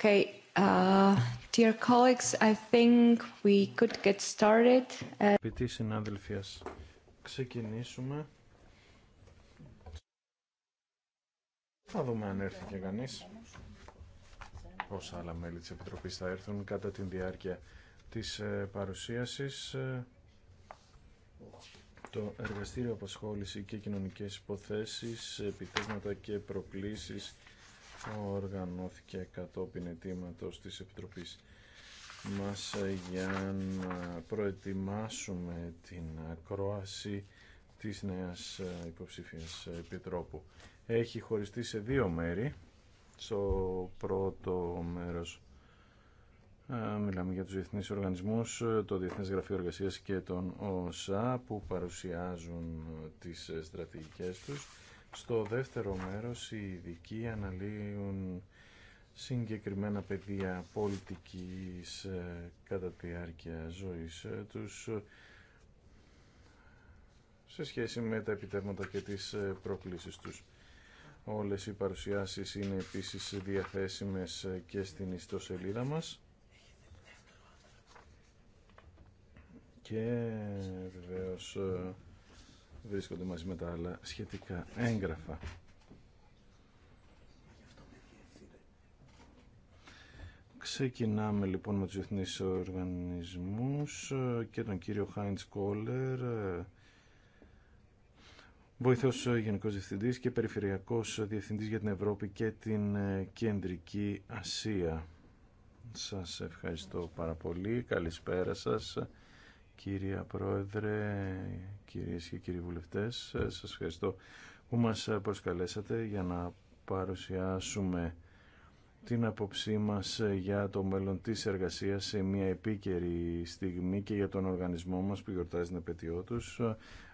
Okay, uh, dear colleagues, I think we could get started. Uh, συνάδελφοι, ξεκινήσουμε. Θα δούμε αν έρθει και κανείς. Πόσα άλλα μέλη της Επιτροπής θα έρθουν κατά την διάρκεια της ε, παρουσίασης. Ε, το Εργαστήριο Απασχόληση και Κοινωνικές Υποθέσεις, Επιτέσματα και Προκλήσεις οργανώθηκε κατόπιν αιτήματος της Επιτροπής μας για να προετοιμάσουμε την ακρόαση της νέας υποψήφιας επιτρόπου. Έχει χωριστεί σε δύο μέρη. Στο πρώτο μέρος μιλάμε για τους διεθνείς οργανισμούς, το Διεθνές Γραφείο Εργασίας και τον ΟΣΑ που παρουσιάζουν τις στρατηγικές τους στο δεύτερο μέρος οι ειδικοί αναλύουν συγκεκριμένα πεδία πολιτικής ε, κατά τη διάρκεια ζωής ε, τους ε, σε σχέση με τα επιτεύγματα και τις προκλήσεις τους. Όλες οι παρουσιάσεις είναι επίσης διαθέσιμες και στην ιστοσελίδα μας. Και βεβαίως βρίσκονται μαζί με τα άλλα σχετικά έγγραφα. Ξεκινάμε λοιπόν με τους διεθνείς οργανισμούς και τον κύριο Χάιντς Κόλλερ, βοηθός Γενικός Διευθυντής και Περιφερειακός Διευθυντής για την Ευρώπη και την Κεντρική Ασία. Σας ευχαριστώ πάρα πολύ. Καλησπέρα σας κύρια Πρόεδρε, κυρίες και κύριοι βουλευτές. Σας ευχαριστώ που μας προσκαλέσατε για να παρουσιάσουμε την απόψή μας για το μέλλον της εργασίας σε μια επίκαιρη στιγμή και για τον οργανισμό μας που γιορτάζει την επαιτειό τους,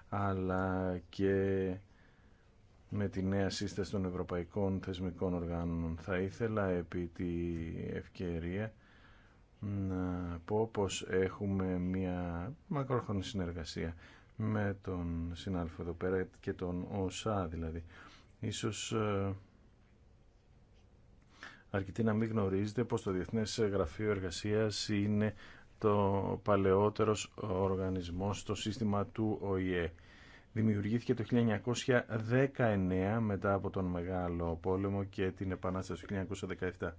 αλλά και με τη νέα σύσταση των ευρωπαϊκών θεσμικών οργάνων. Θα ήθελα επί τη ευκαιρία να πω πως έχουμε μια μακρόχρονη συνεργασία με τον συνάδελφο εδώ πέρα και τον ΩΣΑ δηλαδή. Ίσως ε, αρκετοί να μην γνωρίζετε πως το Διεθνές Γραφείο Εργασίας είναι το παλαιότερος οργανισμός στο σύστημα του ΟΗΕ. Δημιουργήθηκε το 1919 μετά από τον Μεγάλο Πόλεμο και την Επανάσταση του 1917.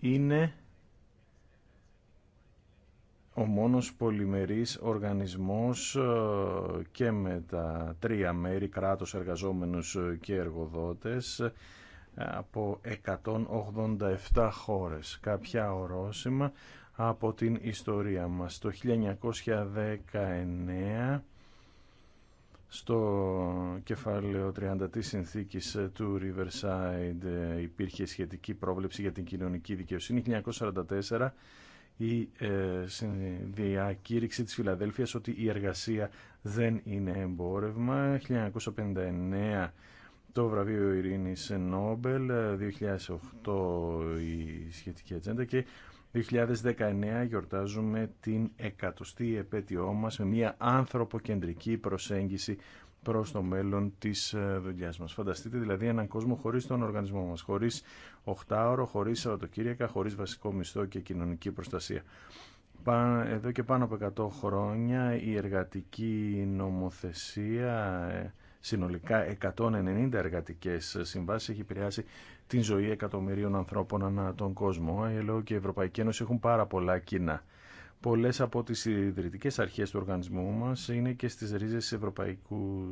Είναι ο μόνος πολυμερής οργανισμός ε, και με τα τρία μέρη, κράτος, εργαζόμενους ε, και εργοδότες, ε, από 187 χώρες. Κάποια ορόσημα από την ιστορία μας. Το 1919 στο κεφάλαιο 30 της συνθήκης του Riverside υπήρχε σχετική πρόβλεψη για την κοινωνική δικαιοσύνη. 1944 η ε, διακήρυξη της Φιλαδέλφειας ότι η εργασία δεν είναι εμπόρευμα. 1959 το βραβείο Ειρήνης Νόμπελ, 2008 η σχετική ατζέντα και 2019 γιορτάζουμε την εκατοστή επέτειό μας με μια ανθρωποκεντρική προσέγγιση προς το μέλλον της ε, δουλειάς μας. Φανταστείτε δηλαδή έναν κόσμο χωρίς τον οργανισμό μας, χωρίς οχτάωρο χωρί Σαββατοκύριακα, χωρίς βασικό μισθό και κοινωνική προστασία. Εδώ και πάνω από 100 χρόνια η εργατική νομοθεσία, ε, συνολικά 190 εργατικές συμβάσεις, έχει επηρεάσει την ζωή εκατομμυρίων ανθρώπων ανά τον κόσμο. Η ε, και η Ευρωπαϊκή Ένωση έχουν πάρα πολλά κοινά. Πολλές από τις ιδρυτικές αρχές του οργανισμού μας είναι και στις ρίζες ευρωπαϊκού...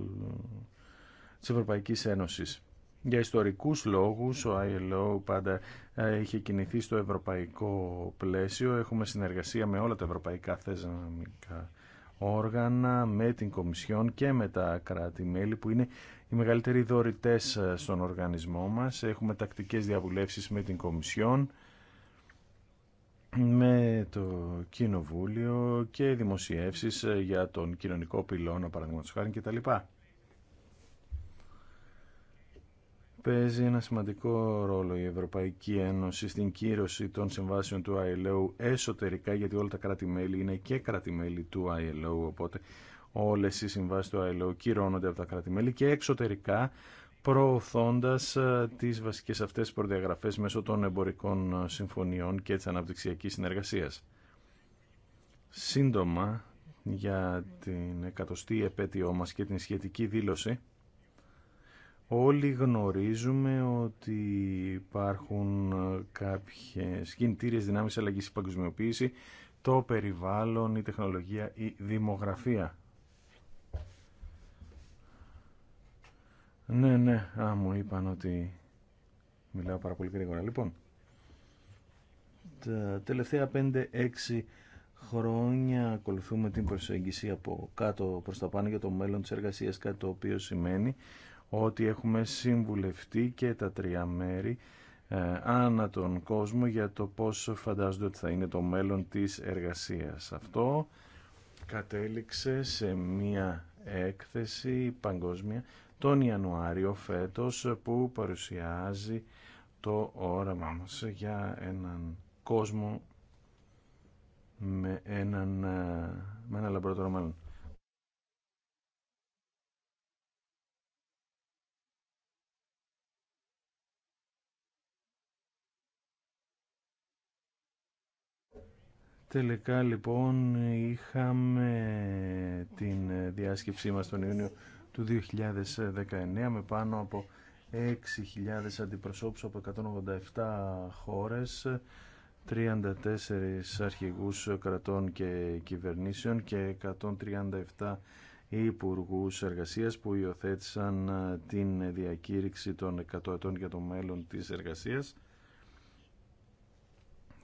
της Ευρωπαϊκής Ένωσης. Για ιστορικούς λόγους, ο ILO πάντα ε, είχε κινηθεί στο ευρωπαϊκό πλαίσιο. Έχουμε συνεργασία με όλα τα ευρωπαϊκά θεσμικά όργανα, με την Κομισιόν και με τα κράτη-μέλη που είναι οι μεγαλύτεροι δωρητές ε, στον οργανισμό μας. Έχουμε τακτικές διαβουλεύσεις με την Κομισιόν, με το Κοινοβούλιο και δημοσιεύσεις ε, για τον κοινωνικό πυλώνα, παραδείγματος χάρη κτλ. παίζει ένα σημαντικό ρόλο η Ευρωπαϊκή Ένωση στην κύρωση των συμβάσεων του ILO εσωτερικά γιατί όλα τα κράτη-μέλη είναι και κράτη-μέλη του ILO οπότε όλες οι συμβάσεις του ILO κυρώνονται από τα κράτη-μέλη και εξωτερικά προωθώντας ε, τις βασικές αυτές προδιαγραφές μέσω των εμπορικών ε, συμφωνιών και της αναπτυξιακής συνεργασίας. Σύντομα, για την εκατοστή επέτειό μας και την σχετική δήλωση, Όλοι γνωρίζουμε ότι υπάρχουν ε, κάποιες κινητήριες δυνάμεις αλλαγής στην παγκοσμιοποίηση, το περιβάλλον, η τεχνολογία, η δημογραφία. Ναι, ναι, α, μου είπαν ότι μιλάω πάρα πολύ γρήγορα. Λοιπόν, τα τελευταία 5-6 χρόνια ακολουθούμε την προσέγγιση από κάτω προς τα πάνω για το μέλλον της εργασίας, κάτι το οποίο σημαίνει ότι έχουμε συμβουλευτεί και τα τρία μέρη ε, ανά τον κόσμο για το πώς φαντάζονται ότι θα είναι το μέλλον της εργασίας. Αυτό κατέληξε σε μία έκθεση παγκόσμια τον Ιανουάριο φέτος που παρουσιάζει το όραμα μας για έναν κόσμο με, έναν, ε, με ένα λαμπρότερο μέλλον. Τελικά λοιπόν είχαμε την διάσκεψή μας τον Ιούνιο του 2019 με πάνω από 6.000 αντιπροσώπους από 187 χώρες, 34 αρχηγούς κρατών και κυβερνήσεων και 137 υπουργού εργασίας που υιοθέτησαν την διακήρυξη των 100 ετών για το μέλλον της εργασίας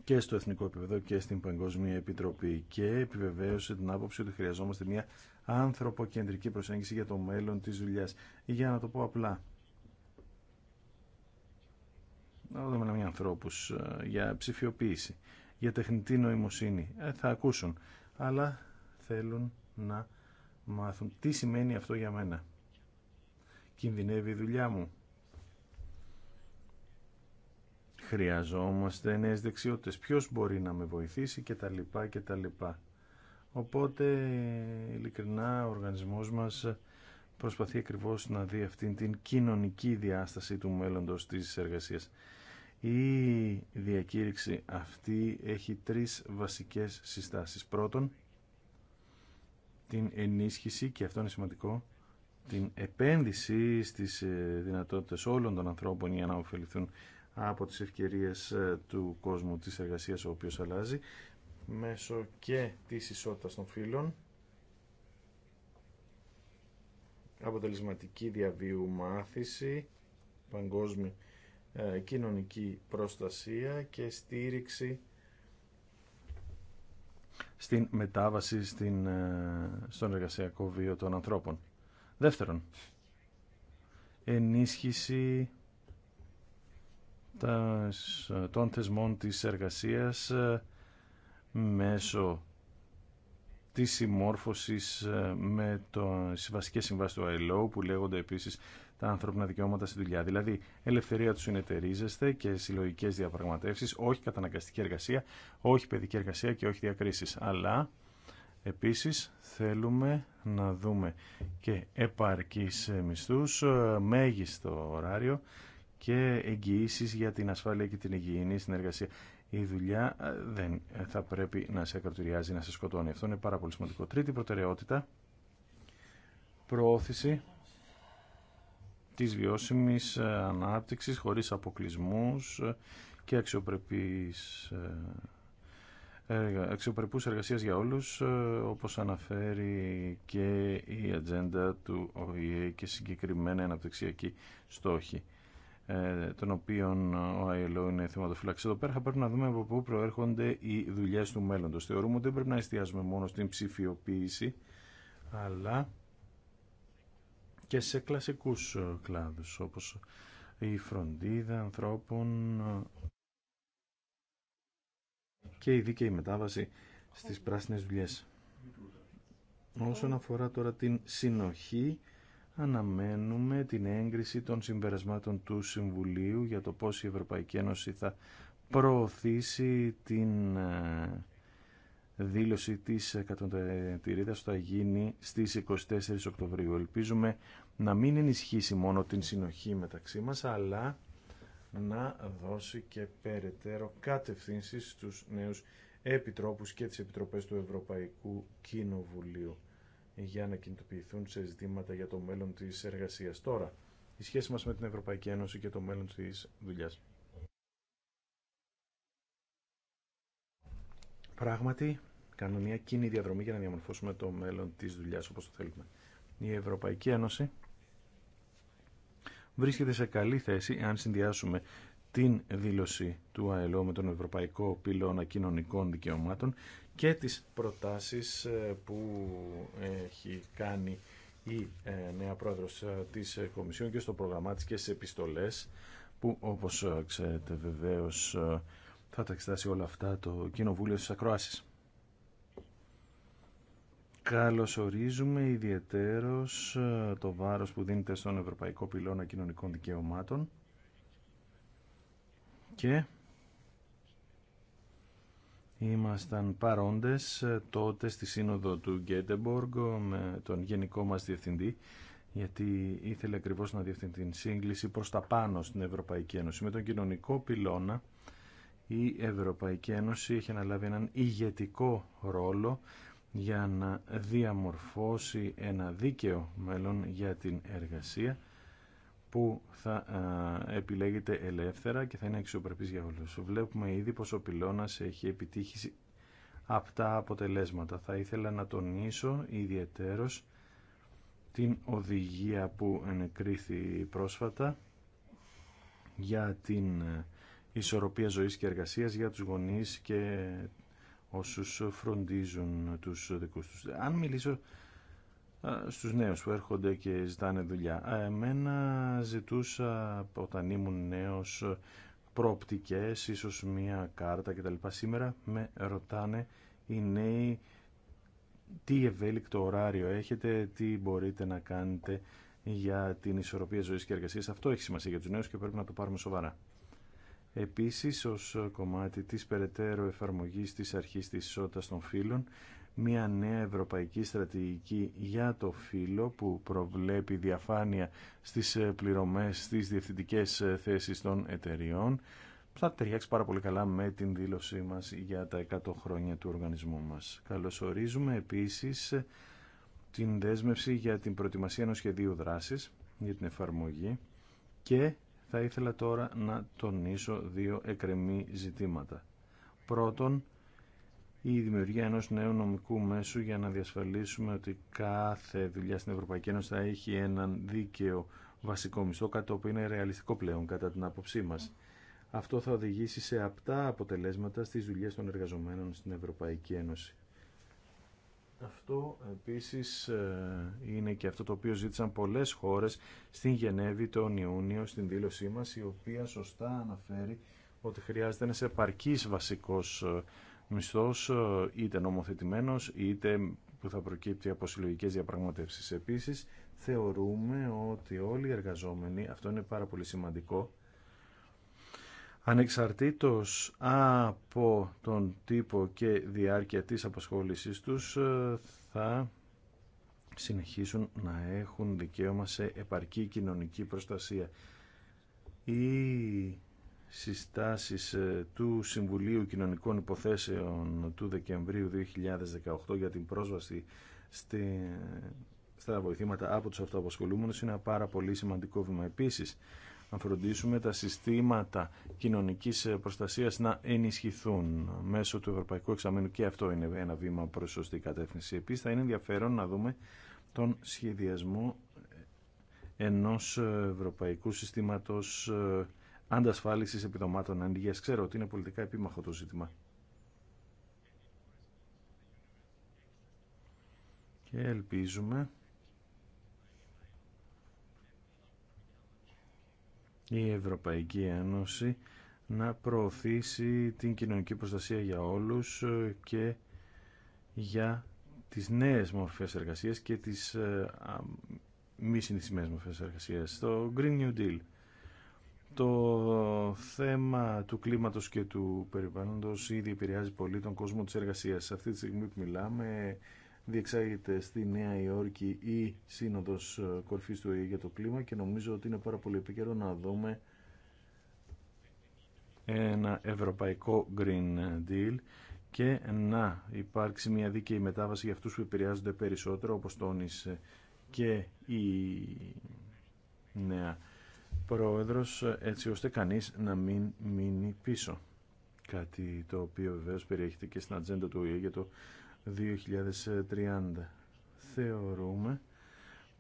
και στο εθνικό επίπεδο και στην Παγκόσμια Επιτροπή και επιβεβαίωσε την άποψη ότι χρειαζόμαστε μια ανθρωποκεντρική προσέγγιση για το μέλλον της δουλειάς. Για να το πω απλά, να μιλάμε για ανθρώπους, ε, για ψηφιοποίηση, για τεχνητή νοημοσύνη, ε, θα ακούσουν, αλλά θέλουν να μάθουν τι σημαίνει αυτό για μένα. Κινδυνεύει η δουλειά μου, χρειαζόμαστε νέες δεξιότητες, ποιος μπορεί να με βοηθήσει τα λοιπά. Οπότε, ειλικρινά, ο οργανισμός μας προσπαθεί ακριβώς να δει αυτήν την κοινωνική διάσταση του μέλλοντος της εργασίας. Η διακήρυξη αυτή έχει τρεις βασικές συστάσεις. Πρώτον, την ενίσχυση, και αυτό είναι σημαντικό, την επένδυση στις ε, δυνατότητες όλων των ανθρώπων για να ωφεληθούν από τις ευκαιρίες ε, του κόσμου της εργασίας ο οποίος αλλάζει μέσω και της ισότητας των φύλων αποτελεσματική διαβίου μάθηση παγκόσμια ε, κοινωνική προστασία και στήριξη στην μετάβαση στην, ε, στον εργασιακό βίο των ανθρώπων. Δεύτερον, ενίσχυση των θεσμών της εργασίας ε, μέσω της συμμόρφωσης ε, με το, τις βασικές συμβάσεις του ILO που λέγονται επίσης τα ανθρώπινα δικαιώματα στη δουλειά. Δηλαδή, ελευθερία του συνεταιρίζεστε και συλλογικές διαπραγματεύσεις, όχι καταναγκαστική εργασία, όχι παιδική εργασία και όχι διακρίσεις. Αλλά επίσης θέλουμε να δούμε και επαρκείς μισθούς ε, μέγιστο ωράριο και εγγυήσει για την ασφάλεια και την υγιεινή συνεργασία. Η δουλειά ε, δεν ε, θα πρέπει να σε ακροτηριάζει, να σε σκοτώνει. Αυτό είναι πάρα πολύ σημαντικό. Τρίτη προτεραιότητα, προώθηση της βιώσιμης ε, ανάπτυξης χωρίς αποκλεισμούς και αξιοπρεπής αξιοπρεπούς εργασίας για όλους όπως αναφέρει και η ατζέντα του ΟΗΕ και συγκεκριμένα αναπτυξιακή στόχη. Ε, των οποίων ε, ο ΑΕΛΟ είναι θεματοφύλαξη εδώ πέρα, θα πρέπει να δούμε από πού προέρχονται οι δουλειέ του μέλλοντος. Θεωρούμε ότι δεν πρέπει να εστιάζουμε μόνο στην ψηφιοποίηση, αλλά και σε κλασικούς ε, κλάδου. όπως η φροντίδα ανθρώπων και η δίκαιη μετάβαση στις πράσινες δουλειές. Όσον αφορά τώρα την συνοχή, αναμένουμε την έγκριση των συμπερασμάτων του Συμβουλίου για το πώς η Ευρωπαϊκή Ένωση θα προωθήσει την ε, δήλωση της εκατοντατηρίδας που θα γίνει στις 24 Οκτωβρίου. Ελπίζουμε να μην ενισχύσει μόνο την συνοχή μεταξύ μας, αλλά να δώσει και περαιτέρω κατευθύνσεις στους νέους επιτρόπους και τις επιτροπές του Ευρωπαϊκού Κοινοβουλίου για να κινητοποιηθούν σε ζητήματα για το μέλλον της εργασία Τώρα, η σχέση μας με την Ευρωπαϊκή Ένωση και το μέλλον της δουλειά. Πράγματι, κάνουμε μια κοινή διαδρομή για να διαμορφώσουμε το μέλλον της δουλειά, όπως το θέλουμε. Η Ευρωπαϊκή Ένωση βρίσκεται σε καλή θέση αν συνδυάσουμε την δήλωση του ΑΕΛΟ με τον Ευρωπαϊκό Πυλώνα Κοινωνικών Δικαιωμάτων και τις προτάσεις ε, που έχει κάνει η ε, νέα πρόεδρος ε, της Κομισιόν και στο πρόγραμμά της και στις επιστολές που όπως ξέρετε βεβαίως θα τα εξετάσει όλα αυτά το Κοινοβούλιο της Ακροάσης. Καλωσορίζουμε ιδιαιτέρως το βάρος που δίνεται στον Ευρωπαϊκό Πυλώνα Κοινωνικών Δικαιωμάτων και ήμασταν παρόντες ε, τότε στη σύνοδο του Γκέντεμποργκ με τον γενικό μας διευθυντή γιατί ήθελε ακριβώς να διευθυνθεί την σύγκληση προς τα πάνω στην Ευρωπαϊκή Ένωση. Με τον κοινωνικό πυλώνα η Ευρωπαϊκή Ένωση έχει αναλάβει έναν ηγετικό ρόλο για να διαμορφώσει ένα δίκαιο μέλλον για την εργασία που θα επιλέγεται ελεύθερα και θα είναι αξιοπρεπής για όλους. Βλέπουμε ήδη πως ο πυλώνας έχει επιτύχει αυτά αποτελέσματα. Θα ήθελα να τονίσω ιδιαιτέρως την οδηγία που ενεκρίθη πρόσφατα για την ε, ισορροπία ζωής και εργασίας για τους γονείς και όσους φροντίζουν τους δικούς τους. Αν μιλήσω στους νέους που έρχονται και ζητάνε δουλειά. Εμένα ζητούσα όταν ήμουν νέος προοπτικές, ίσως μία κάρτα κτλ. Σήμερα με ρωτάνε οι νέοι τι ευέλικτο ωράριο έχετε, τι μπορείτε να κάνετε για την ισορροπία ζωής και εργασίας. Αυτό έχει σημασία για τους νέους και πρέπει να το πάρουμε σοβαρά. Επίσης, ως κομμάτι της περαιτέρω εφαρμογής της αρχής της ισότητας των φύλων, μια νέα ευρωπαϊκή στρατηγική για το φύλλο που προβλέπει διαφάνεια στις ε, πληρωμές, στις διευθυντικές ε, θέσεις των εταιριών. Θα ταιριάξει πάρα πολύ καλά με την δήλωσή μας για τα 100 χρόνια του οργανισμού μας. Καλωσορίζουμε επίσης ε, την δέσμευση για την προετοιμασία ενός σχεδίου δράσης για την εφαρμογή και θα ήθελα τώρα να τονίσω δύο εκρεμή ζητήματα. Πρώτον, η δημιουργία ενός νέου νομικού μέσου για να διασφαλίσουμε ότι κάθε δουλειά στην Ευρωπαϊκή Ένωση θα έχει έναν δίκαιο βασικό μισθό, κάτι το είναι ρεαλιστικό πλέον κατά την άποψή μας. Αυτό θα οδηγήσει σε απτά αποτελέσματα στις δουλειέ των εργαζομένων στην Ευρωπαϊκή Ένωση. Αυτό επίσης ε, είναι και αυτό το οποίο ζήτησαν πολλές χώρες στην Γενέβη τον Ιούνιο στην δήλωσή μας η οποία σωστά αναφέρει ότι χρειάζεται ένας επαρκής βασικός ε, μισθός ε, είτε νομοθετημένος είτε που θα προκύπτει από συλλογικές διαπραγματεύσεις. Επίσης, θεωρούμε ότι όλοι οι εργαζόμενοι, αυτό είναι πάρα πολύ σημαντικό, ανεξαρτήτως από τον τύπο και διάρκεια της απασχόλησής τους, ε, θα συνεχίσουν να έχουν δικαίωμα σε επαρκή κοινωνική προστασία. Η συστάσεις ε, του Συμβουλίου Κοινωνικών Υποθέσεων του Δεκεμβρίου 2018 για την πρόσβαση στη, στα βοηθήματα από τους αυτοαποσχολούμενους είναι ένα πάρα πολύ σημαντικό βήμα. Επίσης, να φροντίσουμε τα συστήματα κοινωνικής ε, προστασίας να ενισχυθούν μέσω του Ευρωπαϊκού Εξαμένου. και αυτό είναι ένα βήμα προς σωστή κατεύθυνση. Επίσης, θα είναι ενδιαφέρον να δούμε τον σχεδιασμό ε, ενός Ευρωπαϊκού Συστήματος αντασφάλισης επιδομάτων ανοιγίας. Ξέρω ότι είναι πολιτικά επίμαχο το ζήτημα. Και ελπίζουμε η Ευρωπαϊκή Ένωση να προωθήσει την κοινωνική προστασία για όλους και για τις νέες μορφές εργασίας και τις ε, μη συνηθισμένες μορφές εργασίας. Το Green New Deal το θέμα του κλίματος και του περιβάλλοντος ήδη επηρεάζει πολύ τον κόσμο της εργασίας. Σε αυτή τη στιγμή που μιλάμε διεξάγεται στη Νέα Υόρκη η Σύνοδος Κορφής του ΕΕ για το κλίμα και νομίζω ότι είναι πάρα πολύ επίκαιρο να δούμε ένα ευρωπαϊκό Green Deal και να υπάρξει μια δίκαιη μετάβαση για αυτούς που επηρεάζονται περισσότερο όπως τόνισε και η νέα πρόεδρος έτσι ώστε κανείς να μην μείνει πίσω. Κάτι το οποίο βεβαίως περιέχεται και στην ατζέντα του ΟΗΕ για το 2030. Θεωρούμε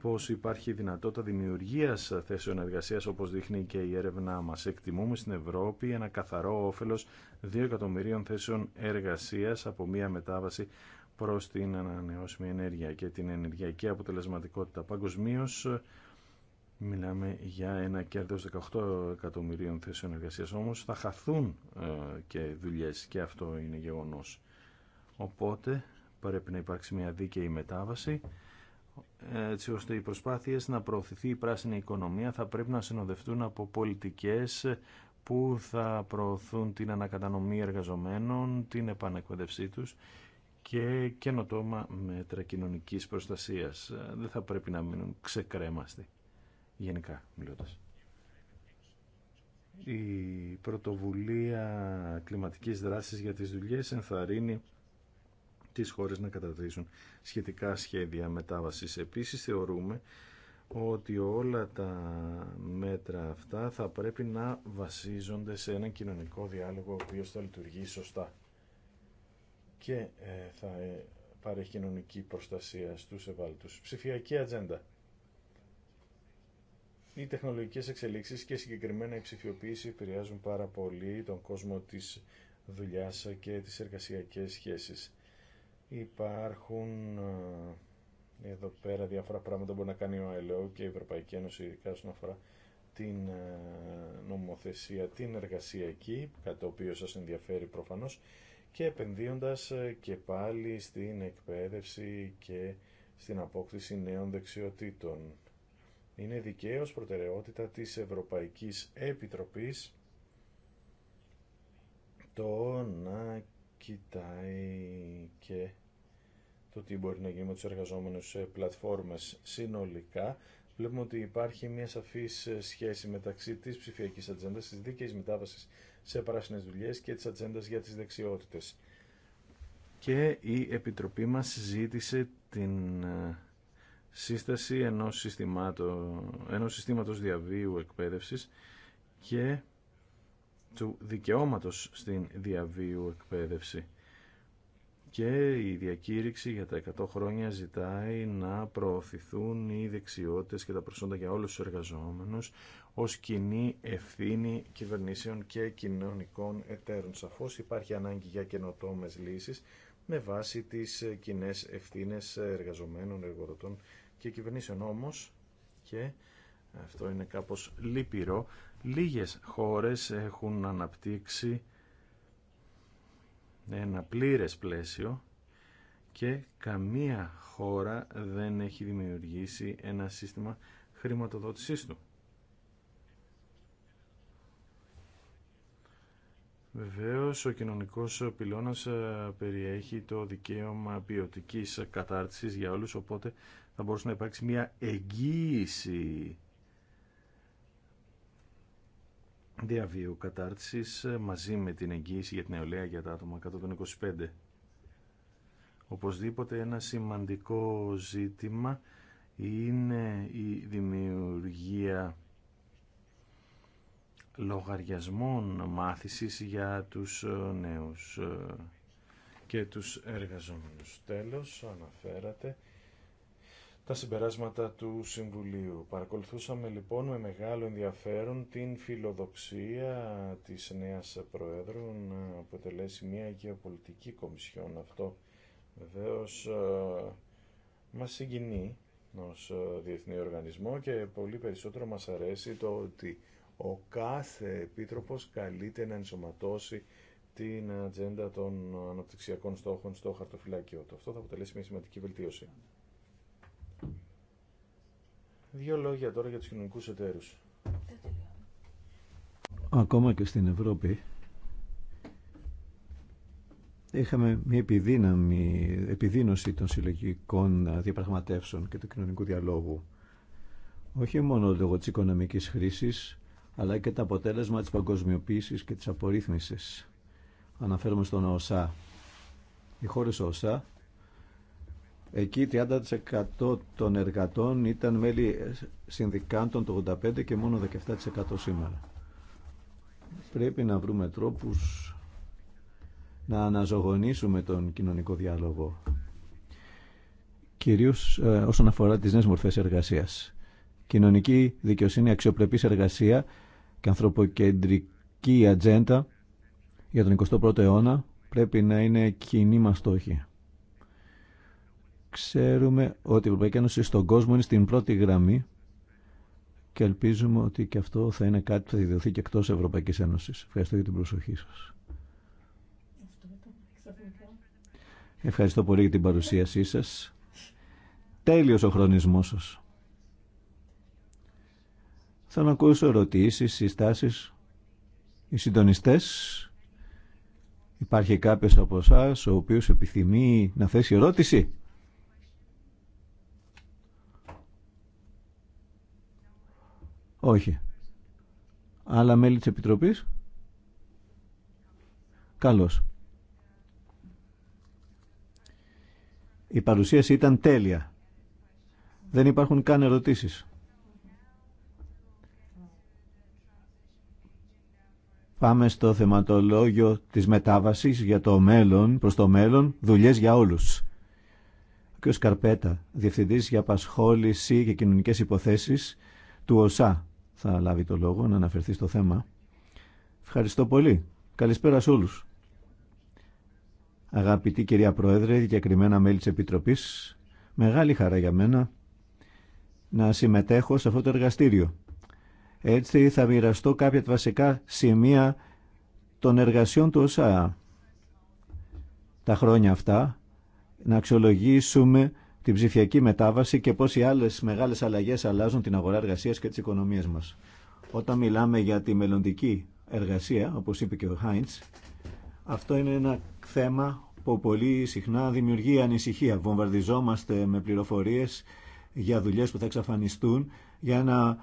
πως υπάρχει δυνατότητα δημιουργίας θέσεων εργασίας όπως δείχνει και η έρευνά μας. Εκτιμούμε στην Ευρώπη ένα καθαρό όφελος 2 εκατομμυρίων θέσεων εργασίας από μια μετάβαση προς την ανανεώσιμη ενέργεια και την ενεργειακή αποτελεσματικότητα. Παγκοσμίω Μιλάμε για ένα κέρδος 18 εκατομμυρίων θέσεων εργασίας, όμως θα χαθούν ε, και δουλειές και αυτό είναι γεγονός. Οπότε πρέπει να υπάρξει μια δίκαιη μετάβαση, έτσι ώστε οι προσπάθειες να προωθηθεί η πράσινη οικονομία θα πρέπει να συνοδευτούν από πολιτικές που θα προωθούν την ανακατανομή εργαζομένων, την επανεκπαιδευσή τους και καινοτόμα μέτρα κοινωνικής προστασίας. Δεν θα πρέπει να μείνουν ξεκρέμαστοι γενικά μιλώντας. Η πρωτοβουλία κλιματικής δράσης για τις δουλειές ενθαρρύνει τις χώρες να καταδίσουν σχετικά σχέδια μετάβασης. Επίσης θεωρούμε ότι όλα τα μέτρα αυτά θα πρέπει να βασίζονται σε έναν κοινωνικό διάλογο ο οποίος θα λειτουργεί σωστά και ε, θα ε, παρέχει κοινωνική προστασία στους ευάλωτους. Ψηφιακή ατζέντα οι τεχνολογικέ εξελίξεις και συγκεκριμένα η ψηφιοποίηση επηρεάζουν πάρα πολύ τον κόσμο της δουλειά και τι εργασιακέ σχέσεις. Υπάρχουν ε, εδώ πέρα διάφορα πράγματα που μπορεί να κάνει ο ΑΕΛΟ και η Ευρωπαϊκή Ένωση ειδικά όσον αφορά την ε, νομοθεσία, την εργασιακή, κατά το οποίο σας ενδιαφέρει προφανώς, και επενδύοντας ε, και πάλι στην εκπαίδευση και στην απόκτηση νέων δεξιοτήτων είναι δικαίως προτεραιότητα της Ευρωπαϊκής Επιτροπής το να κοιτάει και το τι μπορεί να γίνει με τους εργαζόμενους σε πλατφόρμες συνολικά. Βλέπουμε ότι υπάρχει μια σαφής σχέση μεταξύ της ψηφιακής ατζέντα, της δίκαιης μετάβασης σε πράσινες δουλειές και της ατζέντα για τις δεξιότητες. Και η Επιτροπή μας ζήτησε την ε, σύσταση ενός, συστήματο ενός συστήματος διαβίου εκπαίδευσης και του δικαιώματος στην διαβίου εκπαίδευση. Και η διακήρυξη για τα 100 χρόνια ζητάει να προωθηθούν οι δεξιότητες και τα προσόντα για όλους τους εργαζόμενους ως κοινή ευθύνη κυβερνήσεων και κοινωνικών εταίρων. Σαφώς υπάρχει ανάγκη για καινοτόμες λύσεις με βάση τις κοινέ ευθύνες εργαζομένων, εργοδοτών και κυβερνήσεων όμως και αυτό είναι κάπως λύπηρο λίγες χώρες έχουν αναπτύξει ένα πλήρες πλαίσιο και καμία χώρα δεν έχει δημιουργήσει ένα σύστημα χρηματοδότησής του. Βεβαίως, ο κοινωνικός πυλώνας ε, περιέχει το δικαίωμα ποιοτική κατάρτισης για όλους, οπότε θα μπορούσε να υπάρξει μια εγγύηση διαβίου κατάρτισης ε, μαζί με την εγγύηση για την νεολαία για τα άτομα 125. Οπωσδήποτε ένα σημαντικό ζήτημα είναι η δημιουργία λογαριασμών μάθησης για τους ε, νέους ε, και τους εργαζόμενους. Τέλος, αναφέρατε τα συμπεράσματα του Συμβουλίου. Παρακολουθούσαμε λοιπόν με μεγάλο ενδιαφέρον την φιλοδοξία της νέας Προέδρου να αποτελέσει μια γεωπολιτική κομισιόν. Αυτό Βεβαίω, ε, μας συγκινεί ως ε, διεθνή οργανισμό και πολύ περισσότερο μας αρέσει το ότι ο κάθε επίτροπος καλείται να ενσωματώσει την ατζέντα των αναπτυξιακών στόχων στο χαρτοφυλάκιο του. Αυτό θα αποτελέσει μια σημαντική βελτίωση. Δύο λόγια τώρα για τους κοινωνικούς εταίρους. Ακόμα και στην Ευρώπη είχαμε μια επιδύναμη, επιδύνωση των συλλογικών ε, διαπραγματεύσεων και του κοινωνικού διαλόγου. Όχι μόνο λόγω της οικονομικής χρήσης, αλλά και το αποτέλεσμα της παγκοσμιοποίησης και της απορρίθμισης. Αναφέρομαι στον ΟΣΑ. Οι χώρες ΟΣΑ Εκεί 30% των εργατών ήταν μέλη συνδικάτων το 85% και μόνο 17% σήμερα. Πρέπει να βρούμε τρόπους να αναζωογονήσουμε τον κοινωνικό διάλογο. Κυρίως ε, όσον αφορά τις νέες μορφές εργασίας. Κοινωνική δικαιοσύνη, αξιοπρεπής εργασία και ανθρωποκεντρική ατζέντα για τον 21ο αιώνα πρέπει να είναι κοινή μας στόχη. Ξέρουμε ότι η Ευρωπαϊκή Ένωση στον κόσμο είναι στην πρώτη γραμμή και ελπίζουμε ότι και αυτό θα είναι κάτι που θα διδοθεί και εκτός Ευρωπαϊκής Ένωσης. Ευχαριστώ για την προσοχή σας. Ευχαριστώ πολύ για την παρουσίασή σας. Τέλειος ο χρονισμός σας. Θα να ακούσω ερωτήσεις, συστάσεις. Οι συντονιστές, υπάρχει κάποιος από εσά ο οποίος επιθυμεί να θέσει ερώτηση. Όχι. Άλλα μέλη της Επιτροπής. Καλώς. Η παρουσίαση ήταν τέλεια. Δεν υπάρχουν καν ερωτήσεις. Πάμε στο θεματολόγιο της μετάβασης για το μέλλον, προς το μέλλον, δουλειές για όλους. Ο κ. Καρπέτα, Διευθυντής για Απασχόληση και Κοινωνικές Υποθέσεις του ΟΣΑ, θα λάβει το λόγο να αναφερθεί στο θέμα. Ευχαριστώ πολύ. Καλησπέρα σε όλους. Αγαπητή κυρία Πρόεδρε, διακεκριμένα μέλη της Επιτροπής, μεγάλη χαρά για μένα να συμμετέχω σε αυτό το εργαστήριο. Έτσι θα μοιραστώ κάποια βασικά σημεία των εργασιών του ΩΣΑΑ. Τα χρόνια αυτά να αξιολογήσουμε την ψηφιακή μετάβαση και πώς οι άλλες μεγάλες αλλαγές αλλάζουν την αγορά εργασίας και τις οικονομίες μας. Όταν μιλάμε για τη μελλοντική εργασία, όπως είπε και ο Χάιντς, αυτό είναι ένα θέμα που πολύ συχνά δημιουργεί ανησυχία. Βομβαρδιζόμαστε με πληροφορίες για δουλειές που θα εξαφανιστούν, για ένα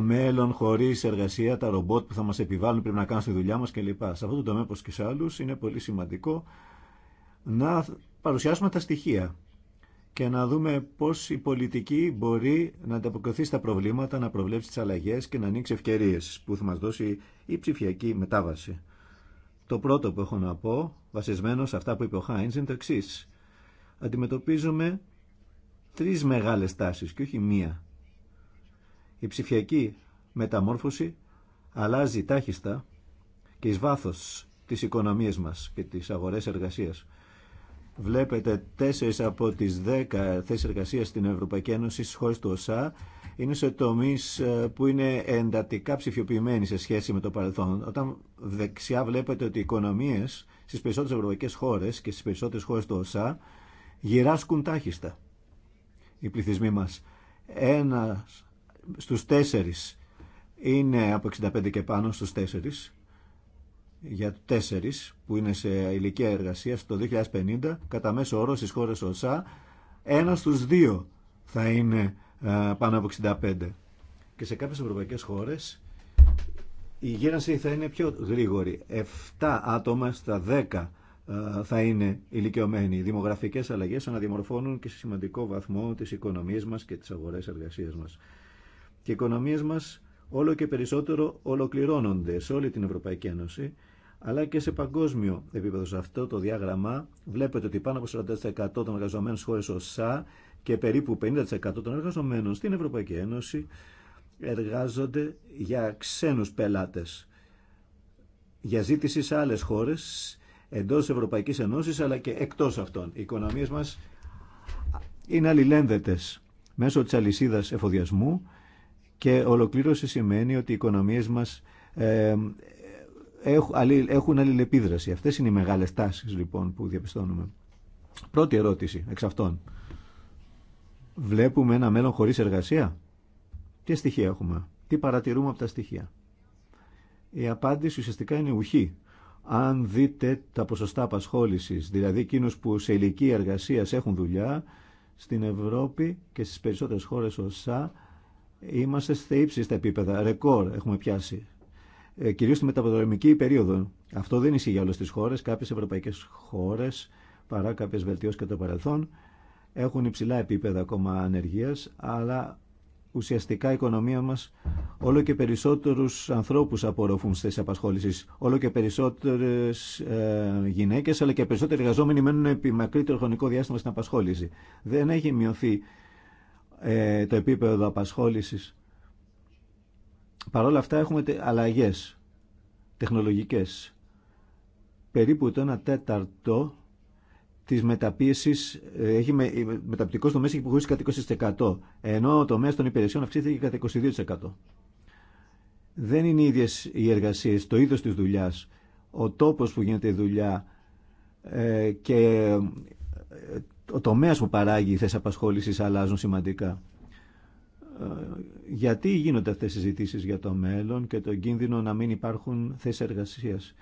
μέλλον χωρίς εργασία, τα ρομπότ που θα μας επιβάλλουν πρέπει να κάνουν στη δουλειά μας κλπ. Σε αυτό το τομέα, όπως και σε άλλους, είναι πολύ σημαντικό να παρουσιάσουμε τα στοιχεία και να δούμε πώς η πολιτική μπορεί να ανταποκριθεί στα προβλήματα, να προβλέψει τις αλλαγές και να ανοίξει ευκαιρίες που θα μας δώσει η ψηφιακή μετάβαση. Το πρώτο που έχω να πω, βασισμένο σε αυτά που είπε ο Χάινς, είναι το εξή. Αντιμετωπίζουμε τρεις μεγάλες τάσεις και όχι μία. Η ψηφιακή μεταμόρφωση αλλάζει τάχιστα και εις βάθος τις οικονομίες μας και τις αγορές εργασίας. Βλέπετε τέσσερις από τις δέκα θέσεις εργασίας στην Ευρωπαϊκή Ένωση στις χώρες του ΟΣΑ είναι σε τομείς ε, που είναι εντατικά ψηφιοποιημένοι σε σχέση με το παρελθόν. Όταν δεξιά βλέπετε ότι οι οικονομίες στις περισσότερες ευρωπαϊκές χώρες και στις περισσότερες χώρες του ΟΣΑ γυράσκουν τάχιστα οι πληθυσμοί μας. Ένα στους τέσσερις είναι από 65 και πάνω στους τέσσερις για τέσσερι, που είναι σε ηλικία εργασία το 2050 κατά μέσο όρο στι χώρε ΩΣΑ ένα στου δύο θα είναι πάνω από 65 και σε κάποιε ευρωπαϊκέ χώρε η γύρανση θα είναι πιο γρήγορη 7 άτομα στα 10 θα είναι ηλικιωμένοι. Οι δημογραφικές αλλαγές αναδιαμορφώνουν και σε σημαντικό βαθμό τις οικονομίες μας και τις αγορές εργασίας μας. Και οι οικονομίες μας όλο και περισσότερο ολοκληρώνονται σε όλη την Ευρωπαϊκή Ένωση αλλά και σε παγκόσμιο επίπεδο. Σε αυτό το διάγραμμα βλέπετε ότι πάνω από 40% των εργαζομένων στι χώρε ΩΣΑ και περίπου 50% των εργαζομένων στην Ευρωπαϊκή Ένωση εργάζονται για ξένους πελάτες, για ζήτηση σε άλλες χώρες εντός Ευρωπαϊκής Ενώσης αλλά και εκτός αυτών. Οι οικονομίες μας είναι αλληλένδετες μέσω της αλυσίδας εφοδιασμού και ολοκλήρωση σημαίνει ότι οι οικονομίες μας ε, έχουν αλληλεπίδραση. Αυτές είναι οι μεγάλες τάσεις λοιπόν που διαπιστώνουμε. Πρώτη ερώτηση εξ αυτών. Βλέπουμε ένα μέλλον χωρίς εργασία. Τι στοιχεία έχουμε. Τι παρατηρούμε από τα στοιχεία. Η απάντηση ουσιαστικά είναι ουχή. Αν δείτε τα ποσοστά απασχόληση, δηλαδή εκείνου που σε ηλικία εργασία έχουν δουλειά, στην Ευρώπη και στις περισσότερες χώρες ΩΣΑ είμαστε στα ύψιστα επίπεδα, ρεκόρ έχουμε πιάσει ε, κυρίως στη μεταποδομική περίοδο. Αυτό δεν ισχύει για όλες τις χώρες. Κάποιες ευρωπαϊκές χώρες, παρά κάποιες βελτιώσεις κατά παρελθόν, έχουν υψηλά επίπεδα ακόμα ανεργίας, αλλά ουσιαστικά η οικονομία μας όλο και περισσότερους ανθρώπους απορροφούν στις απασχόλησει, Όλο και περισσότερες ε, γυναίκες, αλλά και περισσότεροι εργαζόμενοι μένουν επί μακρύτερο χρονικό διάστημα στην απασχόληση. Δεν έχει μειωθεί ε, το επίπεδο απασχόλησης Παρ' όλα αυτά έχουμε αλλαγές τεχνολογικές. Περίπου το 1 τέταρτο τη μεταπίεση ε, έχει με, μεταπτικό τομέα έχει υποχωρήσει κατά 20%. Ενώ ο τομέα των υπηρεσιών αυξήθηκε κατά 22%. Δεν είναι οι ίδιε οι εργασίε, το είδο τη δουλειά, ο τόπο που γίνεται η δουλειά ε, και ε, ο τομέα που παράγει οι θέσει απασχόληση αλλάζουν σημαντικά. Ε, γιατί γίνονται αυτές οι συζητήσει για το μέλλον και τον κίνδυνο να μην υπάρχουν θέσεις εργασίας.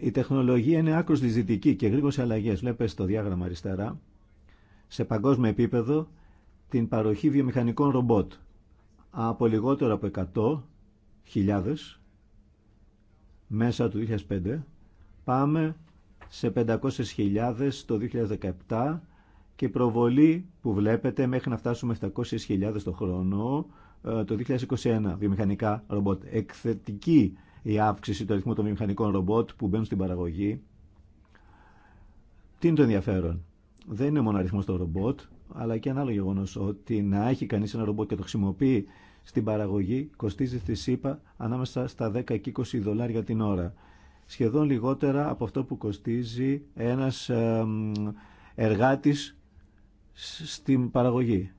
Η τεχνολογία είναι άκρως διζητική και γρήγορες αλλαγές. Βλέπετε στο διάγραμμα αριστερά, σε παγκόσμιο επίπεδο, την παροχή βιομηχανικών ρομπότ από λιγότερο από 100.000 μέσα του 2005 πάμε σε 500.000 το 2017 και η προβολή που βλέπετε μέχρι να φτάσουμε 700.000 το χρόνο ε, το 2021 βιομηχανικά ρομπότ. Εκθετική η αύξηση του αριθμού των βιομηχανικών ρομπότ που μπαίνουν στην παραγωγή. Τι είναι το ενδιαφέρον. Δεν είναι μόνο αριθμό των ρομπότ, αλλά και ένα άλλο γεγονό ότι να έχει κανεί ένα ρομπότ και το χρησιμοποιεί στην παραγωγή κοστίζει στη ΣΥΠΑ ανάμεσα στα 10 και 20 δολάρια την ώρα. Σχεδόν λιγότερα από αυτό που κοστίζει ένα εργάτη στην παραγωγή.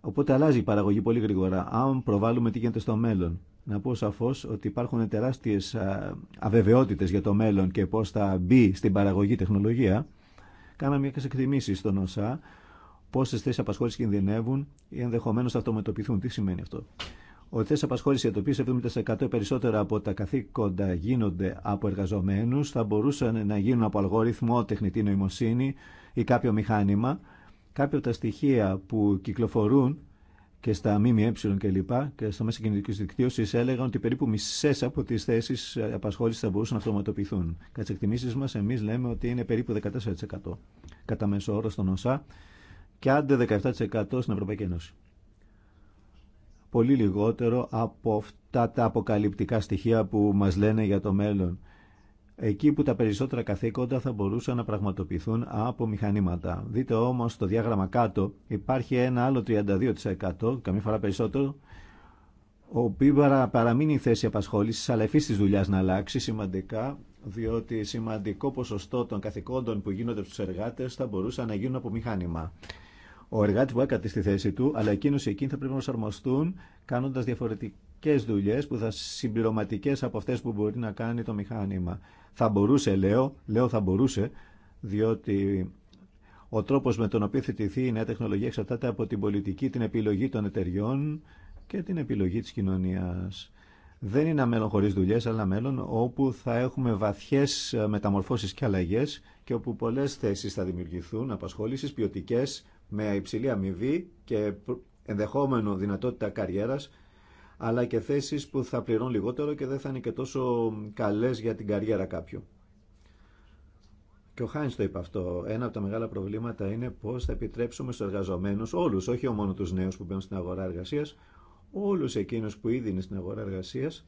Οπότε αλλάζει η παραγωγή πολύ γρήγορα. Αν προβάλλουμε τι γίνεται στο μέλλον. Να πω σαφώ ότι υπάρχουν τεράστιε αβεβαιότητε για το μέλλον και πώ θα μπει στην παραγωγή τεχνολογία. Κάναμε μια εκτιμήσει στον ΩΣΑ πόσε θέσει απασχόληση κινδυνεύουν ή ενδεχομένω θα αυτομετωπιθούν. Τι σημαίνει αυτό. Ότι θέσει απασχόληση για το 70% περισσότερα από τα καθήκοντα γίνονται από εργαζομένου θα μπορούσαν να γίνουν από αλγόριθμο, τεχνητή νοημοσύνη ή κάποιο μηχάνημα Κάποια από τα στοιχεία που κυκλοφορούν και στα ΜΜΕ και λοιπά και στο μέσα κινητική δικτύωση έλεγαν ότι περίπου μισέ από τι θέσει απασχόληση θα μπορούσαν να αυτοματοποιηθούν. Κατά τι εκτιμήσει μα, εμεί λέμε ότι είναι περίπου 14% κατά μέσο όρο στον ΩΣΑ και άντε 17% στην Ευρωπαϊκή Ένωση. Πολύ λιγότερο από αυτά τα αποκαλυπτικά στοιχεία που μας λένε για το μέλλον εκεί που τα περισσότερα καθήκοντα θα μπορούσαν να πραγματοποιηθούν από μηχανήματα. Δείτε όμως το διάγραμμα κάτω, υπάρχει ένα άλλο 32%, καμία φορά περισσότερο, ο οποίο παραμείνει η θέση απασχόληση, αλλά εφή τη δουλειά να αλλάξει σημαντικά, διότι σημαντικό ποσοστό των καθηκόντων που γίνονται στου εργάτε θα μπορούσαν να γίνουν από μηχάνημα. Ο εργάτη που έκατε στη θέση του, αλλά εκείνο ή θα πρέπει να προσαρμοστούν κάνοντα διαφορετικέ δουλειέ που θα συμπληρωματικέ από αυτέ που μπορεί να κάνει το μηχάνημα. Θα μπορούσε, λέω, λέω θα μπορούσε, διότι ο τρόπος με τον οποίο θετηθεί η νέα τεχνολογία εξαρτάται από την πολιτική, την επιλογή των εταιριών και την επιλογή της κοινωνίας. Δεν είναι ένα μέλλον χωρίς δουλειές, αλλά μέλλον όπου θα έχουμε βαθιές ε, μεταμορφώσεις και αλλαγές και όπου πολλές θέσεις θα δημιουργηθούν, απασχόλησεις ποιοτικέ με υψηλή αμοιβή και ενδεχόμενο δυνατότητα καριέρας αλλά και θέσεις που θα πληρώνουν λιγότερο και δεν θα είναι και τόσο καλές για την καριέρα κάποιου. Και ο Χάινς το είπε αυτό. Ένα από τα μεγάλα προβλήματα είναι πώς θα επιτρέψουμε στους εργαζομένους, όλους, όχι μόνο τους νέους που μπαίνουν στην αγορά εργασίας, όλους εκείνους που ήδη είναι στην αγορά εργασίας,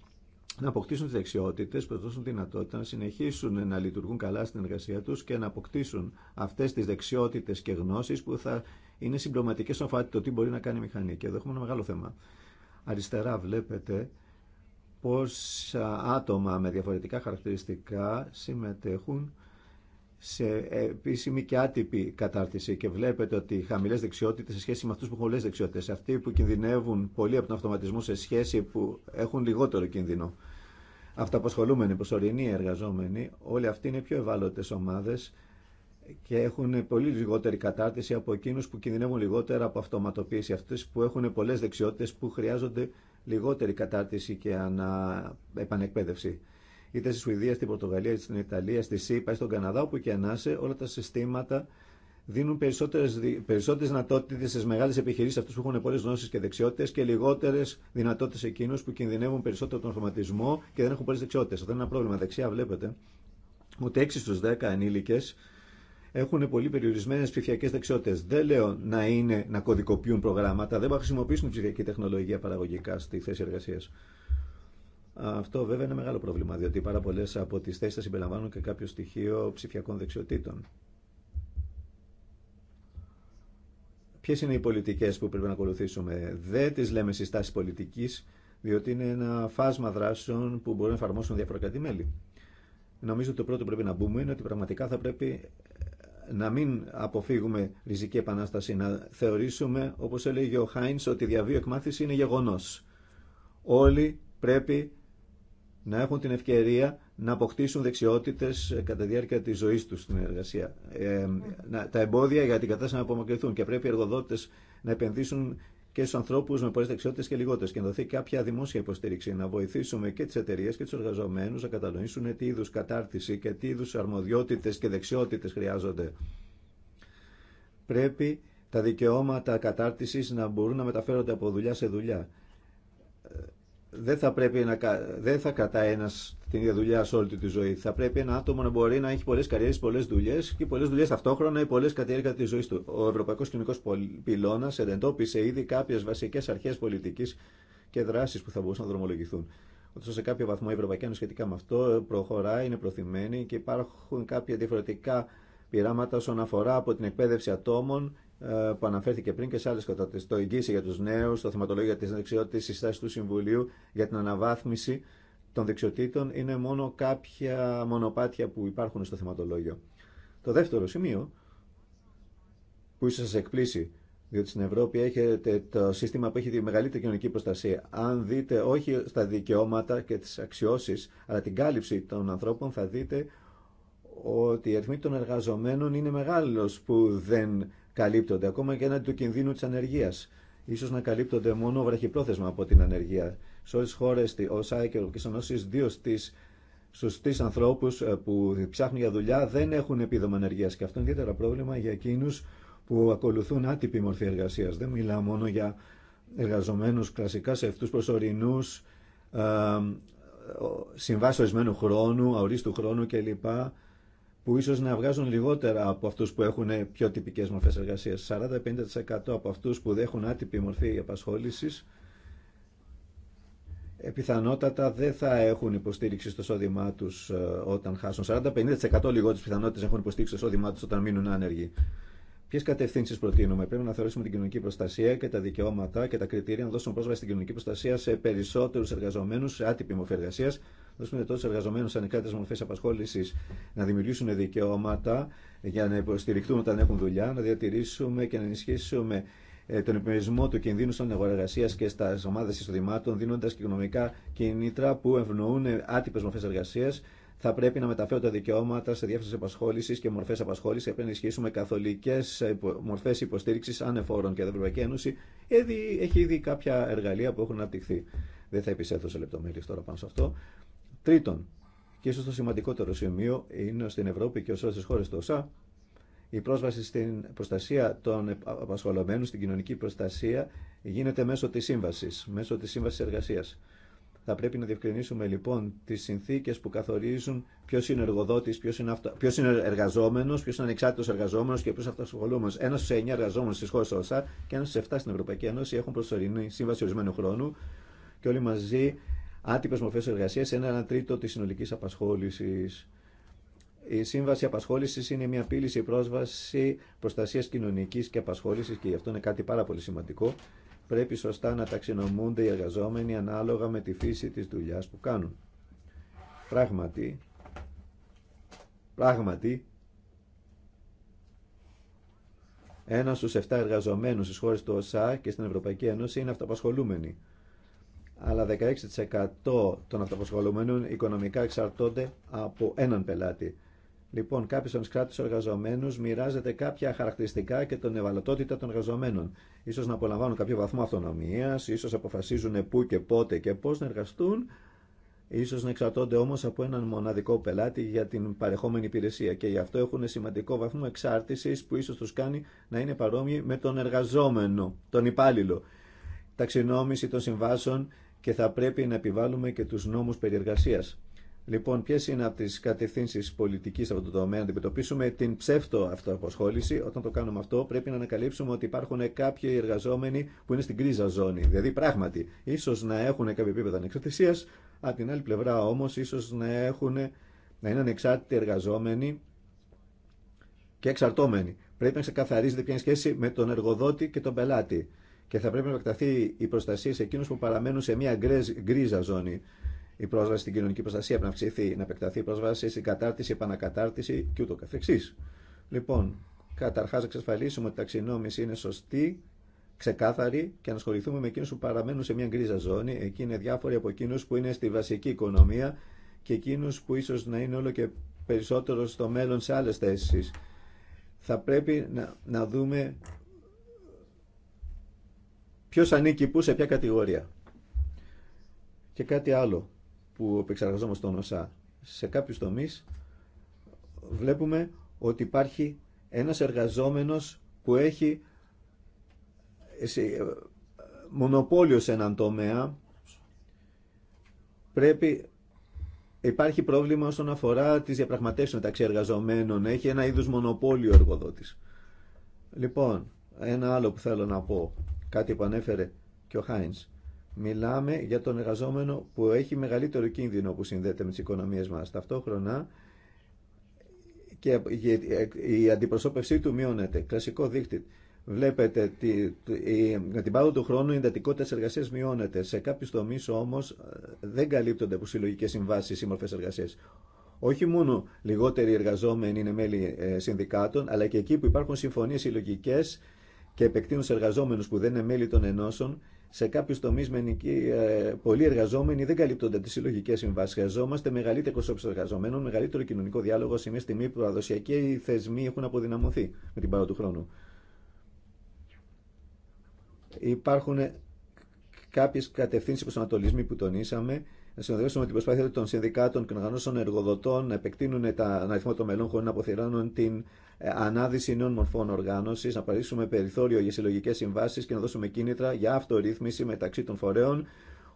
να αποκτήσουν τι δεξιότητε που δώσουν δυνατότητα να συνεχίσουν να λειτουργούν καλά στην εργασία του και να αποκτήσουν αυτέ τι δεξιότητε και γνώσει που θα είναι συμπληρωματικέ στο φάτι το τι μπορεί να κάνει η μηχανή. Και εδώ έχουμε ένα μεγάλο θέμα. Αριστερά βλέπετε πόσα άτομα με διαφορετικά χαρακτηριστικά συμμετέχουν σε επίσημη και άτυπη κατάρτιση και βλέπετε ότι οι χαμηλέ δεξιότητε σε σχέση με αυτού που έχουν πολλέ δεξιότητε, αυτοί που κινδυνεύουν πολύ από τον αυτοματισμό σε σχέση που έχουν λιγότερο κίνδυνο. αυτοαποσχολούμενοι, προσωρινοί εργαζόμενοι, όλοι αυτοί είναι πιο ευάλωτε ομάδε και έχουν πολύ λιγότερη κατάρτιση από εκείνους που κινδυνεύουν λιγότερα από αυτοματοποίηση, αυτές που έχουν πολλές δεξιότητες που χρειάζονται λιγότερη κατάρτιση και ανα... επανεκπαίδευση. Είτε στη Σουηδία, στην Πορτογαλία, στην Ιταλία, στη ΣΥΠΑ, στον Καναδά, όπου και να όλα τα συστήματα δίνουν περισσότερε περισσότερες δυνατότητε στι μεγάλε επιχειρήσει, αυτού που έχουν πολλέ γνώσει και δεξιότητε, και λιγότερε δυνατότητε εκείνου που κινδυνεύουν περισσότερο τον χρωματισμό και δεν έχουν πολλές δεξιότητες. Αυτό είναι ένα πρόβλημα. Δεξιά βλέπετε ότι 6 στου 10 ενήλικες έχουν πολύ περιορισμένε ψηφιακέ δεξιότητε. Δεν λέω να, είναι, να κωδικοποιούν προγράμματα, δεν θα χρησιμοποιήσουν ψηφιακή τεχνολογία παραγωγικά στη θέση εργασία. Αυτό βέβαια είναι μεγάλο πρόβλημα, διότι πάρα πολλέ από τι θέσει θα συμπεριλαμβάνουν και κάποιο στοιχείο ψηφιακών δεξιοτήτων. Ποιε είναι οι πολιτικέ που πρέπει να ακολουθήσουμε. Δεν τι λέμε συστάσει πολιτική, διότι είναι ένα φάσμα δράσεων που μπορούν να εφαρμοσουν διαφορετικά Νομίζω ότι το πρώτο που πρέπει να μπούμε είναι ότι πραγματικά θα πρέπει να μην αποφύγουμε ριζική επανάσταση, να θεωρήσουμε, όπως έλεγε ο Χάινς, ότι η διαβίω εκμάθηση είναι γεγονός. Όλοι πρέπει να έχουν την ευκαιρία να αποκτήσουν δεξιότητες ε, κατά τη διάρκεια της ζωής τους στην εργασία. Ε, ε, να, τα εμπόδια για την κατάσταση να απομακρυνθούν και πρέπει οι εργοδότες να επενδύσουν και στου ανθρώπου με πολλέ δεξιότητε και λιγότερε και να δοθεί κάποια δημόσια υποστήριξη, να βοηθήσουμε και τι εταιρείε και του εργαζομένου να κατανοήσουν τι είδου κατάρτιση και τι είδου αρμοδιότητε και δεξιότητε χρειάζονται. Πρέπει τα δικαιώματα κατάρτιση να μπορούν να μεταφέρονται από δουλειά σε δουλειά δεν θα, πρέπει να, δεν θα κρατάει ένα την ίδια δουλειά σε όλη τη ζωή. Θα πρέπει ένα άτομο να μπορεί να έχει πολλέ καριέρε, πολλέ δουλειέ και πολλέ δουλειέ ταυτόχρονα ή πολλέ κατά τη ζωή του. Ο Ευρωπαϊκό Κοινωνικό Πυλώνα εντόπισε ήδη κάποιε βασικέ αρχέ πολιτική και δράσει που θα μπορούσαν να δρομολογηθούν. Ωστόσο, σε κάποιο βαθμό η Ευρωπαϊκή Ένωση σχετικά με αυτό προχωράει, είναι προθυμένη και υπάρχουν κάποια διαφορετικά πειράματα όσον αφορά από την εκπαίδευση ατόμων ε, που αναφέρθηκε πριν και σε άλλε κατατάξει. Το εγγύηση για του νέου, το θεματολόγιο για τι δεξιότητε, η στάση του Συμβουλίου για την αναβάθμιση των δεξιοτήτων είναι μόνο κάποια μονοπάτια που υπάρχουν στο θεματολόγιο. Το δεύτερο σημείο που ίσω σα εκπλήσει, διότι στην Ευρώπη έχετε το σύστημα που έχει τη μεγαλύτερη κοινωνική προστασία. Αν δείτε όχι στα δικαιώματα και τι αξιώσει, αλλά την κάλυψη των ανθρώπων, θα δείτε ότι η αριθμή των εργαζομένων είναι μεγάλο που δεν καλύπτονται, ακόμα και έναντι του κινδύνου τη ανεργία. σω να καλύπτονται μόνο βραχυπρόθεσμα από την ανεργία. Σε όλε τι χώρε, ΟΣΑ και Ευρωπαϊκή Ενώση, δύο στου τρει ανθρώπου ε, που ψάχνουν για δουλειά δεν έχουν επίδομα ανεργία. Και αυτό είναι ιδιαίτερα πρόβλημα για εκείνου που ακολουθούν άτυπη μορφή εργασία. Δεν μιλάω μόνο για εργαζομένου κλασικά σε αυτού προσωρινού, ε, ε, συμβάσει ορισμένου χρόνου, αορίστου χρόνου κλπ που ίσως να βγάζουν λιγότερα από αυτούς που έχουν πιο τυπικές μορφές εργασίας. 40-50% από αυτούς που έχουν άτυπη μορφή απασχόλησης πιθανότατα δεν θα έχουν υποστήριξη στο εισόδημά του ε, όταν χάσουν. 40-50% λιγότερε πιθανότητε έχουν υποστήριξη στο σώδημά του όταν μείνουν άνεργοι. Ποιε κατευθύνσει προτείνουμε, Πρέπει να θεωρήσουμε την κοινωνική προστασία και τα δικαιώματα και τα κριτήρια να δώσουν πρόσβαση στην κοινωνική προστασία σε περισσότερου εργαζομένου σε άτυπη μορφή εργασία, δώσουμε τότε εργαζομένου σαν ανεκάτες μορφέ απασχόληση να δημιουργήσουν δικαιώματα για να υποστηριχτούν όταν έχουν δουλειά, να διατηρήσουμε και να ενισχύσουμε ε, τον επιμερισμό του κινδύνου στον αγορά εργασία και στα ομάδε εισοδημάτων, δίνοντα οικονομικά κινήτρα που ευνοούν άτυπε μορφέ εργασία, θα πρέπει να μεταφέρουν τα δικαιώματα σε διάφορε απασχόληση και μορφέ απασχόληση. Πρέπει να ενισχύσουμε καθολικέ ε, μορφέ υποστήριξη ανεφόρων και η Ευρωπαϊκή Ένωση έχει ήδη κάποια εργαλεία που έχουν αναπτυχθεί. Δεν θα επισέλθω σε λεπτομέρειε τώρα πάνω σε αυτό. Τρίτον, και ίσω το σημαντικότερο σημείο είναι στην Ευρώπη και σε όλε τι χώρες του ΩΣΑ, η πρόσβαση στην προστασία των απασχολωμένων, στην κοινωνική προστασία, γίνεται μέσω τη σύμβαση, μέσω τη σύμβαση εργασία. Θα πρέπει να διευκρινίσουμε λοιπόν τι συνθήκε που καθορίζουν ποιο είναι εργοδότη, ποιο είναι, αυτο... εργαζόμενο, ποιο είναι ανεξάρτητο εργαζόμενο και ποιο αυτοασχολούμενο. Ένα στου εννιά εργαζόμενου στι χώρε ΩΣΑ και ένα στου 7 στην Ευρωπαϊκή Ένωση έχουν προσωρινή σύμβαση ορισμένου χρόνου και όλοι μαζί άτυπε μορφέ εργασία είναι ένα τρίτο τη συνολική απασχόληση. Η σύμβαση απασχόληση είναι μια πύληση πρόσβαση προστασία κοινωνική και απασχόληση και γι' αυτό είναι κάτι πάρα πολύ σημαντικό. Πρέπει σωστά να ταξινομούνται οι εργαζόμενοι ανάλογα με τη φύση τη δουλειά που κάνουν. Πράγματι, πράγματι, ένα στου 7 εργαζομένου στι χώρε του ΟΣΑ και στην Ευρωπαϊκή Ένωση είναι αυτοαπασχολούμενοι αλλά 16% των αυτοαποσχολούμενων οικονομικά εξαρτώνται από έναν πελάτη. Λοιπόν, κάποιο από του κράτου εργαζομένου μοιράζεται κάποια χαρακτηριστικά και τον ευαλωτότητα των εργαζομένων. σω να απολαμβάνουν κάποιο βαθμό αυτονομία, ίσω αποφασίζουν πού και πότε και πώ να εργαστούν, ίσω να εξαρτώνται όμω από έναν μοναδικό πελάτη για την παρεχόμενη υπηρεσία. Και γι' αυτό έχουν σημαντικό βαθμό εξάρτηση που ίσω του κάνει να είναι παρόμοιοι με τον εργαζόμενο, τον υπάλληλο. Ταξινόμηση των συμβάσεων και θα πρέπει να επιβάλλουμε και τους νόμους περιεργασίας. Λοιπόν, ποιε είναι από τι κατευθύνσει πολιτική από το τομέα να αντιμετωπίσουμε την ψεύτο αυτοαποσχόληση. Όταν το κάνουμε αυτό, πρέπει να ανακαλύψουμε ότι υπάρχουν κάποιοι εργαζόμενοι που είναι στην κρίζα ζώνη. Δηλαδή, πράγματι, ίσω να έχουν κάποια επίπεδο ανεξαρτησία, από την άλλη πλευρά όμω, ίσω να, να είναι ανεξάρτητοι εργαζόμενοι και εξαρτώμενοι. Πρέπει να ξεκαθαρίζεται ποια είναι σχέση με τον εργοδότη και τον πελάτη και θα πρέπει να επεκταθεί η προστασία σε εκείνου που παραμένουν σε μια γκρίζα ζώνη. Η πρόσβαση στην κοινωνική προστασία πρέπει να αυξηθεί, να επεκταθεί η πρόσβαση στην κατάρτιση, επανακατάρτιση και Λοιπόν, καταρχά να εξασφαλίσουμε ότι η ταξινόμηση είναι σωστή, ξεκάθαρη και να ασχοληθούμε με εκείνου που παραμένουν σε μια γκρίζα ζώνη. Εκεί είναι διάφοροι από εκείνου που είναι στη βασική οικονομία και εκείνου που ίσω να είναι όλο και περισσότερο στο μέλλον σε άλλε θέσει. Θα πρέπει να, να δούμε Ποιο ανήκει πού σε ποια κατηγορία. Και κάτι άλλο που επεξεργαζόμαστε στον ΩΣΑ. Σε κάποιου τομεί, βλέπουμε ότι υπάρχει ένας εργαζόμενος που έχει ε, ε, μονοπόλιο σε έναν τομέα. Πρέπει Υπάρχει πρόβλημα όσον αφορά τις διαπραγματεύσεις μεταξύ εργαζομένων. Έχει ένα είδους μονοπόλιο εργοδότης. Λοιπόν, ένα άλλο που θέλω να πω κάτι που ανέφερε και ο Χάιν. Μιλάμε για τον εργαζόμενο που έχει μεγαλύτερο κίνδυνο που συνδέεται με τι οικονομίε μα Ταυτόχρονα και η αντιπροσώπευσή του μειώνεται. Κλασικό δείκτη. Βλέπετε, ότι με την πάγω του χρόνου η εντατικότητα τη εργασία μειώνεται. Σε κάποιου τομεί όμω ε, δεν καλύπτονται από συλλογικέ συμβάσει ή μορφέ εργασία. Όχι μόνο λιγότεροι εργαζόμενοι είναι μέλη ε, συνδικάτων, αλλά και εκεί που υπάρχουν συμφωνίε συλλογικέ και επεκτείνουν σε εργαζόμενου που δεν είναι μέλη των ενώσεων. Σε κάποιου τομεί ε, πολλοί εργαζόμενοι δεν καλύπτονται τι συλλογικέ συμβάσει. Χρειαζόμαστε μεγαλύτερη εκπροσώπηση εργαζομένων, μεγαλύτερο κοινωνικό διάλογο σε μια στιγμή που παραδοσιακοί οι θεσμοί έχουν αποδυναμωθεί με την πάρα του χρόνου. Υπάρχουν κάποιε κατευθύνσει προσανατολισμού που τονίσαμε. Να συνοδεύσουμε την προσπάθεια των συνδικάτων και οργανώσεων εργοδοτών να επεκτείνουν τα αριθμό των μελών χωρί να αποθυράνουν την ε, ανάδυση νέων μορφών οργάνωση, να παρήσουμε περιθώριο για συλλογικέ συμβάσει και να δώσουμε κίνητρα για αυτορύθμιση μεταξύ των φορέων,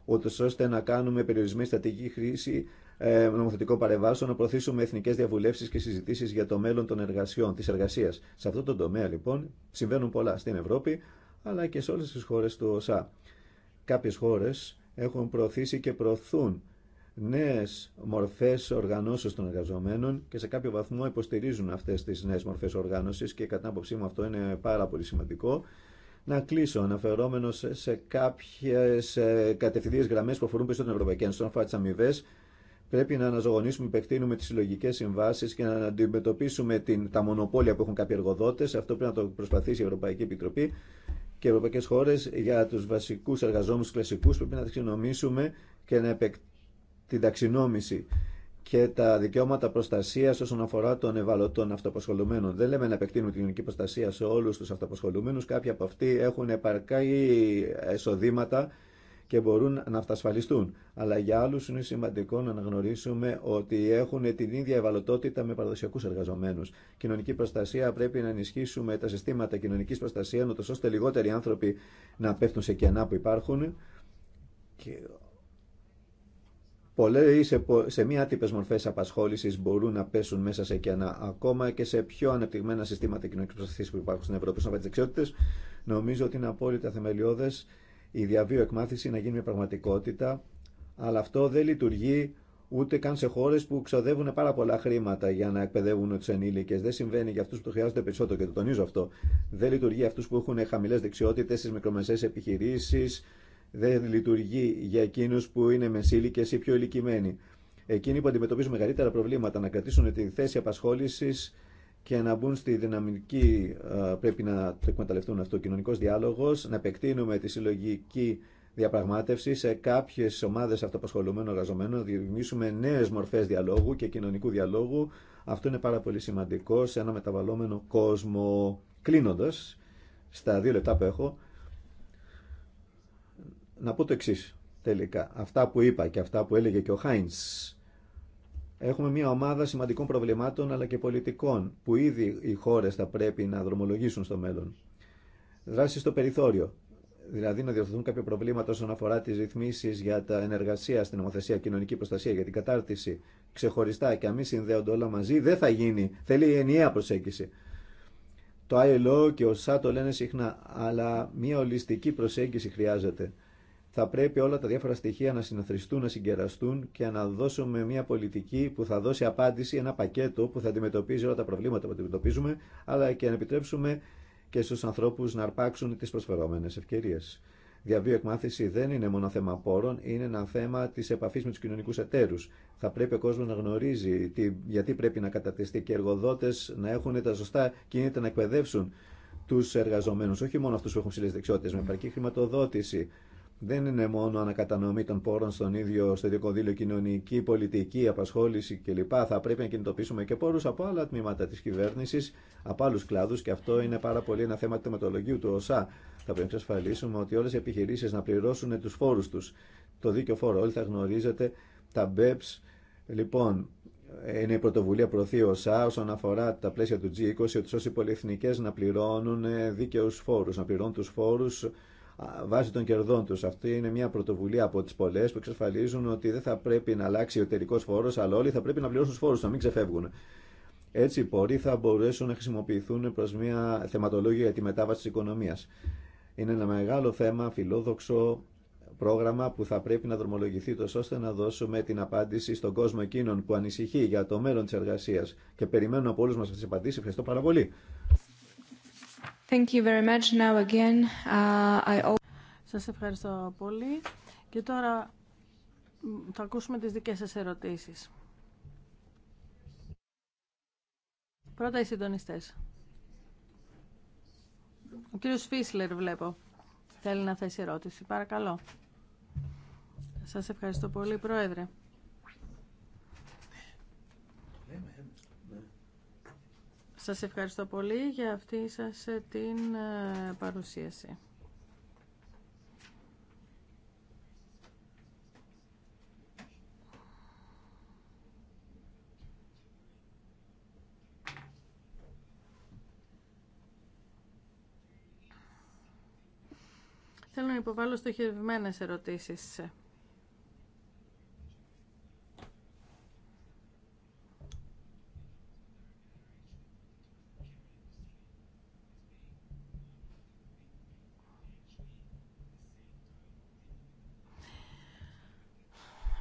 ούτω ώστε να κάνουμε περιορισμένη στατική χρήση ε, νομοθετικών παρεμβάσεων, να προωθήσουμε εθνικέ διαβουλεύσει και συζητήσει για το μέλλον των εργασιών, τη εργασία. Σε αυτό το τομέα λοιπόν συμβαίνουν πολλά στην Ευρώπη, αλλά και σε όλε τι χώρε του ΩΣΑ. Κάποιε χώρε έχουν προωθήσει και προωθούν Νέε μορφέ οργανώσεω των εργαζομένων και σε κάποιο βαθμό υποστηρίζουν αυτέ τι νέε μορφέ οργάνωσης και κατά την άποψή μου αυτό είναι πάρα πολύ σημαντικό. Να κλείσω αναφερόμενο σε κάποιε κατευθυντήριε γραμμέ που αφορούν περισσότερο την Ευρωπαϊκή Ένωση. Στον αφορά τις πρέπει να αναζωογονήσουμε, επεκτείνουμε τι συλλογικέ συμβάσει και να αντιμετωπίσουμε την, τα μονοπόλια που έχουν κάποιοι εργοδότε. Αυτό πρέπει να το προσπαθήσει η Ευρωπαϊκή Επιτροπή και οι ευρωπαϊκέ χώρε για του βασικού εργαζόμενου κλασικού πρέπει να τι και να την ταξινόμηση και τα δικαιώματα προστασία όσον αφορά των ευαλωτών αυτοαποσχολουμένων. Δεν λέμε να επεκτείνουμε την κοινωνική προστασία σε όλου του αυτοαποσχολουμένου. Κάποιοι από αυτοί έχουν επαρκά εισοδήματα και μπορούν να αυτασφαλιστούν. Αλλά για άλλου είναι σημαντικό να αναγνωρίσουμε ότι έχουν την ίδια ευαλωτότητα με παραδοσιακού εργαζομένου. Κοινωνική προστασία πρέπει να ενισχύσουμε τα συστήματα κοινωνική προστασία, ώστε λιγότεροι άνθρωποι να πέφτουν σε κενά που υπάρχουν. Πολλέ σε, μία μη άτυπε μορφέ απασχόληση μπορούν να πέσουν μέσα σε κενά, ακόμα και σε πιο ανεπτυγμένα συστήματα κοινωνική προστασία που υπάρχουν στην Ευρώπη. Σαν τι δεξιότητε, νομίζω ότι είναι απόλυτα θεμελιώδε η διαβίω εκμάθηση να γίνει μια πραγματικότητα, αλλά αυτό δεν λειτουργεί ούτε καν σε χώρε που ξοδεύουν πάρα πολλά χρήματα για να εκπαιδεύουν του ενήλικε. Δεν συμβαίνει για αυτού που το χρειάζονται περισσότερο και το τονίζω αυτό. Δεν λειτουργεί αυτού που έχουν χαμηλέ δεξιότητε στι μικρομεσαίε επιχειρήσει, δεν λειτουργεί για εκείνου που είναι μεσήλικες ή πιο ηλικημένοι. Εκείνοι που αντιμετωπίζουν μεγαλύτερα προβλήματα να κρατήσουν τη θέση απασχόληση και να μπουν στη δυναμική, πρέπει να το εκμεταλλευτούν αυτό, ο κοινωνικός διάλογος, να επεκτείνουμε τη συλλογική διαπραγμάτευση σε κάποιε ομάδε αυτοπασχολουμένων εργαζομένων, να δημιουργήσουμε νέε μορφέ διαλόγου και κοινωνικού διαλόγου. Αυτό είναι πάρα πολύ σημαντικό σε ένα μεταβαλλόμενο κόσμο. Κλείνοντα, στα δύο λεπτά που έχω, να πω το εξή τελικά. Αυτά που είπα και αυτά που έλεγε και ο Χάιντς. Έχουμε μια ομάδα σημαντικών προβλημάτων αλλά και πολιτικών που ήδη οι χώρες θα πρέπει να δρομολογήσουν στο μέλλον. Δράση στο περιθώριο. Δηλαδή να διορθωθούν κάποια προβλήματα όσον αφορά τι ρυθμίσει για τα ενεργασία στην νομοθεσία, κοινωνική προστασία, για την κατάρτιση ξεχωριστά και αμή συνδέονται όλα μαζί, δεν θα γίνει. Θέλει ενιαία προσέγγιση. Το ILO και ο ΣΑ το λένε συχνά, αλλά μια ολιστική προσέγγιση χρειάζεται θα πρέπει όλα τα διάφορα στοιχεία να συναθριστούν, να συγκεραστούν και να δώσουμε μια πολιτική που θα δώσει απάντηση, ένα πακέτο που θα αντιμετωπίζει όλα τα προβλήματα που αντιμετωπίζουμε, αλλά και να επιτρέψουμε και στου ανθρώπου να αρπάξουν τι προσφερόμενες ευκαιρίε. Διαβίω εκμάθηση δεν είναι μόνο θέμα πόρων, είναι ένα θέμα τη επαφή με του κοινωνικού εταίρου. Θα πρέπει ο κόσμο να γνωρίζει γιατί πρέπει να κατατεστεί και οι εργοδότε να έχουν τα σωστά κινήτα να εκπαιδεύσουν του εργαζομένου, όχι μόνο αυτού που έχουν ψηλέ δεξιότητε, με επαρκή χρηματοδότηση, δεν είναι μόνο ανακατανομή των πόρων στον ίδιο, στο κοινωνική, πολιτική, απασχόληση κλπ. Θα πρέπει να κινητοποιήσουμε και πόρου από άλλα τμήματα τη κυβέρνηση, από άλλου κλάδου και αυτό είναι πάρα πολύ ένα θέμα θεματολογίου του ΟΣΑ. Θα πρέπει να εξασφαλίσουμε ότι όλε οι επιχειρήσει να πληρώσουν του φόρου του. Το δίκαιο φόρο, όλοι θα γνωρίζετε, τα BEPS. Λοιπόν, είναι η πρωτοβουλία προωθεί ΣΑ όσον αφορά τα πλαίσια του G20, ότι όσοι πολυεθνικέ να πληρώνουν δίκαιους φόρους, να πληρώνουν τους φόρους βάσει των κερδών του. Αυτή είναι μια πρωτοβουλία από τι πολλέ που εξασφαλίζουν ότι δεν θα πρέπει να αλλάξει ο εταιρικό φόρο, αλλά όλοι θα πρέπει να πληρώσουν του φόρου, να μην ξεφεύγουν. Έτσι οι πόροι θα μπορέσουν να χρησιμοποιηθούν προ μια θεματολόγια για τη μετάβαση τη οικονομία. Είναι ένα μεγάλο θέμα, φιλόδοξο πρόγραμμα που θα πρέπει να δρομολογηθεί τόσο ώστε να δώσουμε την απάντηση στον κόσμο εκείνων που ανησυχεί για το μέλλον τη εργασία. Και περιμένουν από όλου μα τι απαντήσει. Ευχαριστώ πάρα πολύ. Thank uh, Σας ευχαριστώ πολύ. Και τώρα θα ακούσουμε τις δικές σας ερωτήσεις. Πρώτα οι συντονιστές. Ο κύριος Φίσλερ βλέπω. Θέλει να θέσει ερώτηση. Παρακαλώ. Σας ευχαριστώ πολύ, Πρόεδρε. Σας ευχαριστώ πολύ για αυτή σας ε, την ε, παρουσίαση. Θέλω να υποβάλω στοχευμένες ερωτήσεις.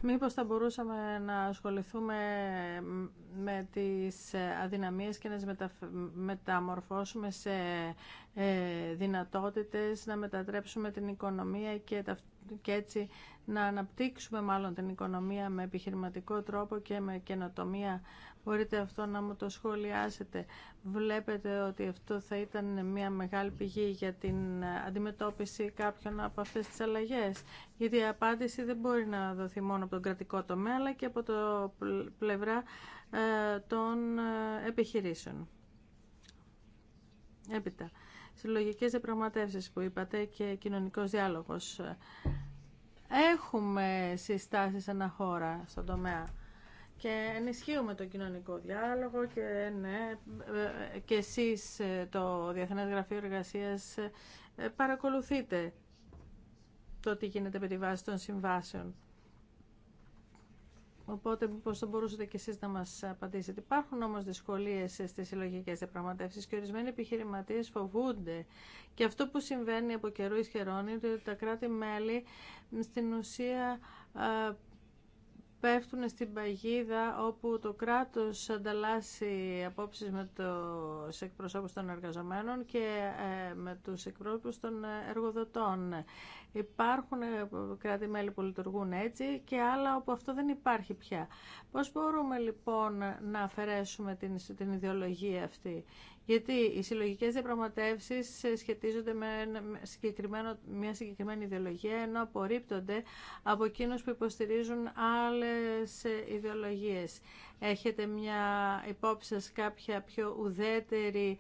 Μήπως θα μπορούσαμε να ασχοληθούμε με τις αδυναμίες και να μεταμορφώσουμε σε ε, δυνατότητες, να μετατρέψουμε την οικονομία και και έτσι να αναπτύξουμε μάλλον την οικονομία με επιχειρηματικό τρόπο και με καινοτομία. Μπορείτε αυτό να μου το σχολιάσετε. Βλέπετε ότι αυτό θα ήταν μια μεγάλη πηγή για την αντιμετώπιση κάποιων από αυτές τις αλλαγές. Γιατί η απάντηση δεν μπορεί να δοθεί μόνο από τον κρατικό τομέα, αλλά και από το πλευρά ε, των ε, επιχειρήσεων. Έπειτα, συλλογικές διαπραγματεύσεις που είπατε και κοινωνικός διάλογος. Έχουμε συστάσεις ανά χώρα στον τομέα και ενισχύουμε το κοινωνικό διάλογο και, ναι, και εσείς ε, το Διεθνές Γραφείο Εργασίας ε, παρακολουθείτε το τι γίνεται με τη βάση των συμβάσεων. Οπότε, πώ θα μπορούσατε κι εσεί να μα απαντήσετε. Υπάρχουν όμω δυσκολίε στι συλλογικέ διαπραγματεύσει και ορισμένοι επιχειρηματίε φοβούνται. Και αυτό που συμβαίνει από καιρού ει είναι ότι τα κράτη-μέλη στην ουσία πέφτουν στην παγίδα όπου το κράτος ανταλλάσσει απόψεις με το εκπροσώπους των εργαζομένων και ε, με τους εκπρόσωπους των εργοδοτών. Υπάρχουν ε, κράτη-μέλη που λειτουργούν έτσι και άλλα όπου αυτό δεν υπάρχει πια. Πώς μπορούμε λοιπόν να αφαιρέσουμε την, την ιδεολογία αυτή. Γιατί οι συλλογικέ διαπραγματεύσει σχετίζονται με συγκεκριμένο, μια συγκεκριμένη ιδεολογία, ενώ απορρίπτονται από εκείνου που υποστηρίζουν άλλε ιδεολογίε. Έχετε μια υπόψη σα κάποια πιο ουδέτερη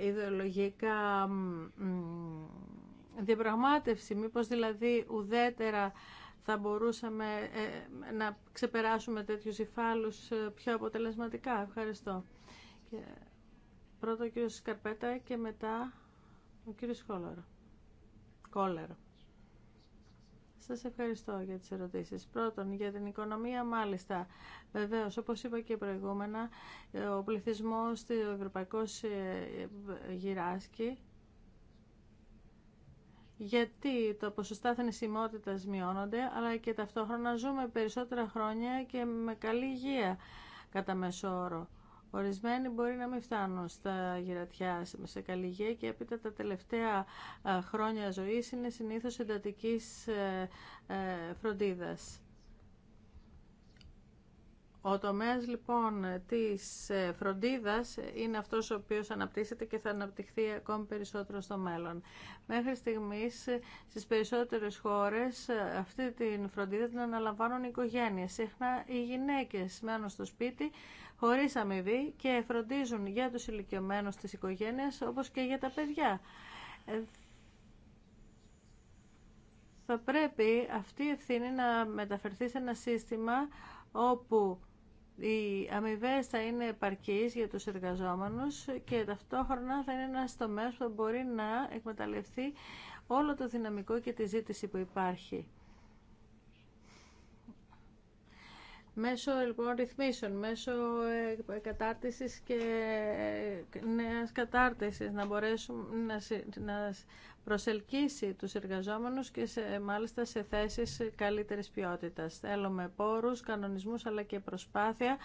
ε, ιδεολογικά διαπραγμάτευση, μήπως δηλαδή ουδέτερα θα μπορούσαμε ε, να ξεπεράσουμε τέτοιους υφάλους ε, πιο αποτελεσματικά. Ευχαριστώ. Πρώτα ο κύριος Σκαρπέτα και μετά ο κύριος Κόλλερο. Σα Σας ευχαριστώ για τις ερωτήσεις. Πρώτον, για την οικονομία, μάλιστα. Βεβαίως, όπως είπα και προηγούμενα, ο πληθυσμός του ευρωπαϊκού ε, γυράσκει. Γιατί το ποσοστά θνησιμότητας μειώνονται, αλλά και ταυτόχρονα ζούμε περισσότερα χρόνια και με καλή υγεία κατά μέσο όρο. Ορισμένοι μπορεί να μην φτάνουν στα γερατιά, σε καλή και έπειτα τα τελευταία ε, χρόνια ζωής είναι συνήθως εντατικής ε, ε, φροντίδας. Ο τομέας λοιπόν της ε, φροντίδας είναι αυτός ο οποίος αναπτύσσεται και θα αναπτυχθεί ακόμη περισσότερο στο μέλλον. Μέχρι στιγμής στις περισσότερες χώρες ε, αυτή την φροντίδα την αναλαμβάνουν οι οικογένειες. Συχνά οι γυναίκες μένουν στο σπίτι χωρίς αμοιβή και φροντίζουν για τους ηλικιωμένους της οικογένειας όπως και για τα παιδιά. Ε, θα πρέπει αυτή η ευθύνη να μεταφερθεί σε ένα σύστημα όπου οι αμοιβέ θα είναι επαρκείς για τους εργαζόμενους και ταυτόχρονα θα είναι ένας τομέας που μπορεί να εκμεταλλευτεί όλο το δυναμικό και τη ζήτηση που υπάρχει. Μέσω λοιπόν ρυθμίσεων, μέσω ε, κατάρτισης και ε, νέας κατάρτισης να μπορέσουμε να, να προσελκύσει τους εργαζόμενους και μάλιστα σε θέσεις καλύτερης ποιότητας. Θέλουμε πόρους, κανονισμούς αλλά και προσπάθεια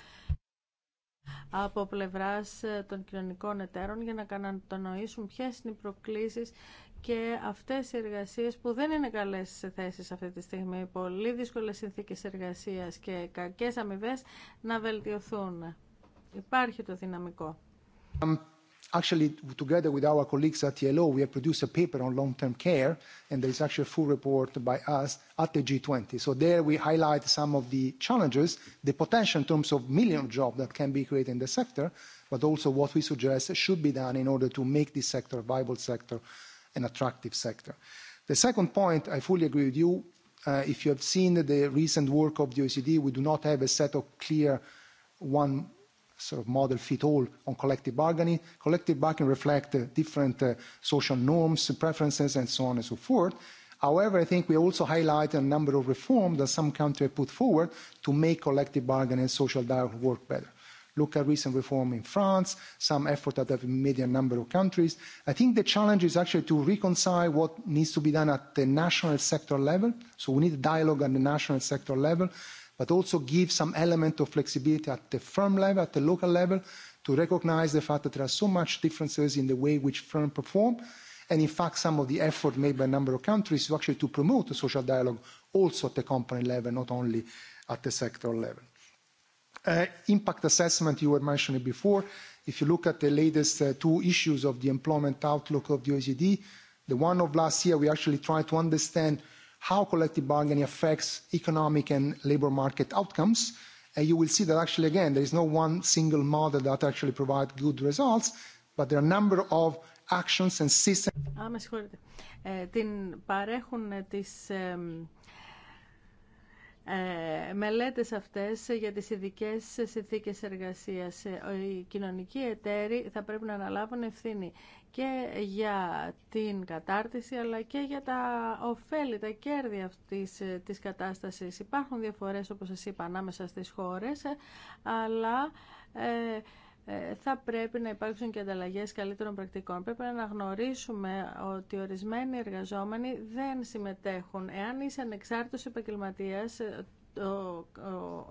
από πλευράς ε, των κοινωνικών εταίρων για να κατανοήσουν ποιες είναι οι προκλήσεις και αυτές οι εργασίες που δεν είναι καλές σε θέσεις αυτή τη στιγμή, πολύ δύσκολες συνθήκες εργασίας και κακές αμοιβέ να βελτιωθούν. Υπάρχει το δυναμικό. Actually, together with our colleagues at TLO, we have produced a paper on long-term care, and there is actually a full report by us at the G20. So there we highlight some of the challenges, the potential in terms of million jobs that can be created in the sector, but also what we suggest should be done in order to make this sector a viable sector, an attractive sector. The second point, I fully agree with you. If you have seen the recent work of the OECD, we do not have a set of clear one sort of model fit all on collective bargaining. Collective bargaining reflects different social norms, preferences, and so on and so forth. However, I think we also highlight a number of reforms that some countries have put forward to make collective bargaining and social dialogue work better. Look at recent reform in France, some effort that have made in a number of countries. I think the challenge is actually to reconcile what needs to be done at the national sector level. So we need dialogue at the national sector level but also give some element of flexibility at the firm level, at the local level, to recognise the fact that there are so much differences in the way which firms perform. And in fact, some of the effort made by a number of countries actually to promote the social dialogue also at the company level, not only at the sector level. Impact assessment, you were mentioning before. If you look at the latest two issues of the employment outlook of the OECD, the one of last year, we actually tried to understand how collective bargaining affects economic and labour market outcomes. And you will see that actually, again, there is no one single model that actually provides good results, but there are a number of actions and systems. Α, με συγχωρείτε. Ε, την παρέχουν τις, ε, ε, μελέτες αυτές για τις ειδικέ συνθήκες εργασίας. Ε, οι κοινωνικοί εταίροι θα πρέπει να αναλάβουν ευθύνη και για την κατάρτιση αλλά και για τα ωφέλη, τα κέρδη αυτής ε, της κατάστασης. Υπάρχουν διαφορές όπως σας είπα ανάμεσα στις χώρες αλλά ε, θα πρέπει να υπάρξουν και ανταλλαγέ καλύτερων πρακτικών. Πρέπει να αναγνωρίσουμε ότι ορισμένοι εργαζόμενοι δεν συμμετέχουν. Εάν είσαι ανεξάρτητος επαγγελματίας,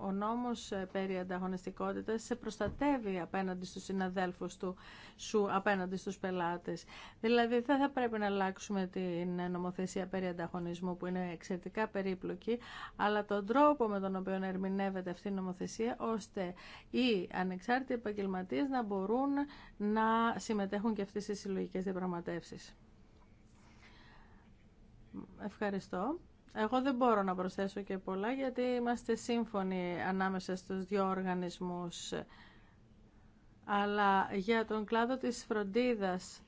ο νόμος ε, περί ανταγωνιστικότητας σε προστατεύει απέναντι στους συναδέλφους του, σου απέναντι στους πελάτες. Δηλαδή δεν θα πρέπει να αλλάξουμε την νομοθεσία περί ανταγωνισμού που είναι εξαιρετικά περίπλοκη, αλλά τον τρόπο με τον οποίο ερμηνεύεται αυτή η νομοθεσία, ώστε οι ανεξάρτητοι επαγγελματίε να μπορούν να συμμετέχουν και αυτές τις συλλογικές διαπραγματεύσεις. Ευχαριστώ. Εγώ δεν μπορώ να προσθέσω και πολλά γιατί είμαστε σύμφωνοι ανάμεσα στους δύο οργανισμούς. Αλλά για τον κλάδο της φροντίδας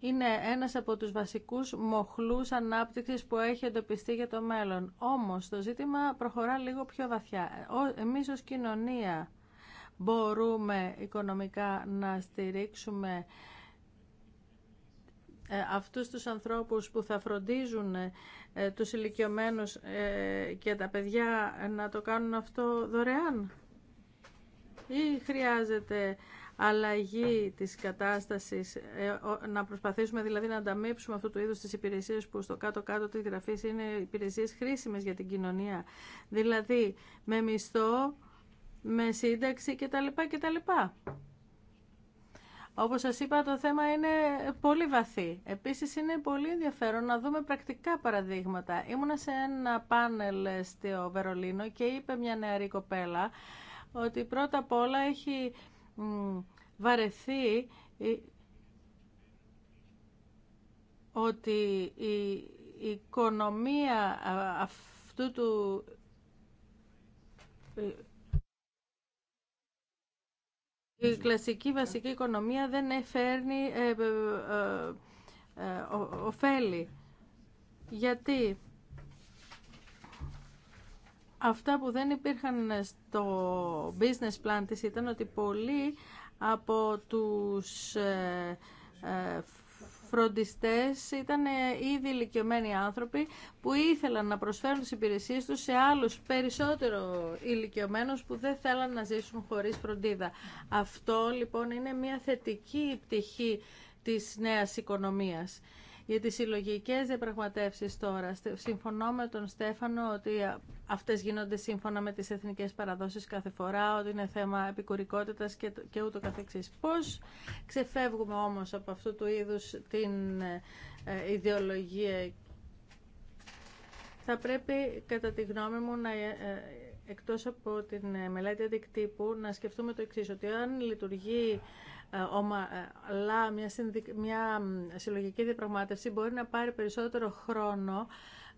είναι ένας από τους βασικούς μοχλούς ανάπτυξης που έχει εντοπιστεί για το μέλλον. Όμως το ζήτημα προχωρά λίγο πιο βαθιά. Εμείς ως κοινωνία μπορούμε οικονομικά να στηρίξουμε ε, αυτούς τους ανθρώπους που θα φροντίζουν ε, τους ηλικιωμένους ε, και τα παιδιά να το κάνουν αυτό δωρεάν ή χρειάζεται αλλαγή της κατάστασης, να προσπαθήσουμε δηλαδή να ανταμείψουμε αυτού του είδους τις υπηρεσίες που στο κάτω-κάτω της γραφής είναι υπηρεσίες χρήσιμες για την κοινωνία. Δηλαδή με μισθό, με σύνταξη κτλ. κτλ. Όπως σας είπα, το θέμα είναι πολύ βαθύ. Επίσης, είναι πολύ ενδιαφέρον να δούμε πρακτικά παραδείγματα. Ήμουνα σε ένα πάνελ στο Βερολίνο και είπε μια νεαρή κοπέλα ότι πρώτα απ' όλα έχει βαρεθεί ότι η οικονομία αυτού του ε, η κλασική βασική οικονομία δεν φέρνει ε, ε, ε, ωφέλη. Γιατί αυτά που δεν υπήρχαν στο business plan της ήταν ότι πολλοί από τους φροντιστές ήταν ε, ήδη ηλικιωμένοι άνθρωποι που ήθελαν να προσφέρουν τις υπηρεσίες τους σε άλλους περισσότερο ηλικιωμένους που δεν θέλαν να ζήσουν χωρίς φροντίδα. Αυτό λοιπόν είναι μια θετική πτυχή της νέας οικονομίας. Για τις συλλογικέ διαπραγματεύσει τώρα, συμφωνώ με τον Στέφανο ότι αυτές γίνονται σύμφωνα με τις εθνικές παραδόσεις κάθε φορά, ότι είναι θέμα επικουρικότητας και, και ούτω καθεξής. Πώς ξεφεύγουμε όμως από αυτού του είδους την ε, ε, ιδεολογία θα πρέπει, κατά τη γνώμη μου, να, ε, εκτός από την μελέτη αντικτύπου, να σκεφτούμε το εξής, ότι αν λειτουργεί ε, ε, αλλά μια, μια συλλογική διαπραγμάτευση μπορεί να πάρει περισσότερο χρόνο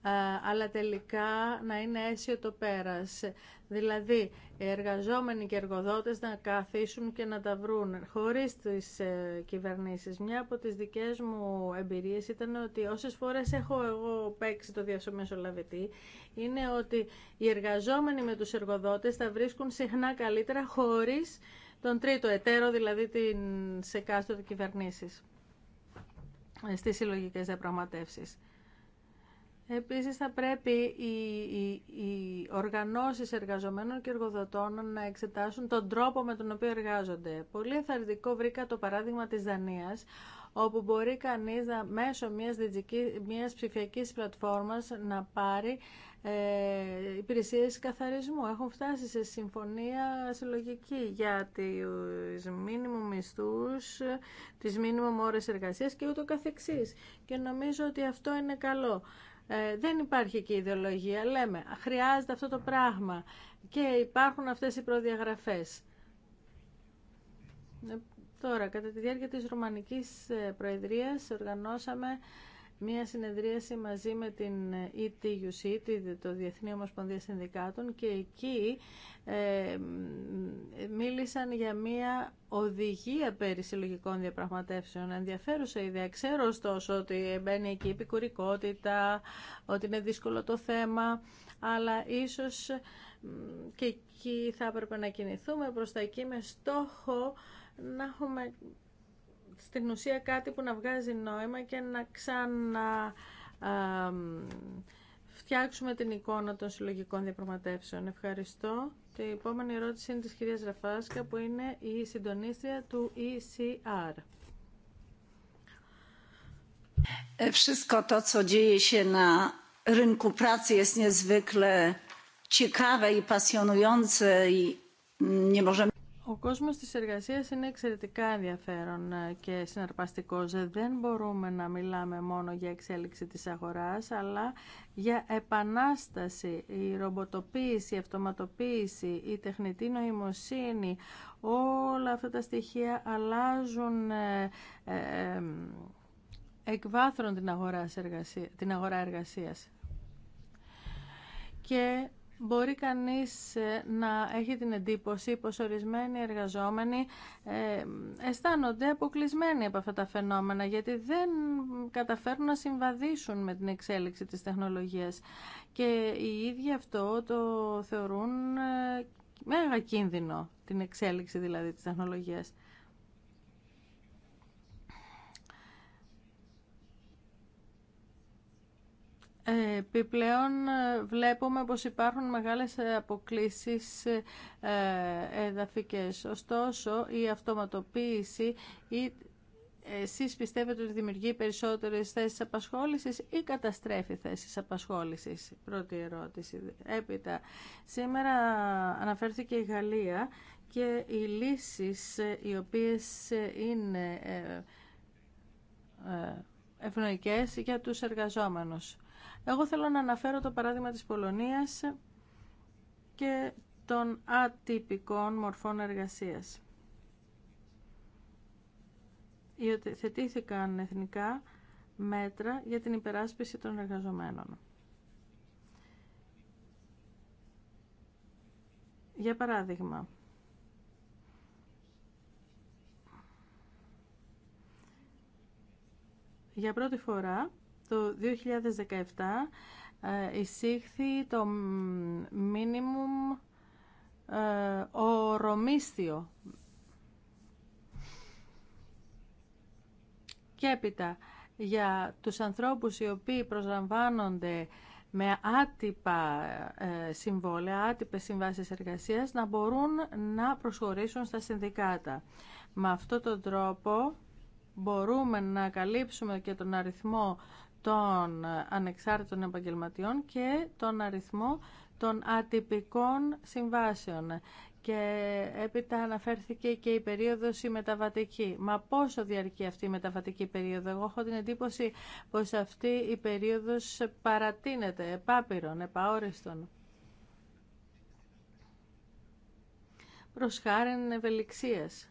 ε, αλλά τελικά να είναι αίσιο το πέρας. Δηλαδή, οι εργαζόμενοι και εργοδότες να καθίσουν και να τα βρουν χωρίς τις κυβερνήσεις. Μια από τις δικές μου εμπειρίες ήταν ότι όσες φορές έχω εγώ παίξει το διασωμεσολαβητή, είναι ότι οι εργαζόμενοι με τους εργοδότες τα βρίσκουν συχνά καλύτερα χωρίς τον τρίτο εταίρο, δηλαδή την εκάστοτε κυβερνήσει στι συλλογικέ διαπραγματεύσει. Επίσης θα πρέπει οι, οι, οι οργανώσεις εργαζομένων και εργοδοτών να εξετάσουν τον τρόπο με τον οποίο εργάζονται. Πολύ ενθαρρυντικό βρήκα το παράδειγμα της Δανία, όπου μπορεί κανεί μέσω μια ψηφιακή πλατφόρμα πλατφόρμας να πάρει ε, υπηρεσίες καθαρισμού. Έχουν φτάσει σε συμφωνία συλλογική για τις μήνυμου μισθούς, τις μήνυμου ώρες εργασίας και ούτω καθεξής. Και νομίζω ότι αυτό είναι καλό. Ε, δεν υπάρχει και ιδεολογία. Λέμε, χρειάζεται αυτό το πράγμα και υπάρχουν αυτές οι προδιαγραφές. Ε, τώρα, κατά τη διάρκεια της Ρουμανικής Προεδρίας οργανώσαμε μία συνεδρίαση μαζί με την ETUC, το Διεθνή Ομοσπονδία Συνδικάτων, και εκεί ε, μίλησαν για μία οδηγία περί συλλογικών διαπραγματεύσεων. Ενδιαφέρουσα ιδέα. Ξέρω ωστόσο ότι μπαίνει εκεί η επικουρικότητα, ότι είναι δύσκολο το θέμα, αλλά ίσως και εκεί θα έπρεπε να κινηθούμε προς τα εκεί με στόχο να έχουμε στην ουσία κάτι που να βγάζει νόημα και να ξανα φτιάξουμε την εικόνα των συλλογικών διαπραγματεύσεων. Ευχαριστώ. Και η επόμενη ερώτηση είναι της κυρίας Ραφάσκα που είναι η συντονίστρια του ECR. Ε, wszystko to, co dzieje się na rynku pracy jest niezwykle ciekawe i pasjonujące i nie możemy... Ο κόσμος της εργασίας είναι εξαιρετικά ενδιαφέρον ε, και συναρπαστικός. Ε, δεν μπορούμε να μιλάμε μόνο για εξέλιξη της αγοράς, αλλά για επανάσταση, η ρομποτοποίηση, η αυτοματοποίηση, η τεχνητή νοημοσύνη. Όλα αυτά τα στοιχεία αλλάζουν ε, εκβάθρον την αγορά εργασίας. Και Μπορεί κανείς ε, να έχει την εντύπωση πως ορισμένοι εργαζόμενοι ε, αισθάνονται αποκλεισμένοι από αυτά τα φαινόμενα γιατί δεν καταφέρουν να συμβαδίσουν με την εξέλιξη της τεχνολογίας και οι ίδιοι αυτό το θεωρούν ε, μέγα κίνδυνο, την εξέλιξη δηλαδή της τεχνολογίας. Επιπλέον ε, βλέπουμε πως υπάρχουν μεγάλες ε, αποκλίσεις ε, εδαφικές. Ωστόσο, η αυτοματοποίηση ή εσείς πιστεύετε ότι δημιουργεί περισσότερες θέσεις απασχόλησης ή καταστρέφει θέσεις απασχόλησης. Πρώτη ερώτηση. Έπειτα, σήμερα αναφέρθηκε η Γαλλία και οι λύσεις οι οποίες είναι ευνοϊκές για τους εργαζόμενους. Εγώ θέλω να αναφέρω το παράδειγμα της Πολωνίας και των ατυπικών μορφών εργασίας. Υιοθετήθηκαν εθνικά μέτρα για την υπεράσπιση των εργαζομένων. Για παράδειγμα, για πρώτη φορά το 2017 ε, εισήχθη το minimum ε, ορομίσθιο. Και έπειτα, για τους ανθρώπους οι οποίοι προσλαμβάνονται με άτυπα ε, συμβόλαια, άτυπες συμβάσεις εργασίας, να μπορούν να προσχωρήσουν στα συνδικάτα. Με αυτό τον τρόπο μπορούμε να καλύψουμε και τον αριθμό των ανεξάρτητων επαγγελματιών και τον αριθμό των ατυπικών συμβάσεων. Και έπειτα αναφέρθηκε και η περίοδος η μεταβατική. Μα πόσο διαρκεί αυτή η μεταβατική περίοδο. Εγώ έχω την εντύπωση πως αυτή η περίοδος παρατείνεται επάπειρον, επαόριστον. Προς χάρην ευελιξίας.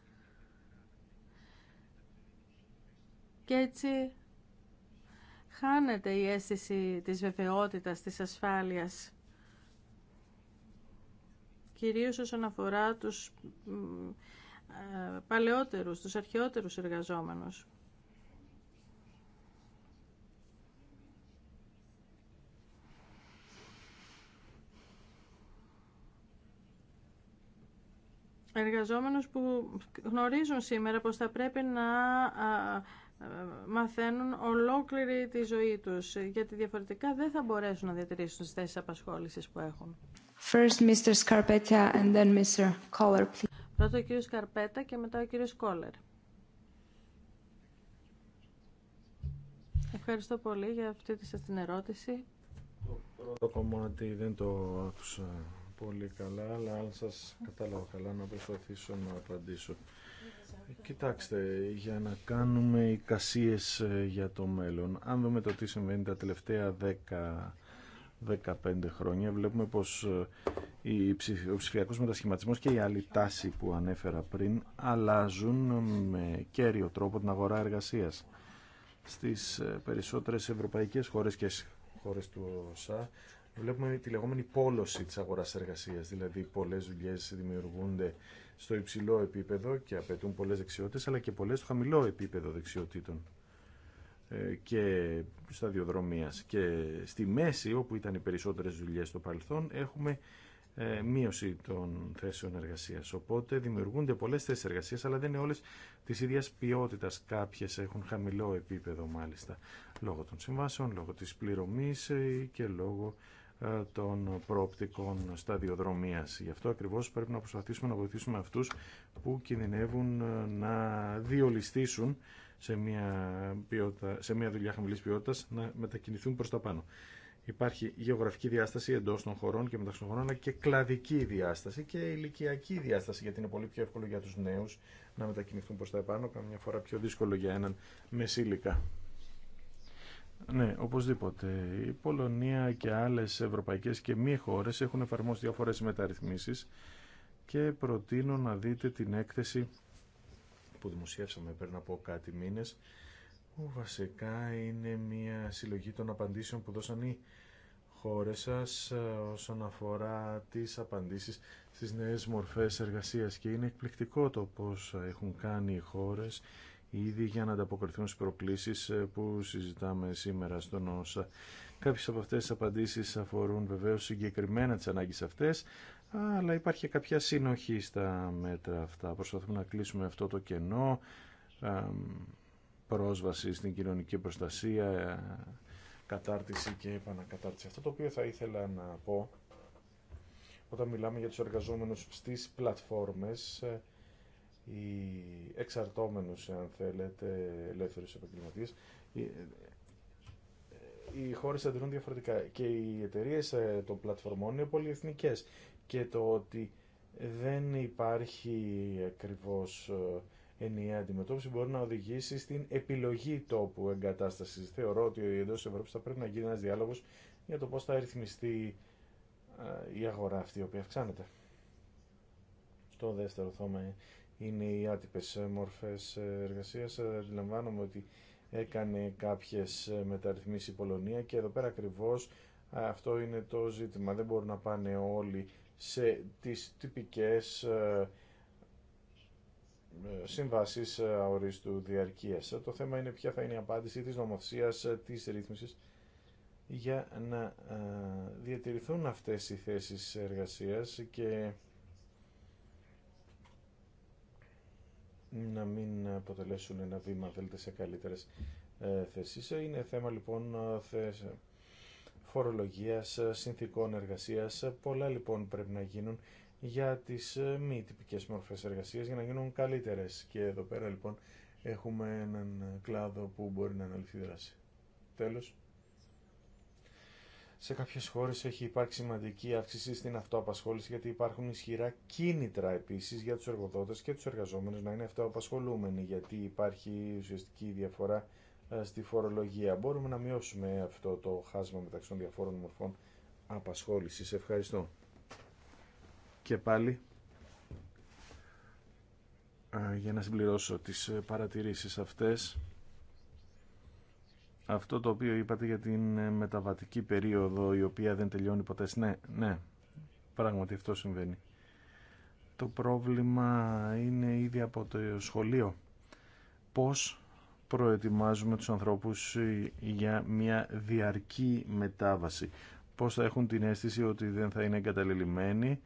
Και έτσι χάνεται η αίσθηση της βεβαιότητας, της ασφάλειας. Κυρίως όσον αφορά τους ε, παλαιότερους, τους αρχαιότερους εργαζόμενους. Εργαζόμενους που γνωρίζουν σήμερα πως θα πρέπει να μαθαίνουν ολόκληρη τη ζωή τους, γιατί διαφορετικά δεν θα μπορέσουν να διατηρήσουν τις θέσεις απασχόλησης που έχουν. First, Mr. Scarpetta, and then Mr. ο κύριος Σκαρπέτα και μετά ο κύριος Κόλλερ. Ευχαριστώ πολύ για αυτή τη σα την ερώτηση. Το πρώτο κομμάτι δεν το άκουσα πολύ καλά, αλλά αν σας κατάλαβα καλά να προσπαθήσω να απαντήσω. Κοιτάξτε, για να κάνουμε εικασίες ε, για το μέλλον. Αν δούμε το τι συμβαίνει τα τελευταία 10-15 χρόνια, βλέπουμε πως ε, ο ψηφιακό μετασχηματισμός και η άλλη τάση που ανέφερα πριν αλλάζουν ε, με κέριο τρόπο την αγορά εργασίας. Στις περισσότερες ευρωπαϊκές χώρες και χώρες του ΩΣΑ βλέπουμε τη λεγόμενη πόλωση της αγοράς εργασίας, δηλαδή πολλές δουλειές δημιουργούνται στο υψηλό επίπεδο και απαιτούν πολλές δεξιότητες, αλλά και πολλές στο χαμηλό επίπεδο δεξιοτήτων ε, και σταδιοδρομίας. Και στη μέση, όπου ήταν οι περισσότερες δουλειές στο παρελθόν, έχουμε ε, μείωση των θέσεων εργασίας. Οπότε δημιουργούνται πολλές θέσεις εργασίας, αλλά δεν είναι όλες της ίδιας ποιότητας. Κάποιες έχουν χαμηλό επίπεδο μάλιστα, λόγω των συμβάσεων, λόγω της πληρωμής ε, και λόγω ε, των προοπτικών σταδιοδρομίας. Γι' αυτό ακριβώς πρέπει να προσπαθήσουμε να βοηθήσουμε αυτούς που κινδυνεύουν ε, να διολυστήσουν σε μια, ποιότητα, σε μια δουλειά χαμηλής ποιότητας να μετακινηθούν προς τα πάνω. Υπάρχει γεωγραφική διάσταση εντός των χωρών και μεταξύ των χωρών, αλλά και κλαδική διάσταση και ηλικιακή διάσταση, γιατί είναι πολύ πιο εύκολο για τους νέους να μετακινηθούν προς τα επάνω, καμιά φορά πιο δύσκολο για έναν μεσήλικα. Ναι, οπωσδήποτε. Η Πολωνία και άλλες ευρωπαϊκές και μη χώρες έχουν εφαρμόσει διάφορες μεταρρυθμίσεις και προτείνω να δείτε την έκθεση που δημοσιεύσαμε πριν από κάτι μήνες που βασικά είναι μια συλλογή των απαντήσεων που δώσαν οι χώρες σας ε, όσον αφορά τις απαντήσεις στις νέες μορφές εργασίας και είναι εκπληκτικό το πώς έχουν κάνει οι χώρες ήδη για να ανταποκριθούν στις προκλήσεις ε, που συζητάμε σήμερα στον ΩΣΑ. Κάποιες από αυτές τις απαντήσεις αφορούν βεβαίως συγκεκριμένα τις ανάγκες αυτές, αλλά υπάρχει και κάποια συνοχή στα μέτρα αυτά. Προσπαθούμε να κλείσουμε αυτό το κενό, πρόσβαση στην κοινωνική προστασία, ε, κατάρτιση και επανακατάρτιση. Αυτό το οποίο θα ήθελα να πω όταν μιλάμε για τους εργαζόμενους στις πλατφόρμες ε, οι εξαρτώμενους, αν θέλετε, ελεύθερους επαγγελματίες, οι χώρες αντιρούν διαφορετικά και οι εταιρείε ε, των πλατφορμών είναι πολυεθνικές και το ότι δεν υπάρχει ακριβώς ε, ενιαία αντιμετώπιση μπορεί να οδηγήσει στην επιλογή τόπου εγκατάστασης. Θεωρώ ότι εντό Ευρώπη θα πρέπει να γίνει ένας διάλογος για το πώς θα ρυθμιστεί ε, η αγορά αυτή η οποία αυξάνεται. Στο δεύτερο θέμα είναι οι άτυπες ε, μορφές ε, εργασίας. Ε, αντιλαμβάνομαι ότι έκανε κάποιες μεταρρυθμίσεις η Πολωνία και εδώ πέρα ακριβώς αυτό είναι το ζήτημα. Δεν μπορούν να πάνε όλοι σε τις τυπικές συμβάσεις αορίστου διαρκείας. Το θέμα είναι ποια θα είναι η απάντηση της νομοθεσίας της ρύθμισης για να διατηρηθούν αυτές οι θέσεις εργασίας και να μην αποτελέσουν ένα βήμα, θέλετε, σε καλύτερες ε, θέσεις. Είναι θέμα λοιπόν φορολογίας, συνθήκων εργασίας. Πολλά λοιπόν πρέπει να γίνουν για τις ε, μη τυπικές μορφές εργασίας για να γίνουν καλύτερες. Και εδώ πέρα λοιπόν έχουμε έναν κλάδο που μπορεί να αναλυθεί δράση. Τέλος. Σε κάποιες χώρες έχει υπάρξει σημαντική αύξηση στην αυτοαπασχόληση γιατί υπάρχουν ισχυρά κίνητρα επίσης για τους εργοδότες και τους εργαζόμενους να είναι αυτοαπασχολούμενοι γιατί υπάρχει ουσιαστική διαφορά ε, στη φορολογία. Μπορούμε να μειώσουμε αυτό το χάσμα μεταξύ των διαφόρων μορφών απασχόλησης. Ευχαριστώ. Και πάλι για να συμπληρώσω τις ε, παρατηρήσεις αυτές αυτό το οποίο είπατε για την ε, μεταβατική περίοδο η οποία δεν τελειώνει ποτέ. Ναι, ναι, πράγματι αυτό συμβαίνει. Το πρόβλημα είναι ήδη από το σχολείο. Πώς προετοιμάζουμε τους ανθρώπους ε, για μια διαρκή μετάβαση. Πώς θα έχουν την αίσθηση ότι δεν θα είναι εγκαταλελειμμένοι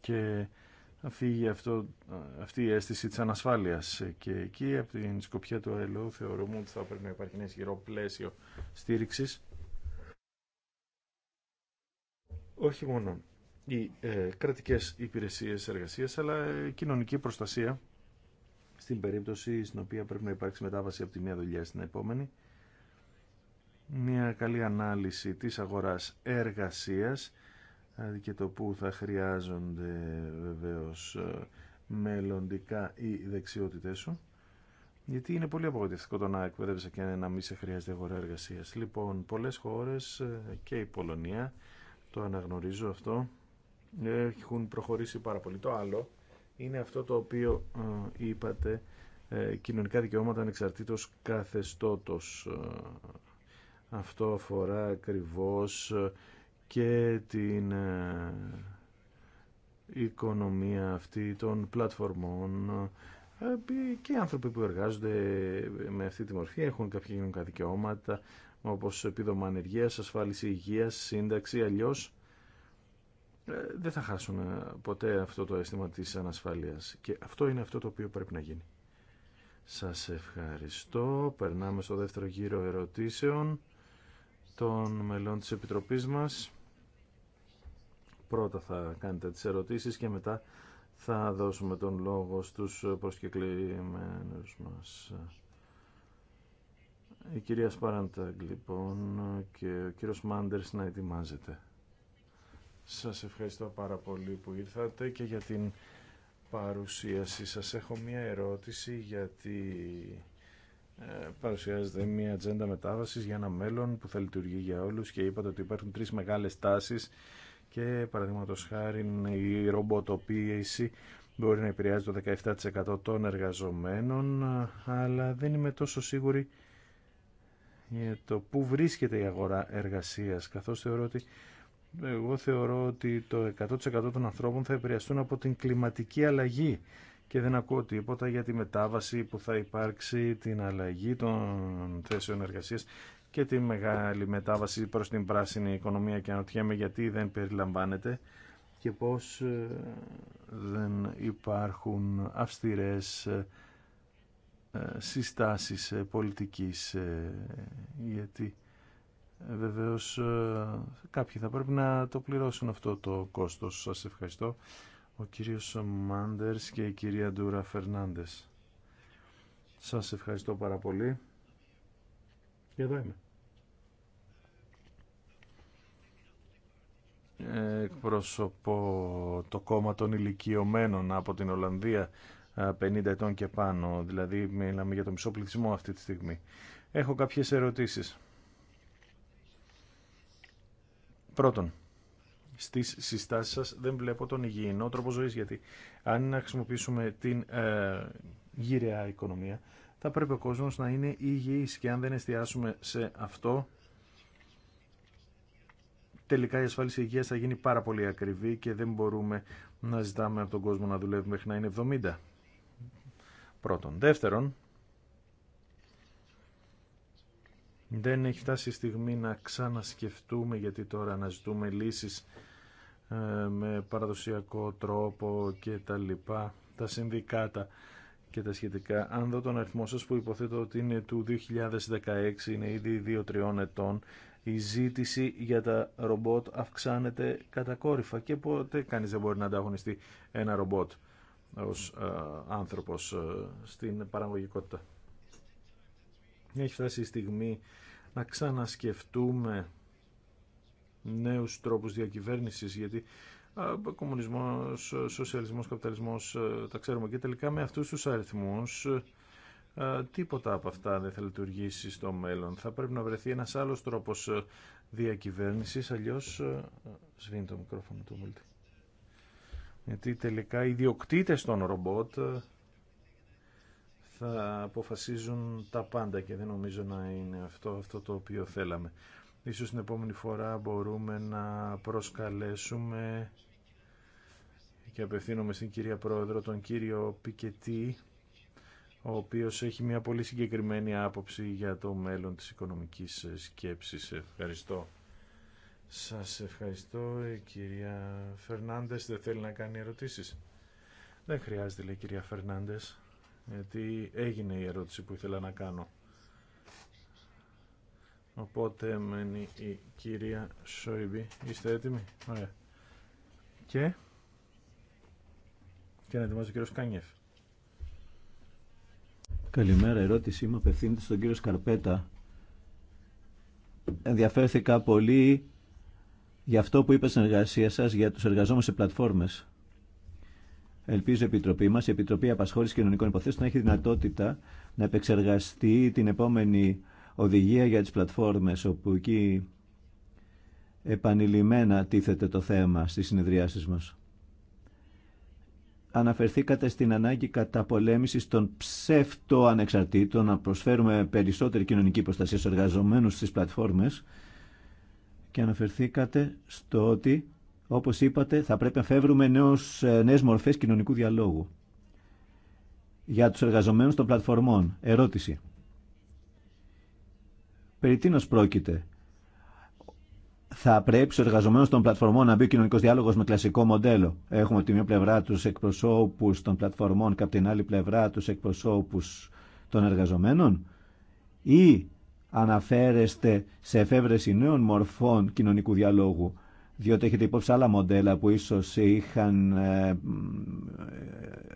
και αφήγει φύγει αυτό, αυτή η αίσθηση της ανασφάλειας. Και εκεί από την σκοπιά του ΑΕΛΟ θεωρούμε ότι θα πρέπει να υπάρχει ένα ισχυρό πλαίσιο στήριξης. Όχι μόνο οι ε, κρατικές υπηρεσίες εργασίας, αλλά ε, κοινωνική προστασία στην περίπτωση στην οποία πρέπει να υπάρξει μετάβαση από τη μία δουλειά στην επόμενη. Μια καλή ανάλυση της αγοράς εργασίας ε, και το που θα χρειάζονται βεβαίως ε, μελλοντικά οι δεξιότητες σου. Γιατί είναι πολύ απογοητευτικό το να εκπαιδεύεσαι και να μην σε χρειάζεται αγορά εργασία. Λοιπόν, πολλές χώρες ε, και η Πολωνία, το αναγνωρίζω αυτό, έχουν προχωρήσει πάρα πολύ. Το άλλο είναι αυτό το οποίο είπατε, κοινωνικά δικαιώματα ανεξαρτήτως καθεστώτος. Αυτό αφορά ακριβώς και την ε, οικονομία αυτή των πλατφορμών ε, και οι άνθρωποι που εργάζονται με αυτή τη μορφή έχουν κάποια γενικά δικαιώματα όπως επίδομα ανεργίας, ασφάλιση υγείας, σύνταξη, αλλιώς ε, δεν θα χάσουν ποτέ αυτό το αίσθημα της ανασφάλειας και αυτό είναι αυτό το οποίο πρέπει να γίνει. Σας ευχαριστώ. Περνάμε στο δεύτερο γύρο ερωτήσεων των μελών της Επιτροπής μας πρώτα θα κάνετε τις ερωτήσεις και μετά θα δώσουμε τον λόγο στους προσκεκλημένους μας. Η κυρία Σπάρανταγκ λοιπόν και ο κύριος Μάντερς να ετοιμάζεται. Σας ευχαριστώ πάρα πολύ που ήρθατε και για την παρουσίαση σας. Έχω μία ερώτηση γιατί ε, παρουσιάζεται μία ατζέντα μετάβασης για ένα μέλλον που θα λειτουργεί για όλους και είπατε ότι υπάρχουν τρεις μεγάλες τάσεις και παραδείγματο χάρη η ρομποτοποίηση μπορεί να επηρεάζει το 17% των εργαζομένων αλλά δεν είμαι τόσο σίγουρη για το πού βρίσκεται η αγορά εργασίας καθώς θεωρώ ότι εγώ θεωρώ ότι το 100% των ανθρώπων θα επηρεαστούν από την κλιματική αλλαγή και δεν ακούω τίποτα για τη μετάβαση που θα υπάρξει, την αλλαγή των θέσεων εργασίας και τη μεγάλη μετάβαση προς την πράσινη οικονομία και αναρωτιέμαι γιατί δεν περιλαμβάνεται και πώς ε, δεν υπάρχουν αυστηρές ε, ε, συστάσεις πολιτικής γιατί βεβαίως κάποιοι θα πρέπει να το πληρώσουν αυτό το κόστος. Σας ευχαριστώ. Ο κύριος Μάντερς και η κυρία Ντούρα Φερνάντες. Σας ευχαριστώ πάρα πολύ. Και εδώ Εκπροσωπώ το κόμμα των ηλικιωμένων από την Ολλανδία 50 ετών και πάνω, δηλαδή μιλάμε για το μισό πληθυσμό αυτή τη στιγμή. Έχω κάποιες ερωτήσεις. Πρώτον, στις συστάσεις σας δεν βλέπω τον υγιεινό τρόπο ζωής, γιατί αν να χρησιμοποιήσουμε την ε, γύρια οικονομία, θα πρέπει ο κόσμος να είναι υγιής και αν δεν εστιάσουμε σε αυτό τελικά η ασφάλιση υγείας θα γίνει πάρα πολύ ακριβή και δεν μπορούμε να ζητάμε από τον κόσμο να δουλεύει μέχρι να είναι 70. Πρώτον. Δεύτερον, δεν έχει φτάσει η στιγμή να ξανασκεφτούμε γιατί τώρα ζητούμε λύσεις ε, με παραδοσιακό τρόπο και τα λοιπά, τα συνδικάτα και τα σχετικά. Αν δω τον αριθμό σας που υποθέτω ότι είναι του 2016, είναι ήδη 2-3 ετών, η ζήτηση για τα ρομπότ αυξάνεται κατακόρυφα και ποτέ κανείς δεν μπορεί να ανταγωνιστεί ένα ρομπότ ως ε, άνθρωπος ε, στην παραγωγικότητα. Έχει φτάσει η στιγμή να ξανασκεφτούμε νέους τρόπους διακυβέρνησης γιατί κομμουνισμός, ε, σοσιαλισμός, καπιταλισμός, ε, τα ξέρουμε και τελικά με αυτούς τους αριθμούς ε, τίποτα από αυτά δεν θα λειτουργήσει στο μέλλον. Θα πρέπει να βρεθεί ένας άλλος τρόπος διακυβέρνησης, αλλιώς σβήνει το μικρόφωνο του Μουλτή. Γιατί τελικά οι διοκτήτες των ρομπότ θα αποφασίζουν τα πάντα και δεν νομίζω να είναι αυτό, αυτό το οποίο θέλαμε. Ίσως την επόμενη φορά μπορούμε να προσκαλέσουμε και απευθύνομαι στην κυρία Πρόεδρο, τον κύριο Πικετή, ο οποίος έχει μια πολύ συγκεκριμένη άποψη για το μέλλον της οικονομικής σκέψης. Ευχαριστώ. Σας ευχαριστώ. Η ε, κυρία Φερνάντες δεν θέλει να κάνει ερωτήσεις. Δεν χρειάζεται, λέει η κυρία Φερνάντες, γιατί έγινε η ερώτηση που ήθελα να κάνω. Οπότε μένει η κυρία Σόιμπη. Είστε έτοιμοι. Ωραία. Και... Και να ετοιμάζει ο κύριος Κάνιεφ. Καλημέρα. Ερώτησή μου απευθύνεται στον κύριο Σκαρπέτα. Ενδιαφέρθηκα πολύ για αυτό που είπε στην εργασία σας για τους εργαζόμενους σε πλατφόρμες. Ελπίζω η Επιτροπή μας, η Επιτροπή Απασχόλησης Κοινωνικών Υποθέσεων, να έχει δυνατότητα να επεξεργαστεί την επόμενη οδηγία για τις πλατφόρμες όπου εκεί επανειλημμένα τίθεται το θέμα στις συνεδριάσεις μας. Αναφερθήκατε στην ανάγκη καταπολέμησης των ανεξαρτήτων να προσφέρουμε περισσότερη κοινωνική προστασία στους εργαζομένους στις πλατφόρμες και αναφερθήκατε στο ότι, όπως είπατε, θα πρέπει να φεύγουμε νέους, ε, νέες μορφές κοινωνικού διαλόγου. Για τους εργαζομένους των πλατφορμών, ερώτηση. Περί τίνο πρόκειται. Θα πρέπει στου εργαζομένου των πλατφορμών να μπει ο κοινωνικό διάλογο με κλασικό μοντέλο. Έχουμε από τη μία πλευρά του εκπροσώπου των πλατφορμών και από την άλλη πλευρά του εκπροσώπου των εργαζομένων. Ή αναφέρεστε σε εφεύρεση νέων μορφών κοινωνικού διαλόγου, διότι έχετε υπόψη άλλα μοντέλα που ίσω είχαν ε, ε,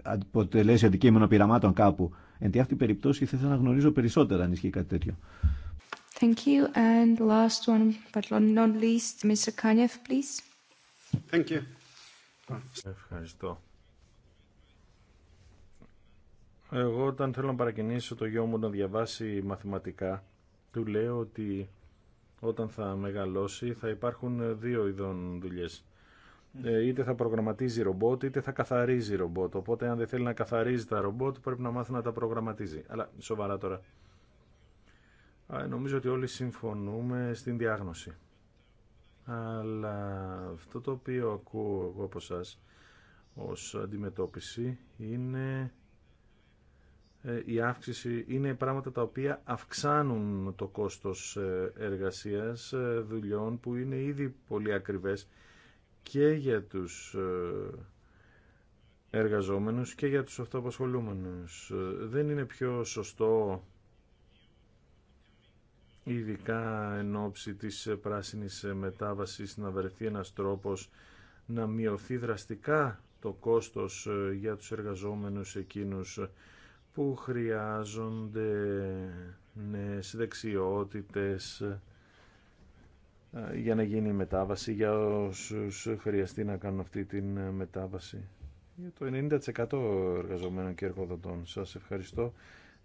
αποτελέσει αντικείμενο πειραμάτων κάπου. Εν τη αυτή περιπτώση θα ήθελα να γνωρίζω περισσότερα αν ισχύει κάτι τέτοιο. Ευχαριστώ. Εγώ όταν θέλω να παρακινήσω το γιο μου να διαβάσει μαθηματικά, του λέω ότι όταν θα μεγαλώσει θα υπάρχουν δύο ειδών δουλειές. Ε, είτε θα προγραμματίζει ρομπότ, είτε θα καθαρίζει ρομπότ. Οπότε αν δεν θέλει να καθαρίζει τα ρομπότ πρέπει να μάθει να τα προγραμματίζει. Αλλά σοβαρά τώρα νομίζω ότι όλοι συμφωνούμε στην διάγνωση. Αλλά αυτό το οποίο ακούω εγώ από σας ως αντιμετώπιση είναι ε, η αύξηση είναι πράγματα τα οποία αυξάνουν το κόστος ε, εργασίας ε, δουλειών που είναι ήδη πολύ ακριβές και για τους εργαζόμενους και για τους αυτοαπασχολούμενους. Δεν είναι πιο σωστό ειδικά εν ώψη της πράσινης μετάβασης να βρεθεί ένας τρόπος να μειωθεί δραστικά το κόστος ε, για τους εργαζόμενους εκείνους που χρειάζονται νέες δεξιότητες ε, για να γίνει η μετάβαση, για όσους χρειαστεί να κάνουν αυτή τη ε, μετάβαση. Για το 90% εργαζομένων και εργοδοτών. Σας ευχαριστώ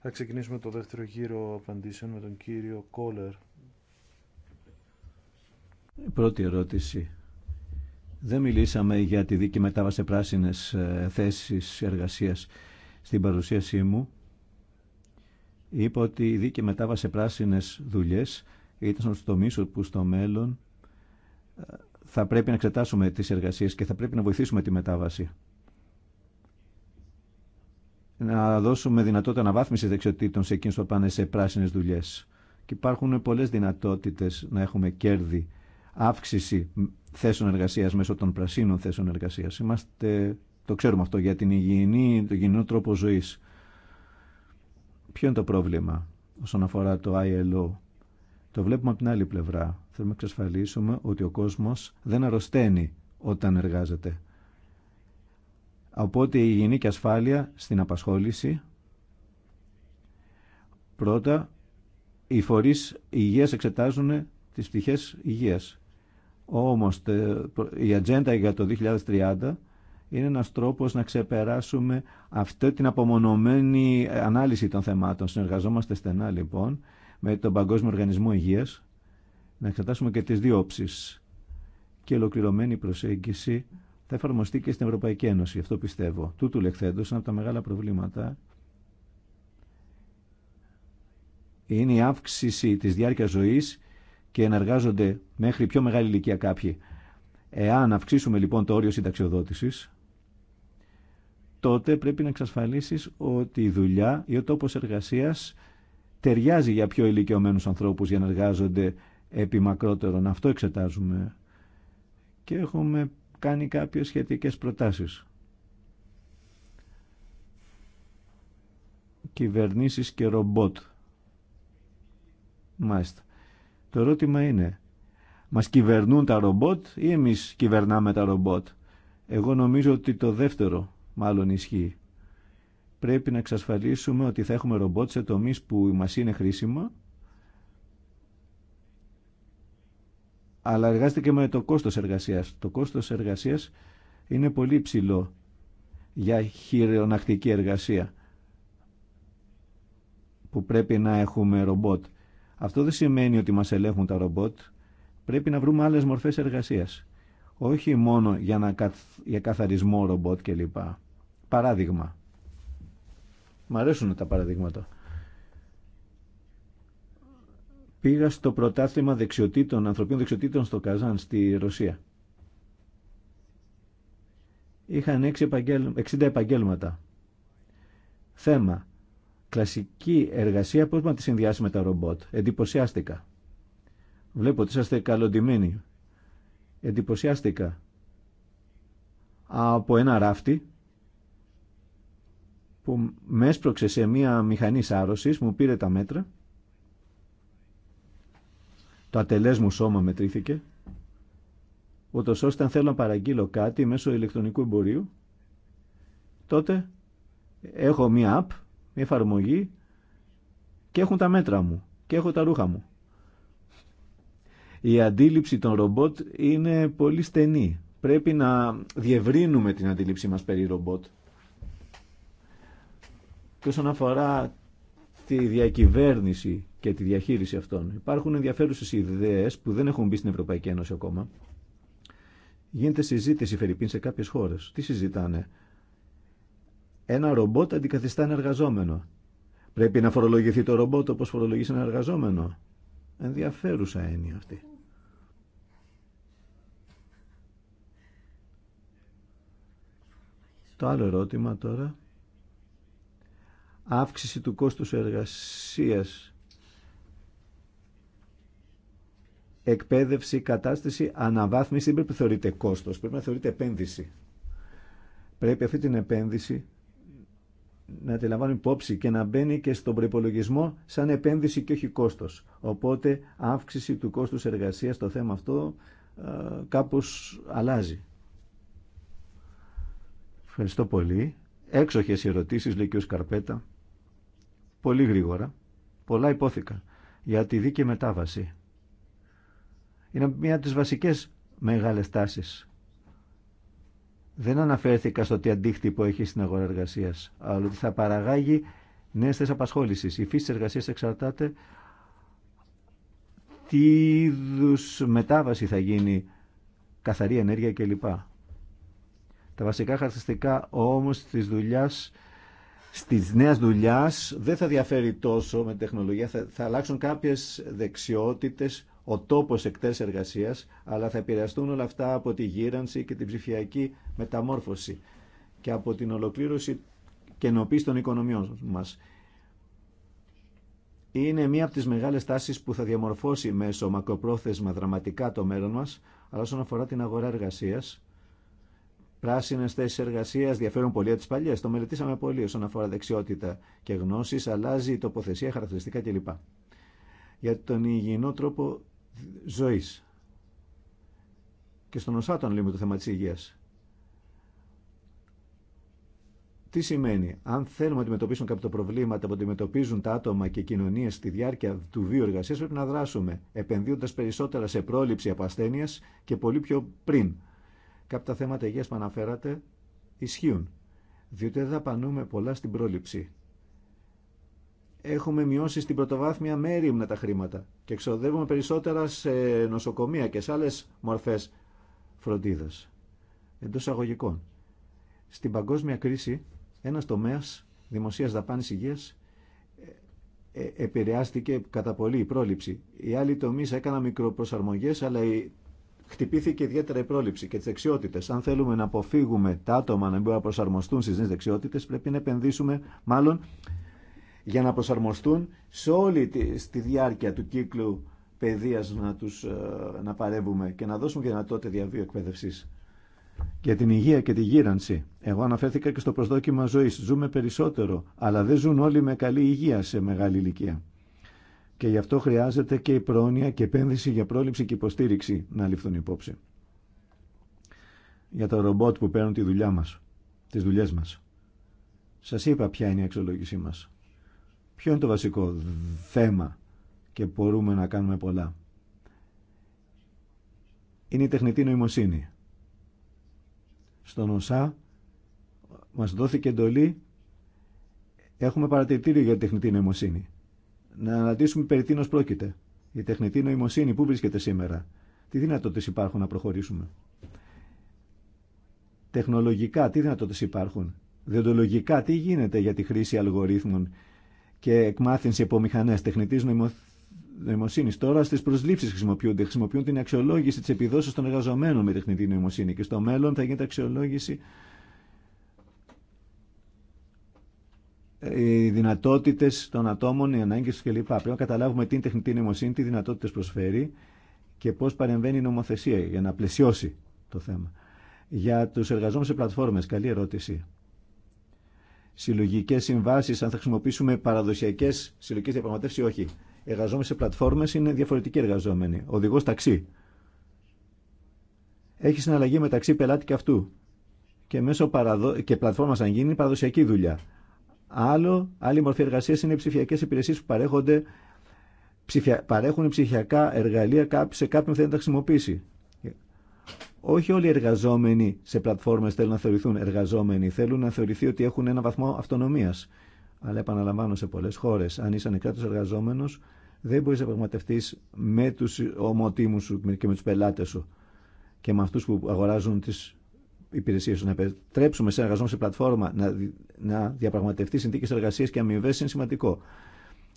θα ξεκινήσουμε το δεύτερο γύρο απαντήσεων με τον κύριο Κόλερ. πρώτη ερώτηση. Δεν μιλήσαμε για τη δίκη μετάβαση σε πράσινες ε, θέσεις εργασίας στην παρουσίασή μου. Είπα ότι η δίκη μετάβαση σε πράσινες δουλειές ήταν στο μίσο που στο μέλλον ε, θα πρέπει να εξετάσουμε τις εργασίες και θα πρέπει να βοηθήσουμε τη μετάβαση να δώσουμε δυνατότητα αναβάθμιση δεξιοτήτων σε εκείνου που πάνε σε πράσινε δουλειέ. Και υπάρχουν πολλές δυνατότητες να έχουμε κέρδη, αύξηση θέσεων εργασία μέσω των πρασίνων θέσεων εργασία. Είμαστε, το ξέρουμε αυτό, για την υγιεινή, τον υγιεινό τρόπο ζωής. Ποιο είναι το πρόβλημα όσον αφορά το ILO. Το βλέπουμε από την άλλη πλευρά. Θέλουμε να εξασφαλίσουμε ότι ο κόσμος δεν αρρωσταίνει όταν εργάζεται. Οπότε η υγιεινή και ασφάλεια στην απασχόληση. Πρώτα, οι φορείς υγείας εξετάζουν τις πτυχές υγείας. Όμως η ατζέντα για το 2030 είναι ένας τρόπος να ξεπεράσουμε αυτή την απομονωμένη ανάλυση των θεμάτων. Συνεργαζόμαστε στενά λοιπόν με τον Παγκόσμιο Οργανισμό Υγείας να εξετάσουμε και τις δύο όψεις και ολοκληρωμένη προσέγγιση θα εφαρμοστεί και στην Ευρωπαϊκή Ένωση. Αυτό πιστεύω. Τούτου λεχθέντος, ένα από τα μεγάλα προβλήματα είναι η αύξηση της διάρκεια ζωής και ενεργάζονται μέχρι πιο μεγάλη ηλικία κάποιοι. Εάν αυξήσουμε λοιπόν το όριο συνταξιοδότησης, τότε πρέπει να εξασφαλίσεις ότι η δουλειά ή ο τόπο εργασία ταιριάζει για πιο ηλικιωμένους ανθρώπου για να εργάζονται επί μακρότερων. Αυτό εξετάζουμε. Και έχουμε κάνει κάποιες σχετικές προτάσεις. Κυβερνήσεις και ρομπότ. Μάλιστα. Το ερώτημα είναι, μας κυβερνούν τα ρομπότ ή εμείς κυβερνάμε τα ρομπότ. Εγώ νομίζω ότι το δεύτερο μάλλον ισχύει. Πρέπει να εξασφαλίσουμε ότι θα έχουμε ρομπότ σε τομείς που μας είναι χρήσιμο. αλλά εργάζεται και με το κόστος εργασίας. Το κόστος εργασίας είναι πολύ ψηλό για χειρονακτική εργασία που πρέπει να έχουμε ρομπότ. Αυτό δεν σημαίνει ότι μας ελέγχουν τα ρομπότ. Πρέπει να βρούμε άλλες μορφές εργασίας. Όχι μόνο για, να, για καθαρισμό ρομπότ κλπ. Παράδειγμα. Μ' αρέσουν τα παραδείγματα. Πήγα στο πρωτάθλημα δεξιοτήτων, ανθρωπίνων δεξιοτήτων στο Καζάν, στη Ρωσία. Είχαν 60 επαγγέλματα. Θέμα. Κλασική εργασία, πώς να τη συνδυάσει με τα ρομπότ. Εντυπωσιάστηκα. Βλέπω ότι είσαστε καλοντιμένοι. Εντυπωσιάστηκα από ένα ράφτη που με έσπρωξε σε μία μηχανή σάρωσης, μου πήρε τα μέτρα το ατελές μου σώμα μετρήθηκε, ούτω ώστε αν θέλω να παραγγείλω κάτι μέσω ηλεκτρονικού εμπορίου, τότε έχω μία app, μία εφαρμογή και έχουν τα μέτρα μου και έχω τα ρούχα μου. Η αντίληψη των ρομπότ είναι πολύ στενή. Πρέπει να διευρύνουμε την αντίληψή μας περί ρομπότ. Και όσον αφορά τη διακυβέρνηση και τη διαχείριση αυτών. Υπάρχουν ενδιαφέρουσε ιδέε που δεν έχουν μπει στην Ευρωπαϊκή Ένωση ακόμα. Γίνεται συζήτηση, Φερρυπίν, σε κάποιε χώρε. Τι συζητάνε. Ένα ρομπότ αντικαθιστά ένα εργαζόμενο. Πρέπει να φορολογηθεί το ρομπότ όπω φορολογεί ένα εργαζόμενο. Ενδιαφέρουσα έννοια αυτή. Το άλλο ερώτημα τώρα. Αύξηση του κόστους εργασίας εκπαίδευση, κατάσταση, αναβάθμιση δεν πρέπει να θεωρείται κόστος, πρέπει να θεωρείται επένδυση. Πρέπει αυτή την επένδυση να τη λαμβάνει υπόψη και να μπαίνει και στον προπολογισμό σαν επένδυση και όχι κόστος. Οπότε αύξηση του κόστους εργασίας στο θέμα αυτό κάπως αλλάζει. Ευχαριστώ πολύ. Έξοχες ερωτήσεις, λέει και ο Σκαρπέτα. Πολύ γρήγορα. Πολλά υπόθηκαν για τη δίκαιη μετάβαση. Είναι μία από τις βασικές μεγάλες τάσεις. Δεν αναφέρθηκα στο τι αντίκτυπο έχει στην αγορά εργασία, αλλά ότι θα παραγάγει νέε θέσει απασχόληση. Η φύση τη εργασία εξαρτάται τι είδου μετάβαση θα γίνει, καθαρή ενέργεια κλπ. Τα βασικά χαρακτηριστικά όμως της δουλειάς, στις νέες δουλειάς δεν θα διαφέρει τόσο με τεχνολογία, θα, θα αλλάξουν κάποιες δεξιότητες ο τόπο εκτέ εργασία, αλλά θα επηρεαστούν όλα αυτά από τη γύρανση και την ψηφιακή μεταμόρφωση και από την ολοκλήρωση και ενοποίηση των οικονομιών μα. Είναι μία από τι μεγάλε τάσει που θα διαμορφώσει μέσω μακροπρόθεσμα δραματικά το μέλλον μα, αλλά όσον αφορά την αγορά εργασία. Πράσινε θέσει εργασία διαφέρουν πολύ από τι παλιέ. Το μελετήσαμε πολύ όσον αφορά δεξιότητα και γνώσει, αλλάζει η τοποθεσία, χαρακτηριστικά κλπ. Για τον υγιεινό τρόπο ζωής. Και στον τον λέμε το θέμα της υγείας. Τι σημαίνει, αν θέλουμε να αντιμετωπίσουμε κάποια προβλήματα που αντιμετωπίζουν τα άτομα και κοινωνίε στη διάρκεια του βίου εργασία, πρέπει να δράσουμε, επενδύοντα περισσότερα σε πρόληψη από ασθένειε και πολύ πιο πριν. Κάποια θέματα υγεία που αναφέρατε ισχύουν, διότι δεν δαπανούμε πολλά στην πρόληψη έχουμε μειώσει στην πρωτοβάθμια μέρημνα τα χρήματα και εξοδεύουμε περισσότερα σε νοσοκομεία και σε άλλες μορφές φροντίδας εντός αγωγικών. Στην παγκόσμια κρίση ένας τομέας δημοσίας δαπάνης υγείας ε, ε, επηρεάστηκε κατά πολύ η πρόληψη. Οι άλλοι τομεί έκαναν μικροπροσαρμογές αλλά η... χτυπήθηκε ιδιαίτερα η πρόληψη και τι δεξιότητε. Αν θέλουμε να αποφύγουμε τα άτομα να μην μπορούν να προσαρμοστούν στι δεξιότητε, πρέπει να επενδύσουμε μάλλον για να προσαρμοστούν σε όλη τη, στη διάρκεια του κύκλου παιδείας να τους ε, να παρεύουμε και να δώσουν δυνατότητα διαβίου εκπαίδευση. Για την υγεία και τη γύρανση. Εγώ αναφέρθηκα και στο προσδόκιμα ζωή. Ζούμε περισσότερο, αλλά δεν ζουν όλοι με καλή υγεία σε μεγάλη ηλικία. Και γι' αυτό χρειάζεται και η πρόνοια και επένδυση για πρόληψη και υποστήριξη να ληφθούν υπόψη. Για τα ρομπότ που παίρνουν τη δουλειά μα, τι δουλειέ μα. Σα είπα ποια είναι η αξιολόγησή μα. Ποιο είναι το βασικό θέμα και μπορούμε να κάνουμε πολλά. Είναι η τεχνητή νοημοσύνη. Στον ΩΣΑ μας δόθηκε εντολή, έχουμε παρατηρητήριο για τη τεχνητή νοημοσύνη. Να αναλύσουμε περί τίνος πρόκειται. Η τεχνητή νοημοσύνη που βρίσκεται σήμερα. Τι δυνατότητες υπάρχουν να προχωρήσουμε. Τεχνολογικά τι δυνατότητες υπάρχουν. Διοντολογικά τι γίνεται για τη χρήση αλγορίθμων και εκμάθηση από μηχανέ τεχνητή νοημοσύνη. Τώρα στι προσλήψει χρησιμοποιούνται. Χρησιμοποιούν την αξιολόγηση τη επιδόση των εργαζομένων με τεχνητή νοημοσύνη και στο μέλλον θα γίνεται αξιολόγηση ε, οι δυνατότητε των ατόμων, οι ανάγκε του κλπ. Πρέπει να καταλάβουμε τι είναι τεχνητή νοημοσύνη, τι δυνατότητε προσφέρει και πώ παρεμβαίνει η νομοθεσία για να πλαισιώσει το θέμα. Για του εργαζόμενου σε πλατφόρμες, καλή ερώτηση συλλογικέ συμβάσει, αν θα χρησιμοποιήσουμε παραδοσιακέ συλλογικέ διαπραγματεύσει ή όχι. Εργαζόμενοι σε πλατφόρμε είναι διαφορετικοί εργαζόμενοι. Οδηγό ταξί. Έχει συναλλαγή μεταξύ πελάτη και αυτού. Και, μέσω παραδο... και πλατφόρμα, αν γίνει, παραδοσιακή δουλειά. Άλλο, άλλη μορφή εργασία είναι οι ψηφιακέ υπηρεσίε που παρέχουν ψηφιακά εργαλεία σε κάποιον που θέλει να τα χρησιμοποιήσει όχι όλοι οι εργαζόμενοι σε πλατφόρμες θέλουν να θεωρηθούν εργαζόμενοι, θέλουν να θεωρηθεί ότι έχουν ένα βαθμό αυτονομίας. Αλλά επαναλαμβάνω σε πολλές χώρες, αν είσαι ανεκράτος εργαζόμενος, δεν μπορείς να πραγματευτεί με τους ομοτήμους σου και με τους πελάτες σου και με αυτούς που αγοράζουν τις υπηρεσίε σου. Να επιτρέψουμε σε εργαζόμενο σε πλατφόρμα να, να διαπραγματευτεί συνθήκες εργασίας και αμοιβέ είναι σημαντικό.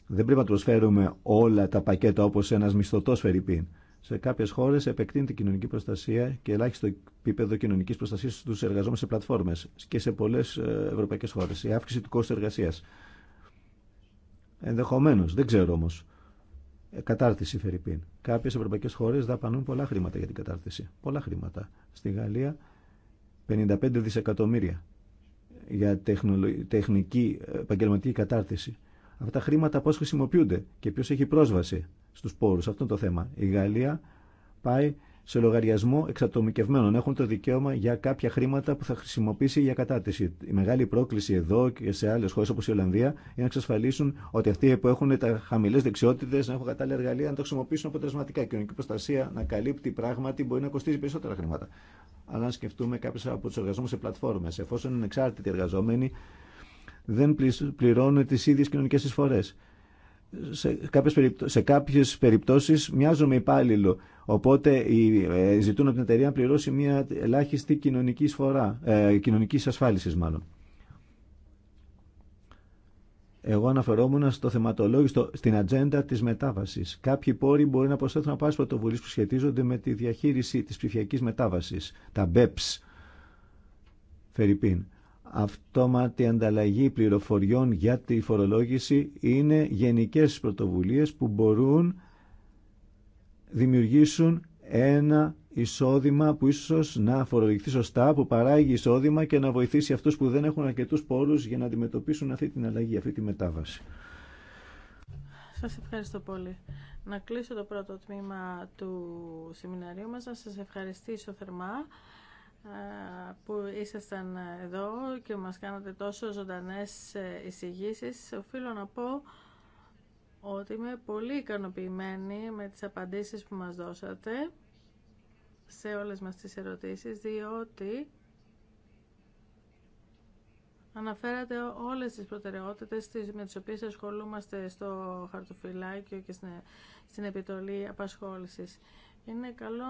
Δεν πρέπει να προσφέρουμε όλα τα πακέτα όπω ένα μισθωτό φερειπίν σε κάποιε χώρε επεκτείνεται η κοινωνική προστασία και ελάχιστο επίπεδο κοινωνική προστασία στου εργαζόμενου σε πλατφόρμε και σε πολλέ ε, ευρωπαϊκέ χώρε. Η αύξηση του κόστου εργασία. Ενδεχομένω, δεν ξέρω όμω. Ε, κατάρτιση, Φερρυπίν. Κάποιε ευρωπαϊκέ χώρε δαπανούν πολλά χρήματα για την κατάρτιση. Πολλά χρήματα. Στη Γαλλία 55 δισεκατομμύρια για τεχνική ε, επαγγελματική κατάρτιση αυτά τα χρήματα πώς χρησιμοποιούνται και ποιος έχει πρόσβαση στους πόρους. Αυτό είναι το θέμα. Η Γαλλία πάει σε λογαριασμό εξατομικευμένων. Έχουν το δικαίωμα για κάποια χρήματα που θα χρησιμοποιήσει για κατάτηση. Η μεγάλη πρόκληση εδώ και σε άλλε χώρε όπω η Ολλανδία είναι να εξασφαλίσουν ότι αυτοί που έχουν τα χαμηλέ δεξιότητε να έχουν κατάλληλα εργαλεία να το χρησιμοποιήσουν αποτελεσματικά. Η κοινωνική προστασία να καλύπτει πράγματι μπορεί να κοστίζει περισσότερα χρήματα. Αλλά αν σκεφτούμε κάποιου από του εργαζόμενου σε πλατφόρμε, εφόσον είναι εξάρτητοι εργαζόμενοι, δεν πληρώνουν τις ίδιες κοινωνικές εισφορές. Σε κάποιες, περιπτώσεις, σε υπάλληλο, οπότε ε, ζητούν από την εταιρεία να πληρώσει μια ελάχιστη κοινωνική εισφορά, ε, κοινωνικής ασφάλισης μάλλον. Εγώ αναφερόμουν στο θεματολόγιο, στην ατζέντα τη μετάβαση. Κάποιοι πόροι μπορεί να προσθέτουν απάσει πρωτοβουλίε που σχετίζονται με τη διαχείριση τη ψηφιακή μετάβαση. Τα BEPS, ε Φερρυπίν αυτόματη ανταλλαγή πληροφοριών για τη φορολόγηση είναι γενικές πρωτοβουλίες που μπορούν δημιουργήσουν ένα εισόδημα που ίσως να φορολογηθεί σωστά, που παράγει εισόδημα και να βοηθήσει αυτούς που δεν έχουν αρκετούς πόρους για να αντιμετωπίσουν αυτή την αλλαγή, αυτή τη μετάβαση. Σας ευχαριστώ πολύ. Να κλείσω το πρώτο τμήμα του σεμιναρίου μας, να σας ευχαριστήσω θερμά που ήσασταν εδώ και μας κάνατε τόσο ζωντανές ε, εισηγήσεις. Οφείλω να πω ότι είμαι πολύ ικανοποιημένη με τις απαντήσεις που μας δώσατε σε όλες μας τις ερωτήσεις, διότι αναφέρατε όλες τις προτεραιότητες με τις οποίες ασχολούμαστε στο χαρτοφυλάκιο και στην Επιτολή Απασχόλησης. Είναι καλό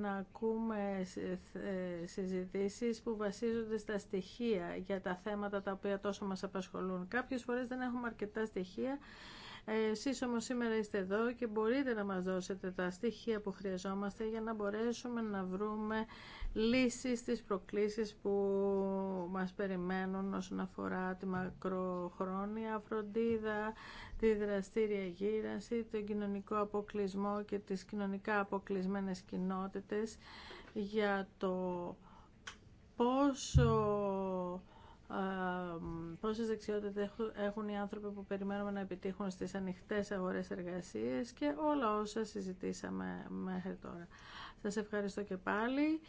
να ακούμε ε, συζητήσεις που βασίζονται στα στοιχεία για τα θέματα τα οποία τόσο μας απασχολούν. Κάποιες φορές δεν έχουμε αρκετά στοιχεία εσείς όμως σήμερα είστε εδώ και μπορείτε να μας δώσετε τα στοιχεία που χρειαζόμαστε για να μπορέσουμε να βρούμε λύσεις στις προκλήσεις που μας περιμένουν όσον αφορά τη μακροχρόνια φροντίδα, τη δραστήρια γύρανση, τον κοινωνικό αποκλεισμό και τις κοινωνικά αποκλεισμένες κοινότητες για το πόσο πόσες δεξιότητες έχουν οι άνθρωποι που περιμένουμε να επιτύχουν στις ανοιχτές αγορές εργασίες και όλα όσα συζητήσαμε μέχρι τώρα. Σας ευχαριστώ και πάλι.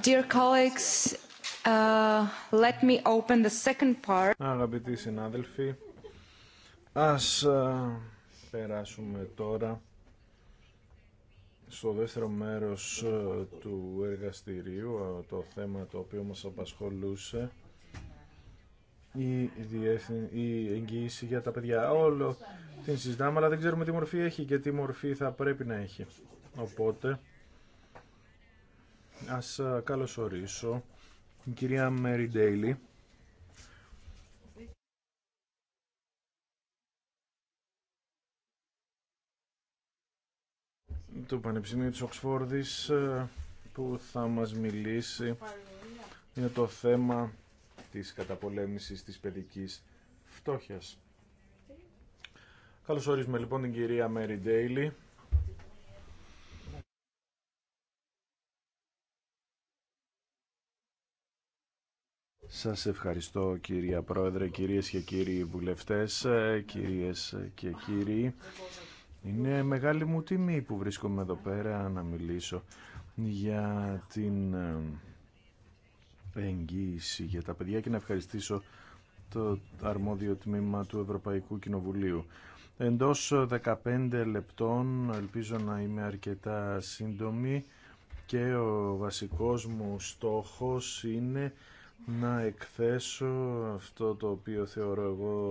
Dear colleagues, uh, let me open the second part. Αγαπητοί συνάδελφοι, ας ε, περάσουμε τώρα στο δεύτερο μέρος ε, του εργαστηρίου, ε, το θέμα το οποίο μας απασχολούσε, η, διεθν, η εγγύηση για τα παιδιά. Όλο την συζητάμε, αλλά δεν ξέρουμε τι μορφή έχει και τι μορφή θα πρέπει να έχει. Οπότε, Ας ε, καλωσορίσω την κυρία Μέρι Ντέιλι. του Πανεπιστημίου της Οξφόρδης ε, που θα μας μιλήσει για το θέμα της καταπολέμησης της παιδικής φτώχειας. Καλώς ορίζουμε λοιπόν την κυρία Μέρι Ντέιλι Σας ευχαριστώ κυρία Πρόεδρε, κυρίες και κύριοι βουλευτές, ε, κυρίες και κύριοι. Είναι μεγάλη μου τιμή που βρίσκομαι εδώ πέρα να μιλήσω για την ε, εγγύηση για τα παιδιά και να ευχαριστήσω το αρμόδιο τμήμα του Ευρωπαϊκού Κοινοβουλίου. Εντός 15 λεπτών ελπίζω να είμαι αρκετά σύντομη και ο βασικός μου στόχος είναι να εκθέσω αυτό το οποίο θεωρώ εγώ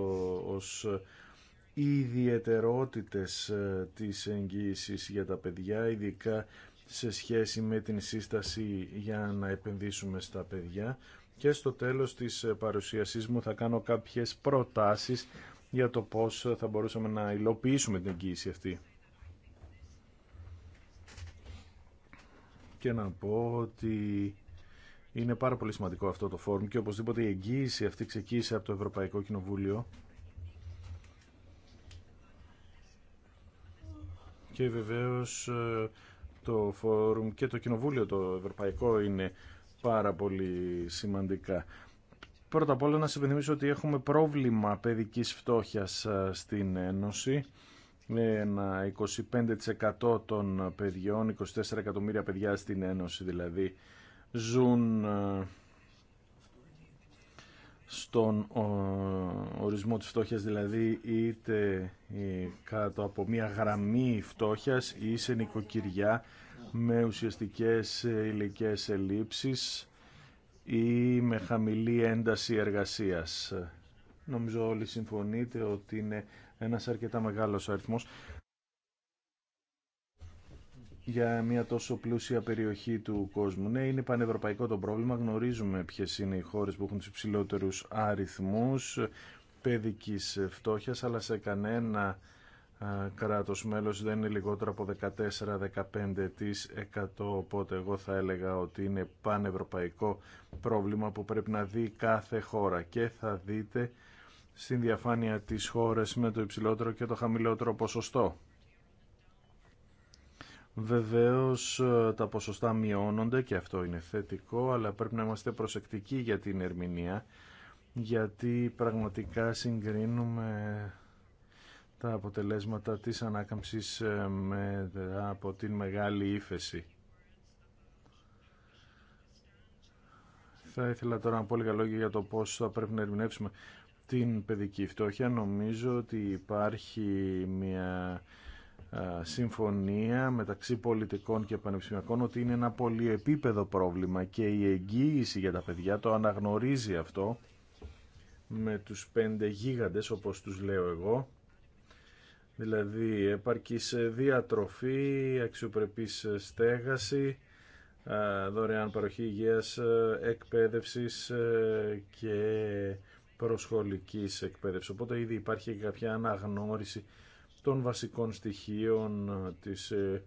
ως ιδιαιτερότητες ε, της εγγύησης για τα παιδιά, ειδικά σε σχέση με την σύσταση για να επενδύσουμε στα παιδιά. Και στο τέλος της παρουσίασής μου θα κάνω κάποιες προτάσεις για το πώς θα μπορούσαμε να υλοποιήσουμε την εγγύηση αυτή. Και να πω ότι είναι πάρα πολύ σημαντικό αυτό το φόρουμ και οπωσδήποτε η εγγύηση αυτή ξεκίνησε από το Ευρωπαϊκό Κοινοβούλιο και βεβαίως ε, το φόρουμ και το Κοινοβούλιο το Ευρωπαϊκό είναι πάρα πολύ σημαντικά. Πρώτα απ' όλα να συμπενθυμίσω ότι έχουμε πρόβλημα παιδικής φτώχειας ε, στην Ένωση. Ένα 25% των παιδιών, 24 εκατομμύρια παιδιά στην Ένωση δηλαδή ζουν ε, στον ορισμό της φτώχειας, δηλαδή είτε κάτω από μια γραμμή φτώχειας ή σε νοικοκυριά με ουσιαστικές ηλικές ε, ελλείψεις ή με χαμηλή ένταση εργασίας. Νομίζω όλοι συμφωνείτε ότι είναι ένας αρκετά μεγάλος αριθμός για μια τόσο πλούσια περιοχή του κόσμου. Ναι, είναι πανευρωπαϊκό το πρόβλημα. Γνωρίζουμε ποιε είναι οι χώρες που έχουν του υψηλότερου αριθμούς παιδικής φτώχεια, αλλά σε κανένα κράτος μέλος δεν είναι λιγότερο από 14-15% οπότε εγώ θα έλεγα ότι είναι πανευρωπαϊκό πρόβλημα που πρέπει να δει κάθε χώρα και θα δείτε στην διαφάνεια της χώρες με το υψηλότερο και το χαμηλότερο ποσοστό. Βεβαίως ε, τα ποσοστά μειώνονται και αυτό είναι θετικό, αλλά πρέπει να είμαστε προσεκτικοί για την ερμηνεία, γιατί πραγματικά συγκρίνουμε τα αποτελέσματα της ανάκαμψης ε, με, από την μεγάλη ύφεση. Θα ήθελα τώρα να πω λίγα λόγια για το πώς θα πρέπει να ερμηνεύσουμε την παιδική φτώχεια. Νομίζω ότι υπάρχει μια ε, συμφωνία μεταξύ πολιτικών και πανεπιστημιακών ότι είναι ένα πολυεπίπεδο πρόβλημα και η εγγύηση για τα παιδιά το αναγνωρίζει αυτό με τους πέντε γίγαντες όπως τους λέω εγώ δηλαδή επαρκής διατροφή, αξιοπρεπής στέγαση, ε, δωρεάν παροχή υγείας, ε, εκπαίδευσης και προσχολικής εκπαίδευσης. Οπότε ήδη υπάρχει κάποια αναγνώριση των βασικών στοιχείων ε, της ε,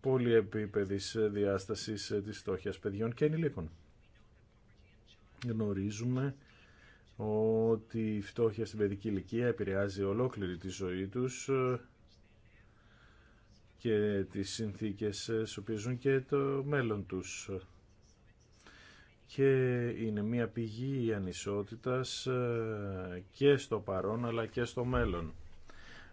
πολυεπίπεδης ε, διάστασης της στόχιας παιδιών και ενηλίκων. Γνωρίζουμε ότι η φτώχεια στην παιδική ηλικία επηρεάζει ολόκληρη τη ζωή τους και τις συνθήκες στις οποίες ζουν και το μέλλον τους. Και είναι μια πηγή ανισότητα και στο παρόν αλλά και στο μέλλον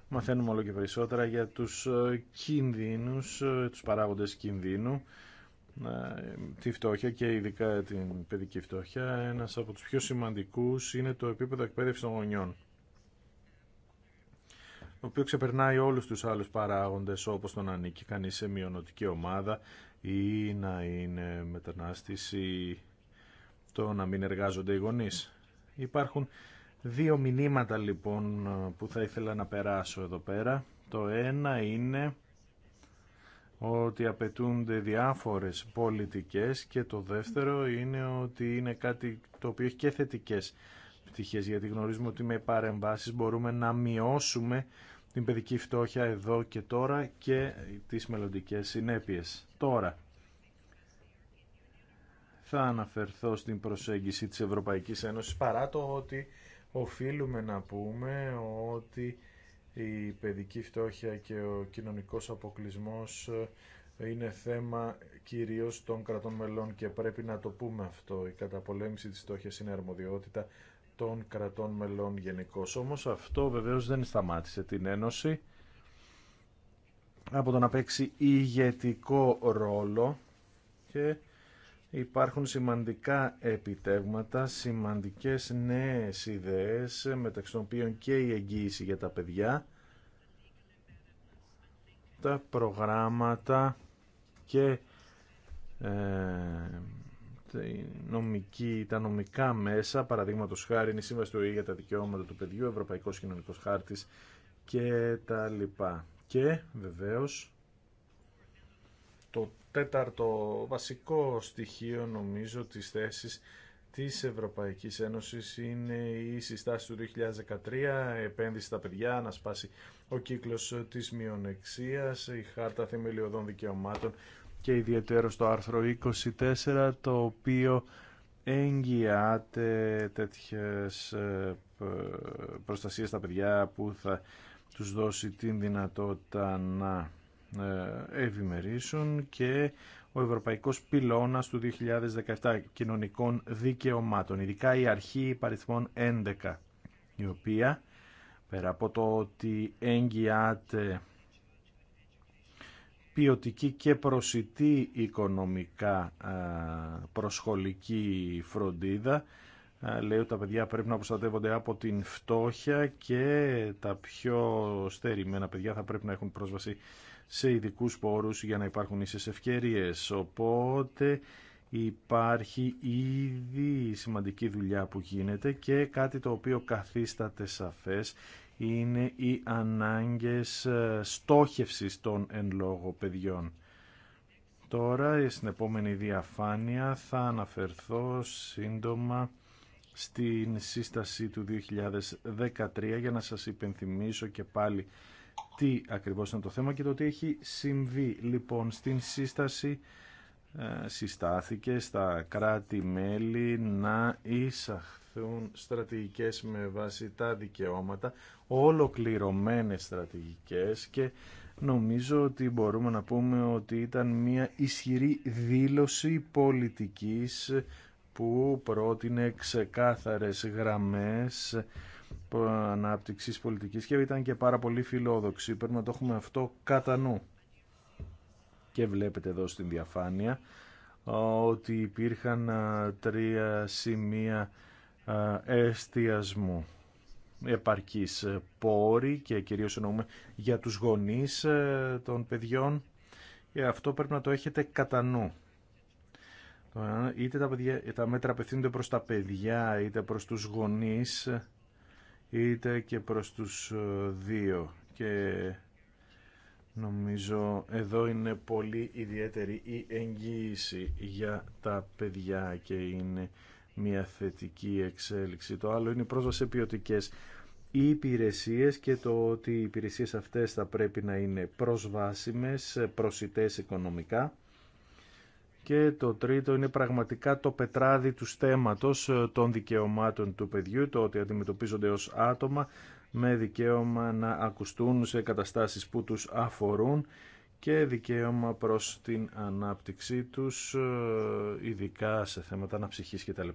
μαθαίνουμε όλο και περισσότερα για τους ε, κινδύνους, ε, τους παράγοντες κινδύνου, ε, τη φτώχεια και ειδικά την παιδική φτώχεια. Ένας από τους πιο σημαντικούς είναι το επίπεδο εκπαίδευση των γονιών ο οποίο ξεπερνάει όλους τους άλλους παράγοντες όπως τον ανήκει κανείς σε μειονοτική ομάδα ή να είναι μετανάστηση το να μην εργάζονται οι γονείς. Υπάρχουν Δύο μηνύματα λοιπόν που θα ήθελα να περάσω εδώ πέρα. Το ένα είναι ότι απαιτούνται διάφορες πολιτικές και το δεύτερο είναι ότι είναι κάτι το οποίο έχει και θετικές πτυχές γιατί γνωρίζουμε ότι με παρεμβάσεις μπορούμε να μειώσουμε την παιδική φτώχεια εδώ και τώρα και τις μελλοντικές συνέπειες. Τώρα θα αναφερθώ στην προσέγγιση της Ευρωπαϊκής Ένωσης παρά το ότι οφείλουμε να πούμε ότι η παιδική φτώχεια και ο κοινωνικός αποκλεισμός ε, είναι θέμα κυρίως των κρατών μελών και πρέπει να το πούμε αυτό. Η καταπολέμηση της φτώχειας είναι αρμοδιότητα των κρατών μελών γενικώ. Όμως αυτό βεβαίως δεν σταμάτησε την Ένωση από το να παίξει ηγετικό ρόλο και Υπάρχουν σημαντικά επιτεύγματα, σημαντικές νέες ιδέες, μεταξύ των οποίων και η εγγύηση για τα παιδιά, τα προγράμματα και ε, νομική, τα νομικά μέσα, παραδείγματο χάρη είναι η Σύμβαση του για τα δικαιώματα του παιδιού, Ευρωπαϊκός Κοινωνικός Χάρτης και τα λοιπά. Και βεβαίως το τέταρτο βασικό στοιχείο νομίζω της θέσης της Ευρωπαϊκής Ένωσης είναι η συστάση του 2013, επένδυση στα παιδιά, να σπάσει ο κύκλος της μειονεξίας, η χάρτα θεμελιωδών δικαιωμάτων και ιδιαίτερο στο άρθρο 24, το οποίο εγγυάται τέτοιες ε, προστασίες στα παιδιά που θα τους δώσει την δυνατότητα να ε, ευημερήσεων και ο Ευρωπαϊκός Πυλώνας του 2017 Κοινωνικών Δικαιωμάτων, ειδικά η αρχή παριθμών 11, η οποία πέρα από το ότι εγγυάται ποιοτική και προσιτή οικονομικά ε, προσχολική φροντίδα, ε, λέει ότι τα παιδιά πρέπει να προστατεύονται από την φτώχεια και τα πιο στερημένα παιδιά θα πρέπει να έχουν πρόσβαση σε ειδικούς πόρους για να υπάρχουν ίσες ευκαιρίες. Οπότε υπάρχει ήδη σημαντική δουλειά που γίνεται και κάτι το οποίο καθίσταται σαφές είναι οι ανάγκες ε, στόχευσης των εν λόγω παιδιών. Τώρα, στην επόμενη διαφάνεια, θα αναφερθώ σύντομα στην σύσταση του 2013 για να σας υπενθυμίσω και πάλι τι ακριβώς είναι το θέμα και το τι έχει συμβεί. Λοιπόν, στην σύσταση ε, συστάθηκε στα κράτη-μέλη να εισαχθούν στρατηγικές με βάση τα δικαιώματα, ολοκληρωμένες στρατηγικές και νομίζω ότι μπορούμε να πούμε ότι ήταν μια ισχυρή δήλωση πολιτικής που πρότεινε ξεκάθαρες γραμμές ανάπτυξης πολιτικής και ήταν και πάρα πολύ φιλόδοξη. Πρέπει να το έχουμε αυτό κατά νου. Και βλέπετε εδώ στην διαφάνεια ότι υπήρχαν τρία σημεία εστιασμού επαρκής ε, πόρη και κυρίως εννοούμε για τους γονείς ε, των παιδιών και ε, αυτό πρέπει να το έχετε κατά νου. Είτε τα, παιδιά, τα μέτρα απευθύνονται προς τα παιδιά είτε προς τους γονείς είτε και προς τους ε, δύο και νομίζω εδώ είναι πολύ ιδιαίτερη η εγγύηση για τα παιδιά και είναι μια θετική εξέλιξη. Το άλλο είναι η πρόσβαση σε ποιοτικές υπηρεσίες και το ότι οι υπηρεσίες αυτές θα πρέπει να είναι προσβάσιμες, προσιτές οικονομικά και το τρίτο είναι πραγματικά το πετράδι του στέματος ε, των δικαιωμάτων του παιδιού, το ότι αντιμετωπίζονται ως άτομα με δικαίωμα να ακουστούν σε καταστάσεις που τους αφορούν και δικαίωμα προς την ανάπτυξή τους, ε, ειδικά σε θέματα αναψυχής κτλ.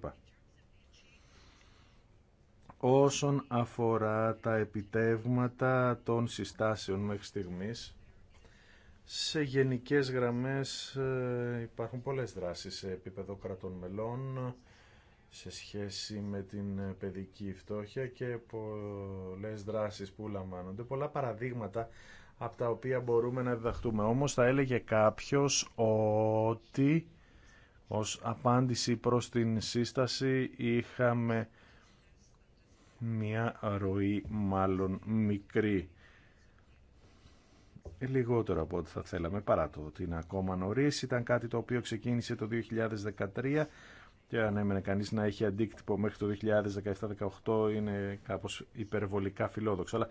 Όσον αφορά τα επιτεύγματα των συστάσεων μέχρι στιγμής, σε γενικές γραμμές ε, υπάρχουν πολλές δράσεις σε επίπεδο κρατών μελών σε σχέση με την ε, παιδική φτώχεια και πολλές δράσεις που λαμβάνονται. Πολλά παραδείγματα από τα οποία μπορούμε να διδαχτούμε. Όμως θα έλεγε κάποιος ότι ως απάντηση προς την σύσταση είχαμε μια ροή μάλλον μικρή ε, λιγότερο από ό,τι θα θέλαμε παρά το ότι είναι ακόμα νωρί. Ήταν κάτι το οποίο ξεκίνησε το 2013 και αν έμενε κανείς να έχει αντίκτυπο μέχρι το 2017-2018 είναι κάπως υπερβολικά φιλόδοξο. Αλλά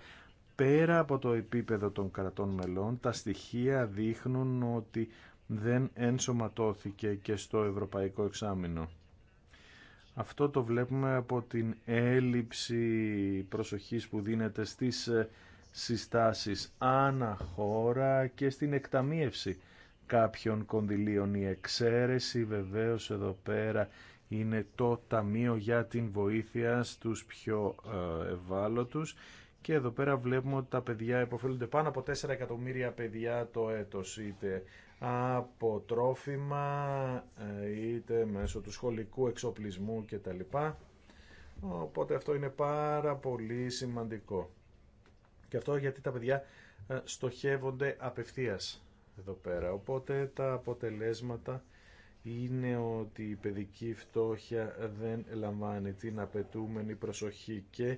πέρα από το επίπεδο των κρατών μελών τα στοιχεία δείχνουν ότι δεν ενσωματώθηκε και στο ευρωπαϊκό εξάμεινο. Αυτό το βλέπουμε από την έλλειψη προσοχής που δίνεται στις ε, συστάσεις αναχώρα και στην εκταμίευση κάποιων κονδυλίων. Η εξαίρεση βεβαίως εδώ πέρα είναι το Ταμείο για την Βοήθεια στους πιο ε, ευάλωτους και εδώ πέρα βλέπουμε ότι τα παιδιά υποφελούνται πάνω από 4 εκατομμύρια παιδιά το έτος είτε από τρόφιμα ε, είτε μέσω του σχολικού εξοπλισμού κτλ. Οπότε αυτό είναι πάρα πολύ σημαντικό. Και αυτό γιατί τα παιδιά ε, στοχεύονται απευθείας εδώ πέρα. Οπότε τα αποτελέσματα είναι ότι η παιδική φτώχεια δεν λαμβάνει την απαιτούμενη προσοχή και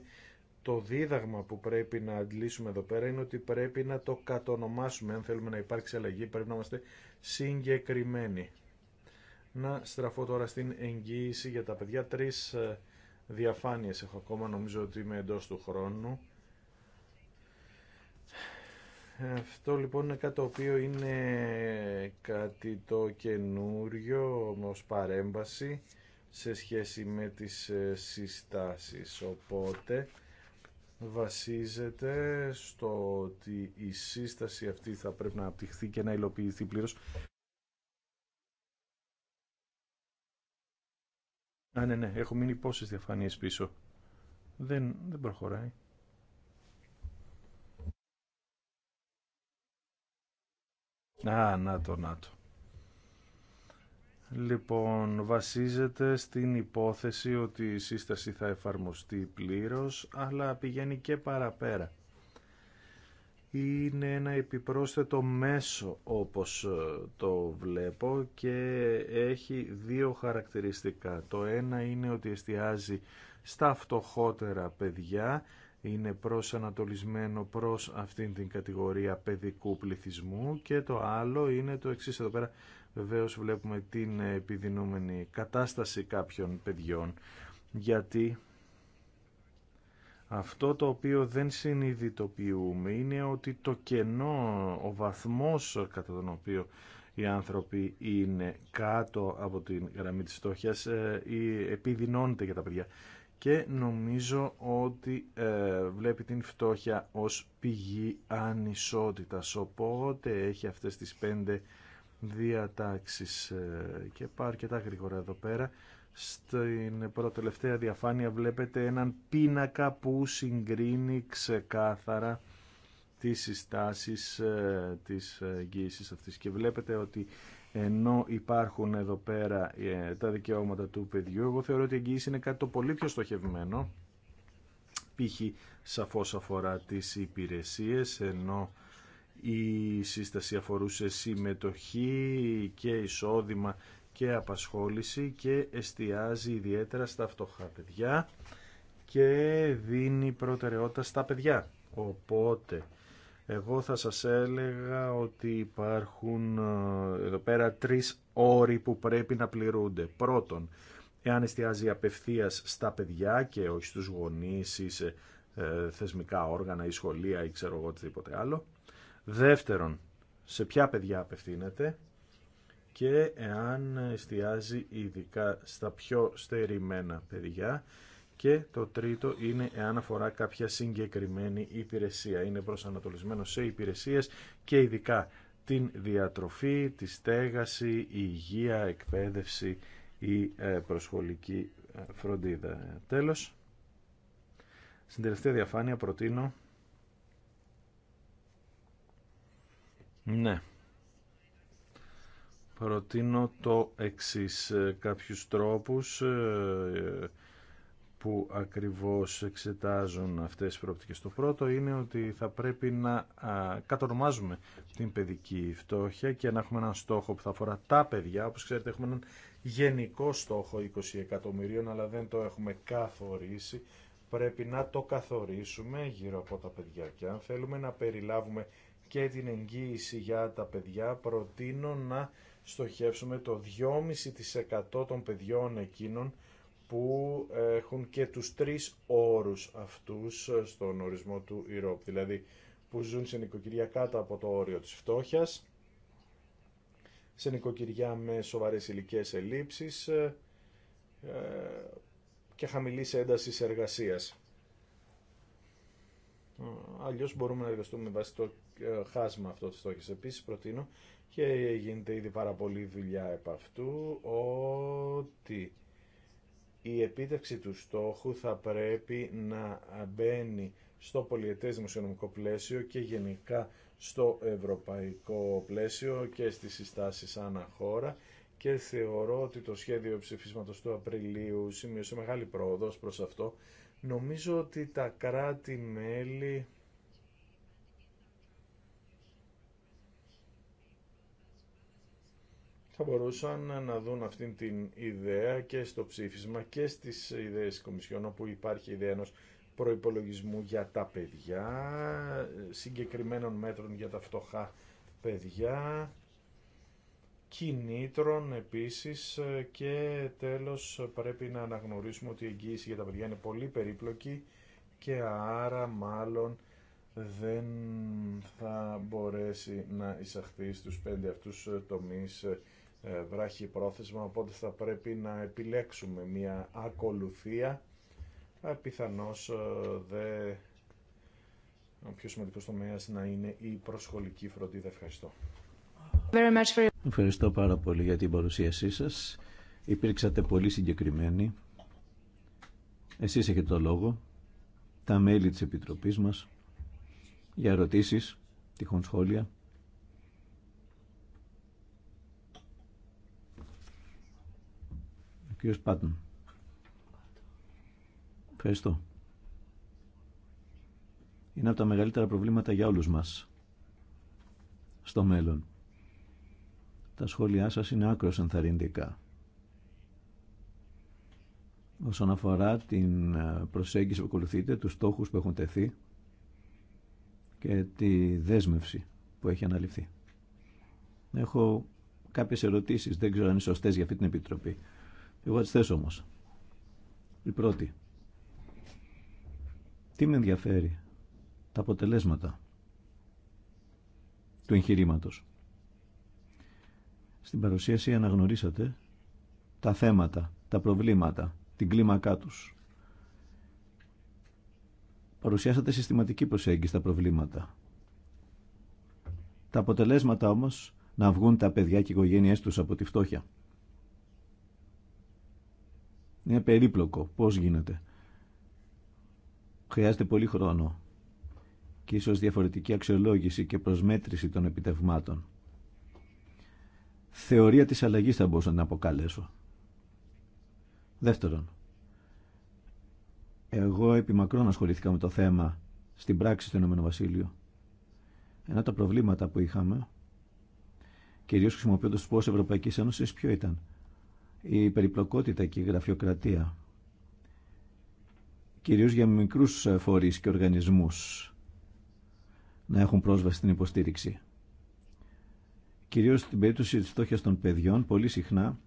το δίδαγμα που πρέπει να αντλήσουμε εδώ πέρα είναι ότι πρέπει να το κατονομάσουμε. Αν θέλουμε να υπάρξει αλλαγή πρέπει να είμαστε συγκεκριμένοι. Να στραφώ τώρα στην εγγύηση για τα παιδιά. Τρεις ε, διαφάνειες έχω ακόμα, νομίζω ότι είμαι εντός του χρόνου. Αυτό λοιπόν είναι κάτι το οποίο είναι κάτι το καινούριο ως παρέμβαση σε σχέση με τις ε, συστάσεις. Οπότε βασίζεται στο ότι η σύσταση αυτή θα πρέπει να απτυχθεί και να υλοποιηθεί πλήρως. Α, ναι, ναι, έχω μείνει πόσες πίσω. Δεν, δεν προχωράει. Α, να το, να το. Λοιπόν, βασίζεται στην υπόθεση ότι η σύσταση θα εφαρμοστεί πλήρως, αλλά πηγαίνει και παραπέρα. Είναι ένα επιπρόσθετο μέσο όπως ε, το βλέπω και έχει δύο χαρακτηριστικά. Το ένα είναι ότι εστιάζει στα φτωχότερα παιδιά είναι προσανατολισμένο προς αυτήν την κατηγορία παιδικού πληθυσμού και το άλλο είναι το εξής εδώ πέρα βεβαίως βλέπουμε την επιδεινούμενη κατάσταση κάποιων παιδιών γιατί αυτό το οποίο δεν συνειδητοποιούμε είναι ότι το κενό, ο βαθμός κατά τον οποίο οι άνθρωποι είναι κάτω από την γραμμή της φτώχειας ε, επιδεινώνεται για τα παιδιά και νομίζω ότι ε, βλέπει την φτώχεια ως πηγή ανισότητας. Οπότε έχει αυτές τις πέντε διατάξεις ε, και πάω αρκετά γρήγορα εδώ πέρα. Στην προτελευταία διαφάνεια βλέπετε έναν πίνακα που συγκρίνει ξεκάθαρα τις συστάσεις ε, της εγγύησης αυτής και βλέπετε ότι ενώ υπάρχουν εδώ πέρα ε, τα δικαιώματα του παιδιού, εγώ θεωρώ ότι η εγγύηση είναι κάτι το πολύ πιο στοχευμένο, π.χ. σαφώς αφορά τις υπηρεσίες, ενώ η σύσταση αφορούσε συμμετοχή και εισόδημα και απασχόληση και εστιάζει ιδιαίτερα στα φτωχά παιδιά και δίνει προτεραιότητα στα παιδιά. Οπότε εγώ θα σας έλεγα ότι υπάρχουν ε, εδώ πέρα τρεις όροι που πρέπει να πληρούνται. Πρώτον, εάν εστιάζει απευθείας στα παιδιά και όχι στους γονείς ή σε ε, θεσμικά όργανα ή σχολεία ή ξέρω εγώ οτιδήποτε άλλο. Δεύτερον, σε ποια παιδιά απευθύνεται και εάν εστιάζει ειδικά στα πιο στερημένα παιδιά και το τρίτο είναι εάν αφορά κάποια συγκεκριμένη υπηρεσία. Είναι προσανατολισμένο σε υπηρεσίες και ειδικά την διατροφή, τη στέγαση, υγεία, εκπαίδευση ή ε, προσχολική ε, φροντίδα. Τέλος, στην τελευταία διαφάνεια προτείνω... Ναι. Προτείνω το εξής ε, κάποιους τρόπους που ακριβώς εξετάζουν αυτές τις προοπτικές. Το πρώτο είναι ότι θα πρέπει να κατονομάζουμε την παιδική φτώχεια και να έχουμε έναν στόχο που θα αφορά τα παιδιά. Όπως ξέρετε έχουμε έναν γενικό στόχο 20 εκατομμυρίων αλλά δεν το έχουμε καθορίσει. Πρέπει να το καθορίσουμε γύρω από τα παιδιά και αν θέλουμε να περιλάβουμε και την εγγύηση για τα παιδιά προτείνω να στοχεύσουμε το 2,5% των παιδιών εκείνων που έχουν και τους τρεις όρους αυτούς ε, στον ορισμό του ΙΡΟΠ, δηλαδή που ζουν σε νοικοκυριά κάτω από το όριο της φτώχειας, σε νοικοκυριά με σοβαρές ηλικέ ελλείψεις ε, και χαμηλής έντασης εργασίας. Ε, αλλιώς μπορούμε να εργαστούμε βάση το χάσμα αυτό της φτώχειας Επίσης προτείνω και γίνεται ήδη πάρα πολλή δουλειά επ' αυτού ότι η επίτευξη του στόχου θα πρέπει να μπαίνει στο πολιετές δημοσιονομικό πλαίσιο και γενικά στο ευρωπαϊκό πλαίσιο και στις συστάσεις ανά χώρα και θεωρώ ότι το σχέδιο ψηφίσματος του Απριλίου σημείωσε μεγάλη πρόοδος προς αυτό. Νομίζω ότι τα κράτη-μέλη θα μπορούσαν να δουν αυτήν την ιδέα και στο ψήφισμα και στις ιδέες Κομισιόν όπου υπάρχει ιδέα ενός προϋπολογισμού για τα παιδιά, συγκεκριμένων μέτρων για τα φτωχά παιδιά, κινήτρων επίσης και τέλος πρέπει να αναγνωρίσουμε ότι η εγγύηση για τα παιδιά είναι πολύ περίπλοκη και άρα μάλλον δεν θα μπορέσει να εισαχθεί στους πέντε αυτούς τομείς ε, βράχει πρόθεσμα, οπότε θα πρέπει να επιλέξουμε μια ακολουθία. Ε, πιθανώς ε, δε ο πιο σημαντικό τομέα να είναι η προσχολική φροντίδα. Ευχαριστώ. Ευχαριστώ πάρα πολύ για την παρουσίασή σας. Υπήρξατε πολύ συγκεκριμένοι. Εσείς έχετε το λόγο, τα μέλη της Επιτροπής μας, για ερωτήσεις, τυχόν σχόλια. Κύριος Πάτων. Ευχαριστώ. Είναι από τα μεγαλύτερα προβλήματα για όλους μας στο μέλλον. Τα σχόλιά σας είναι άκρως ενθαρρυντικά. Όσον αφορά την ε, προσέγγιση που ακολουθείτε, τους στόχους που έχουν τεθεί και τη δέσμευση που έχει αναλυφθεί. Έχω κάποιες ερωτήσεις, δεν ξέρω αν είναι σωστές για αυτή την Επιτροπή. Εγώ τι θέσω όμως. Η πρώτη. Τι με ενδιαφέρει τα αποτελέσματα του εγχειρήματο. Στην παρουσίαση αναγνωρίσατε τα θέματα, τα προβλήματα, την κλίμακά τους. Παρουσιάσατε συστηματική προσέγγιση στα προβλήματα. Τα αποτελέσματα όμως να βγουν τα παιδιά και οι οικογένειές τους από τη φτώχεια. Είναι περίπλοκο. Πώς γίνεται. Χρειάζεται πολύ χρόνο και ίσως διαφορετική αξιολόγηση και προσμέτρηση των επιτευγμάτων. Θεωρία της αλλαγής θα μπορούσα να αποκαλέσω. Δεύτερον, εγώ μακρόν ασχολήθηκα με το θέμα στην πράξη στο Ηνωμένο Βασίλειο. Ένα από τα προβλήματα που είχαμε, κυρίως χρησιμοποιώντας τους πόρους Ευρωπαϊκής Ένωσης, ποιο ήταν – η περιπλοκότητα και η γραφειοκρατία κυρίως για μικρούς ε, φορείς και οργανισμούς να έχουν πρόσβαση στην υποστήριξη. Κυρίως στην περίπτωση της φτώχειας των παιδιών, πολύ συχνά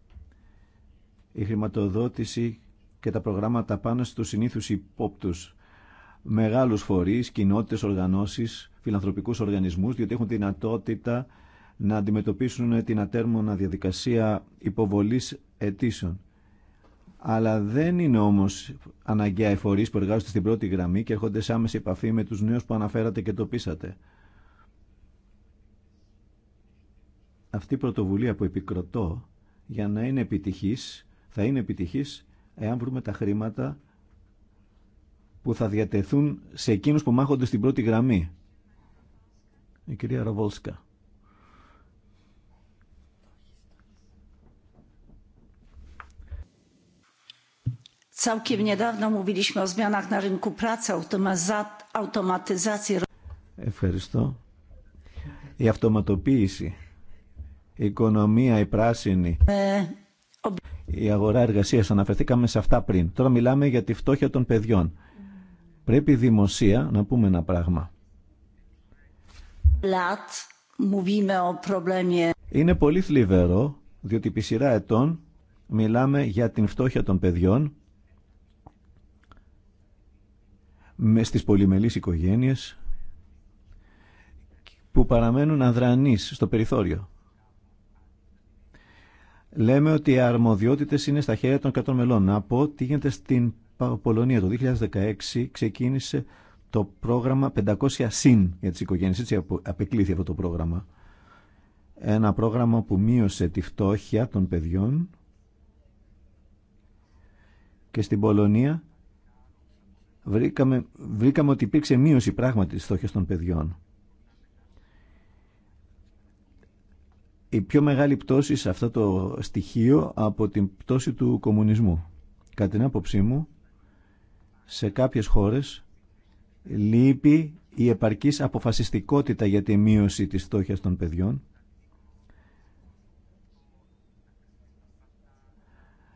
η χρηματοδότηση και τα προγράμματα πάνω στους συνήθους υπόπτους μεγάλους φορείς, κοινότητες, οργανώσεις, φιλανθρωπικούς οργανισμούς, διότι έχουν δυνατότητα να αντιμετωπίσουν την ατέρμονα διαδικασία υποβολής αλλά δεν είναι όμως αναγκαία οι που εργάζονται στην πρώτη γραμμή και έρχονται σε άμεση επαφή με τους νέου που αναφέρατε και το πείσατε. Αυτή η πρωτοβουλία που επικροτώ για να είναι επιτυχής, θα είναι επιτυχής εάν βρούμε τα χρήματα που θα διατεθούν σε εκείνους που μάχονται στην πρώτη γραμμή. Η κυρία Ροβόλσκα. Całkiem niedawno Ευχαριστώ. Η αυτοματοποίηση, η οικονομία, η πράσινη, ε, η αγορά εργασία. Αναφερθήκαμε σε αυτά πριν. Τώρα μιλάμε για τη φτώχεια των παιδιών. Πρέπει δημοσία να πούμε ένα πράγμα. Είναι πολύ θλιβερό, διότι επί σειρά ετών μιλάμε για την φτώχεια των παιδιών με στις πολυμελείς οικογένειες που παραμένουν αδρανείς στο περιθώριο. Λέμε ότι οι αρμοδιότητες είναι στα χέρια των 100 μελών. Να πω τι γίνεται στην Πολωνία. Το 2016 ξεκίνησε το πρόγραμμα 500 συν για τις οικογένειες. Έτσι απεκλήθη αυτό το πρόγραμμα. Ένα πρόγραμμα που μείωσε τη φτώχεια των παιδιών και στην Πολωνία βρήκαμε, βρήκαμε ότι υπήρξε μείωση πράγματι της στόχες των παιδιών. Η πιο μεγάλη πτώση σε αυτό το στοιχείο από την πτώση του κομμουνισμού. Κατά την άποψή μου, σε κάποιες χώρες λείπει η επαρκής αποφασιστικότητα για τη μείωση της στόχιας των παιδιών.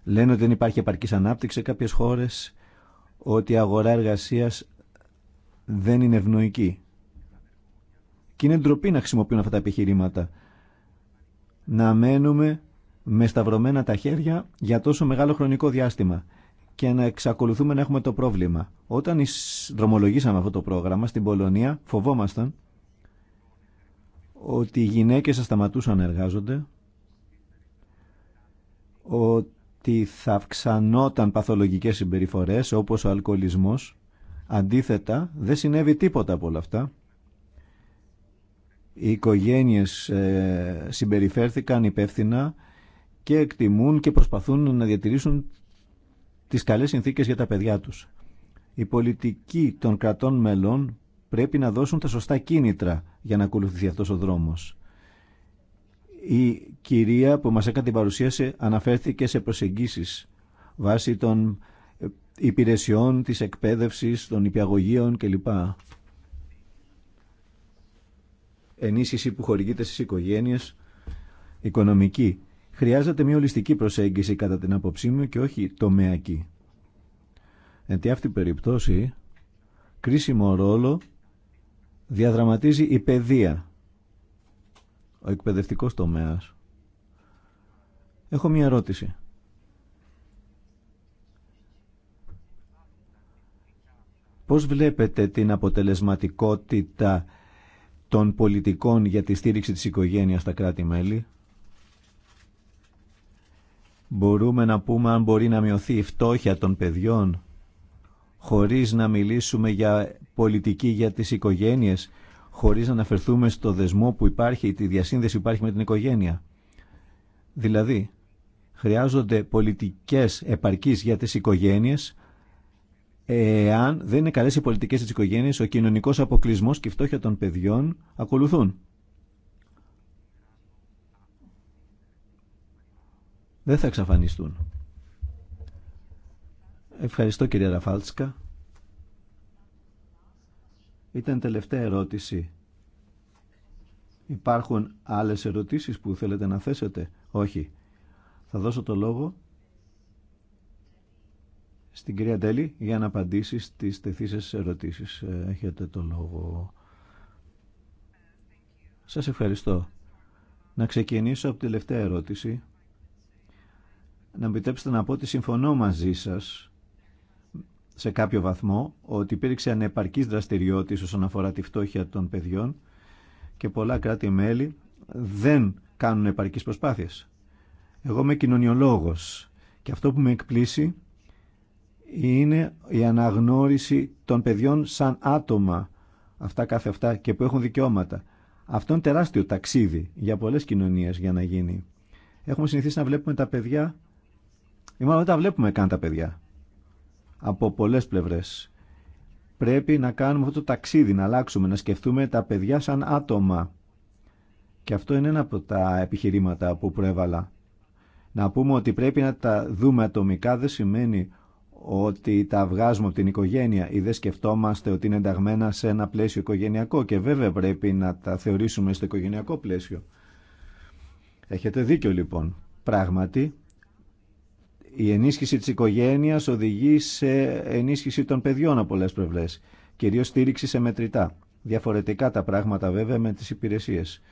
Λένε ότι δεν υπάρχει επαρκής ανάπτυξη σε κάποιες χώρες, ότι η αγορά εργασίας δεν είναι ευνοϊκή. Και είναι ντροπή να χρησιμοποιούν αυτά τα επιχειρήματα. Να μένουμε με σταυρωμένα τα χέρια για τόσο μεγάλο χρονικό διάστημα και να εξακολουθούμε να έχουμε το πρόβλημα. Όταν δρομολογήσαμε αυτό το πρόγραμμα στην Πολωνία φοβόμασταν ότι οι γυναίκες θα σταματούσαν να εργάζονται, ότι ότι θα αυξανόταν παθολογικές συμπεριφορές όπως ο αλκοολισμός. Αντίθετα, δεν συνέβη τίποτα από όλα αυτά. Οι οικογένειες ε, συμπεριφέρθηκαν υπεύθυνα και εκτιμούν και προσπαθούν να διατηρήσουν τις καλές συνθήκες για τα παιδιά τους. Η πολιτική των κρατών μελών πρέπει να δώσουν τα σωστά κίνητρα για να ακολουθηθεί αυτός ο δρόμος. Η κυρία που μας έκανε την παρουσίαση αναφέρθηκε σε προσεγγίσεις βάσει των υπηρεσιών, της εκπαίδευσης, των υπηαγωγείων κλπ. Ενίσχυση που χορηγείται στις οικογένειες, οικονομική. Χρειάζεται μια ολιστική προσέγγιση κατά την άποψή μου και όχι τομεακή. Εν τη αυτή περίπτωση, κρίσιμο ρόλο διαδραματίζει η παιδεία ο εκπαιδευτικός τομέας. Έχω μία ερώτηση. Πώς βλέπετε την αποτελεσματικότητα των πολιτικών για τη στήριξη της οικογένειας στα κράτη-μέλη. Μπορούμε να πούμε αν μπορεί να μειωθεί η φτώχεια των παιδιών χωρίς να μιλήσουμε για πολιτική για τις οικογένειες χωρίς να αναφερθούμε στο δεσμό που υπάρχει, ή τη διασύνδεση που υπάρχει με την οικογένεια. Δηλαδή, χρειάζονται πολιτικές επαρκείς για τις οικογένειες, εάν δεν είναι καλές οι πολιτικές της οικογένειας, ο κοινωνικός αποκλεισμός και η φτώχεια των παιδιών ακολουθούν. Δεν θα εξαφανιστούν. Ευχαριστώ κυρία Ραφάλτσκα. Ήταν τελευταία ερώτηση. Υπάρχουν άλλες ερωτήσεις που θέλετε να θέσετε. Όχι. Θα δώσω το λόγο στην κυρία Τέλη για να απαντήσει στις τεθήσεις ερωτήσεις. Ε, έχετε το λόγο. Σας ευχαριστώ. Να ξεκινήσω από τη τελευταία ερώτηση. Να επιτρέψετε να πω ότι συμφωνώ μαζί σας σε κάποιο βαθμό ότι υπήρξε ανεπαρκής δραστηριότητα όσον αφορά τη φτώχεια των παιδιών και πολλά κράτη-μέλη δεν κάνουν επαρκείς προσπάθειες. Εγώ είμαι κοινωνιολόγος και αυτό που με εκπλήσει είναι η αναγνώριση των παιδιών σαν άτομα αυτά κάθε αυτά και που έχουν δικαιώματα. Αυτό είναι τεράστιο ταξίδι για πολλές κοινωνίες για να γίνει. Έχουμε συνηθίσει να βλέπουμε τα παιδιά ή μάλλον δεν τα βλέπουμε καν τα παιδιά από πολλές πλευρές. Πρέπει να κάνουμε αυτό το ταξίδι, να αλλάξουμε, να σκεφτούμε τα παιδιά σαν άτομα. Και αυτό είναι ένα από τα επιχειρήματα που προέβαλα. Να πούμε ότι πρέπει να τα δούμε ατομικά δεν σημαίνει ότι τα βγάζουμε από την οικογένεια ή δεν σκεφτόμαστε ότι είναι ενταγμένα σε ένα πλαίσιο οικογενειακό και βέβαια πρέπει να τα θεωρήσουμε στο οικογενειακό πλαίσιο. Έχετε δίκιο λοιπόν. Πράγματι, η ενίσχυση της οικογένειας οδηγεί σε ενίσχυση των παιδιών από πολλές πλευρές, κυρίως στήριξη σε μετρητά. Διαφορετικά τα πράγματα βέβαια με τις υπηρεσίες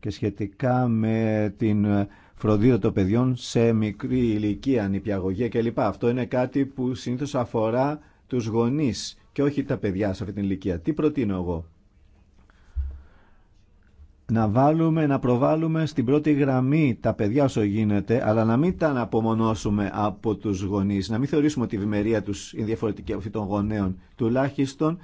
και σχετικά με την φροντίδα των παιδιών σε μικρή ηλικία, νηπιαγωγία κλπ. Αυτό είναι κάτι που συνήθως αφορά τους γονείς και όχι τα παιδιά σε αυτή την ηλικία. Τι προτείνω εγώ να βάλουμε, να προβάλλουμε στην πρώτη γραμμή τα παιδιά όσο γίνεται, αλλά να μην τα απομονώσουμε από τους γονείς, να μην θεωρήσουμε ότι η ευημερία τους είναι διαφορετική από αυτή των γονέων. Τουλάχιστον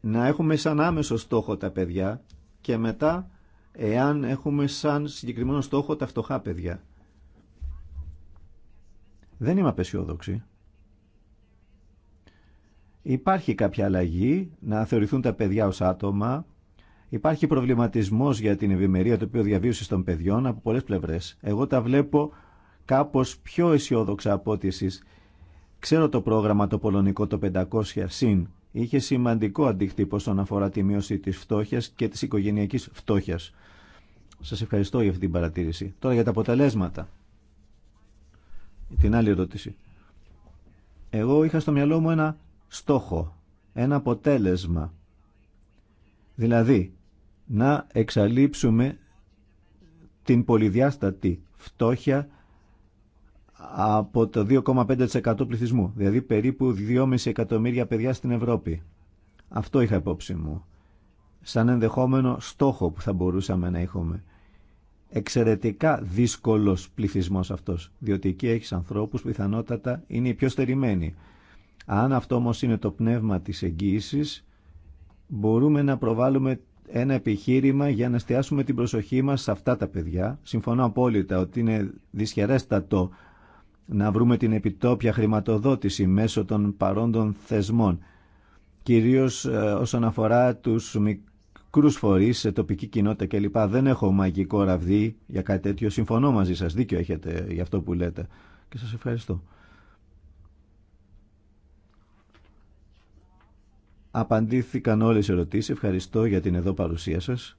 να έχουμε σαν άμεσο στόχο τα παιδιά και μετά εάν έχουμε σαν συγκεκριμένο στόχο τα φτωχά παιδιά. Δεν είμαι απεσιόδοξη. Υπάρχει κάποια αλλαγή να θεωρηθούν τα παιδιά ως άτομα Υπάρχει προβληματισμό για την ευημερία το οποίο διαβίωση των παιδιών από πολλέ πλευρέ. Εγώ τα βλέπω κάπω πιο αισιόδοξα από ότι εσεί. Ξέρω το πρόγραμμα το πολωνικό το 500 συν είχε σημαντικό αντίκτυπο στον αφορά τη μείωση τη φτώχεια και τη οικογένειακή φτώχεια. Σας ευχαριστώ για αυτή την παρατήρηση. Τώρα για τα αποτελέσματα. Την άλλη ερώτηση. Εγώ είχα στο μυαλό μου ένα στόχο, ένα αποτέλεσμα. Δηλαδή, να εξαλείψουμε την πολυδιάστατη φτώχεια από το 2,5% πληθυσμού, δηλαδή περίπου 2,5 εκατομμύρια παιδιά στην Ευρώπη. Αυτό είχα υπόψη μου, σαν ενδεχόμενο στόχο που θα μπορούσαμε να έχουμε. Εξαιρετικά δύσκολος πληθυσμός αυτός, διότι εκεί έχεις ανθρώπους που πιθανότατα είναι οι πιο στερημένοι. Αν αυτό όμως είναι το πνεύμα της εγγύησης, μπορούμε να προβάλλουμε ένα επιχείρημα για να εστιάσουμε την προσοχή μας σε αυτά τα παιδιά. Συμφωνώ απόλυτα ότι είναι δυσχερέστατο να βρούμε την επιτόπια χρηματοδότηση μέσω των παρόντων θεσμών, κυρίως ε, όσον αφορά τους μικρούς φορείς σε τοπική κοινότητα κλπ. Δεν έχω μαγικό ραβδί για κάτι τέτοιο. Συμφωνώ μαζί σας, δίκιο έχετε για αυτό που λέτε και σας ευχαριστώ. Απαντήθηκαν όλες οι ερωτήσεις. Ευχαριστώ για την εδώ παρουσία σας.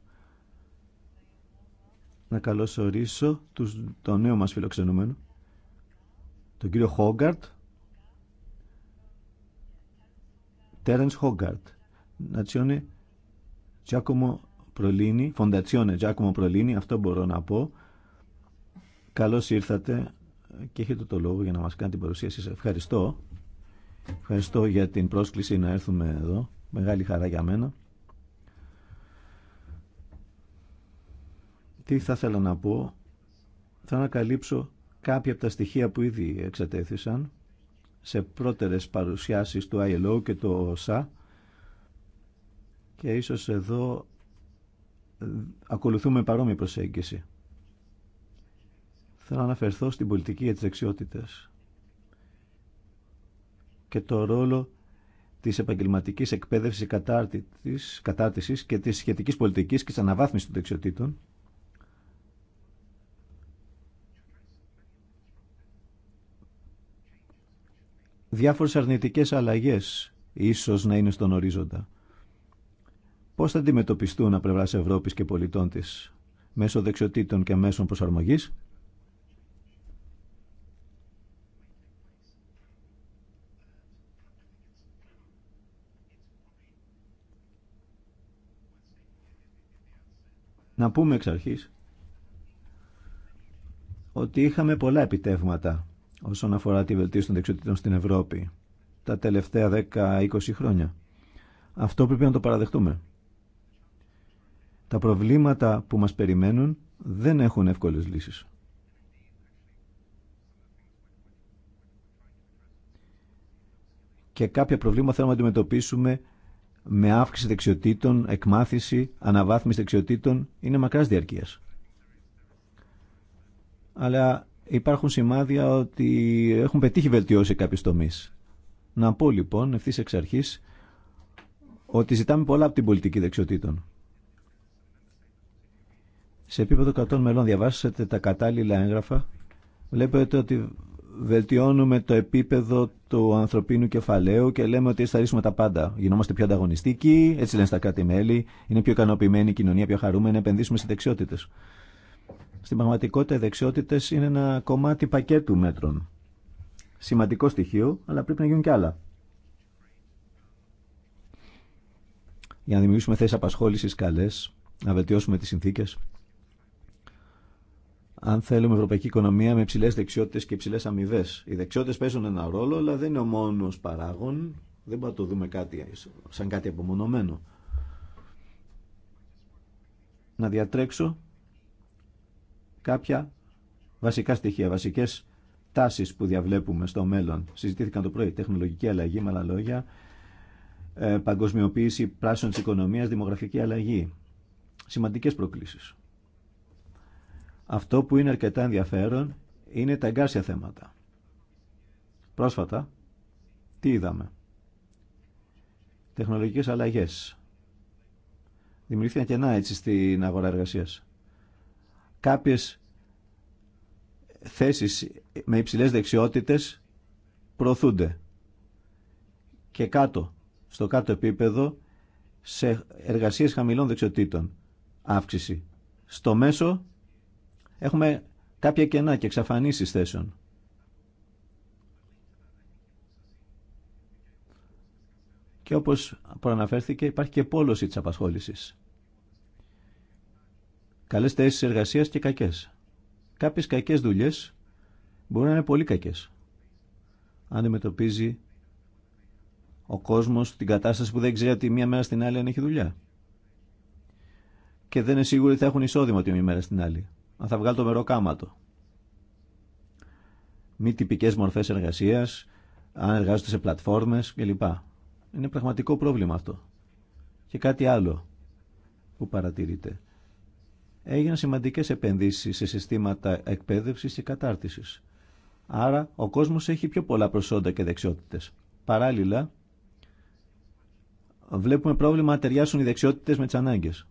Να καλωσορίσω τους, το νέο μας φιλοξενούμενο, τον κύριο Χόγκαρτ, Τέρενς Χόγκαρτ, Νατσιόνε Τζάκομο Προλίνη, Φοντατσιόνε Τζάκομο Προλίνη, αυτό μπορώ να πω. Καλώς ήρθατε και έχετε το λόγο για να μας κάνετε την παρουσίαση σας. Ευχαριστώ. Ευχαριστώ για την πρόσκληση να έρθουμε εδώ. Μεγάλη χαρά για μένα. Τι θα ήθελα να πω. Θα ανακαλύψω κάποια από τα στοιχεία που ήδη εξατέθησαν σε πρώτερες παρουσιάσεις του ILO και του ΟΣΑ και ίσως εδώ ακολουθούμε παρόμοια προσέγγιση. Θέλω να αναφερθώ στην πολιτική για τις και το ρόλο της επαγγελματικής εκπαίδευσης κατάρτισης και της σχετικής πολιτικής και της αναβάθμισης των δεξιοτήτων. Διάφορες αρνητικές αλλαγές ίσως να είναι στον ορίζοντα. Πώς θα αντιμετωπιστούν από πλευράς Ευρώπης και πολιτών της μέσω δεξιοτήτων και μέσων προσαρμογής. να πούμε εξ αρχής ότι είχαμε πολλά επιτεύγματα όσον αφορά τη βελτίωση των δεξιοτήτων στην Ευρώπη τα τελευταία 10-20 χρόνια. Αυτό πρέπει να το παραδεχτούμε. Τα προβλήματα που μας περιμένουν δεν έχουν εύκολες λύσεις. Και κάποια προβλήματα θέλουμε να αντιμετωπίσουμε με αύξηση δεξιοτήτων, εκμάθηση, αναβάθμιση δεξιοτήτων είναι μακρά διαρκείας. Αλλά υπάρχουν σημάδια ότι έχουν πετύχει βελτιώσει κάποιε τομεί. Να πω λοιπόν ευθύ εξ αρχής ότι ζητάμε πολλά από την πολιτική δεξιοτήτων. Σε επίπεδο 100 μελών διαβάσατε τα κατάλληλα έγγραφα. Βλέπετε ότι βελτιώνουμε το επίπεδο του ανθρωπίνου κεφαλαίου και λέμε ότι θα τα πάντα. Γινόμαστε πιο ανταγωνιστικοί, έτσι λένε στα κάτι μελη είναι πιο ικανοποιημένη η κοινωνία, πιο χαρούμενη, επενδύσουμε σε δεξιότητε. Στην πραγματικότητα, οι δεξιότητε είναι ένα κομμάτι πακέτου μέτρων. Σημαντικό στοιχείο, αλλά πρέπει να γίνουν και άλλα. Για να δημιουργήσουμε θέσει απασχόληση καλέ, να βελτιώσουμε τι συνθήκε αν θέλουμε ευρωπαϊκή οικονομία με υψηλέ δεξιότητε και υψηλέ αμοιβέ. Οι δεξιότητε παίζουν ένα ρόλο, αλλά δεν είναι ο μόνο παράγον. Δεν μπορούμε να το δούμε κάτι, σαν κάτι απομονωμένο. Να διατρέξω κάποια βασικά στοιχεία, βασικέ τάσει που διαβλέπουμε στο μέλλον. Συζητήθηκαν το πρωί. Τεχνολογική αλλαγή, με άλλα λόγια. Ε, παγκοσμιοποίηση πράσινη οικονομία, δημογραφική αλλαγή. Σημαντικέ προκλήσει αυτό που είναι αρκετά ενδιαφέρον είναι τα εγκάρσια θέματα. Πρόσφατα, τι είδαμε. Τεχνολογικές αλλαγές. Δημιουργήθηκαν κενά έτσι στην αγορά εργασίας. Κάποιες θέσεις με υψηλές δεξιότητες προωθούνται. Και κάτω, στο κάτω επίπεδο, σε εργασίες χαμηλών δεξιοτήτων. Αύξηση. Στο μέσο έχουμε κάποια κενά και εξαφανίσεις θέσεων. Και όπως προαναφέρθηκε υπάρχει και πόλωση της απασχόλησης. Καλές θέσεις εργασίας και κακές. Κάποιες κακές δουλειές μπορεί να είναι πολύ κακές. Αν αντιμετωπίζει ο κόσμος την κατάσταση που δεν ξέρει ότι μία μέρα στην άλλη αν έχει δουλειά. Και δεν είναι σίγουροι ότι θα έχουν εισόδημα τη μία μέρα στην άλλη αν θα βγάλει το κάματο. Μη τυπικές μορφές εργασίας, αν εργάζονται σε πλατφόρμες κλπ. Είναι πραγματικό πρόβλημα αυτό. Και κάτι άλλο που παρατηρείται. Έγιναν σημαντικές επενδύσεις σε συστήματα εκπαίδευσης και κατάρτισης. Άρα ο κόσμος έχει πιο πολλά προσόντα και δεξιότητες. Παράλληλα, βλέπουμε πρόβλημα να ταιριάσουν οι δεξιότητες με τις ανάγκες.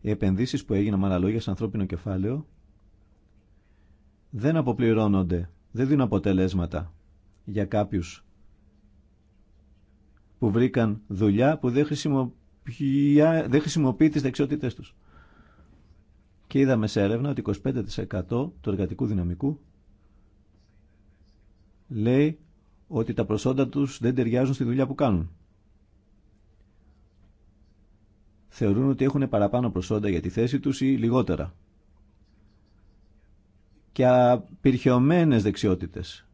Οι επενδύσεις που έγιναν με άλλα λόγια σε ανθρώπινο κεφάλαιο δεν αποπληρώνονται, δεν δίνουν αποτελέσματα για κάποιους που βρήκαν δουλειά που δεν χρησιμοποιεί, δεν χρησιμοποιεί τις δεξιότητές τους. Και είδαμε σε έρευνα ότι 25% του εργατικού δυναμικού λέει ότι τα προσόντα τους δεν ταιριάζουν στη δουλειά που κάνουν. θεωρούν ότι έχουν παραπάνω προσόντα για τη θέση τους ή λιγότερα. Και απειρχαιωμένες δεξιότητες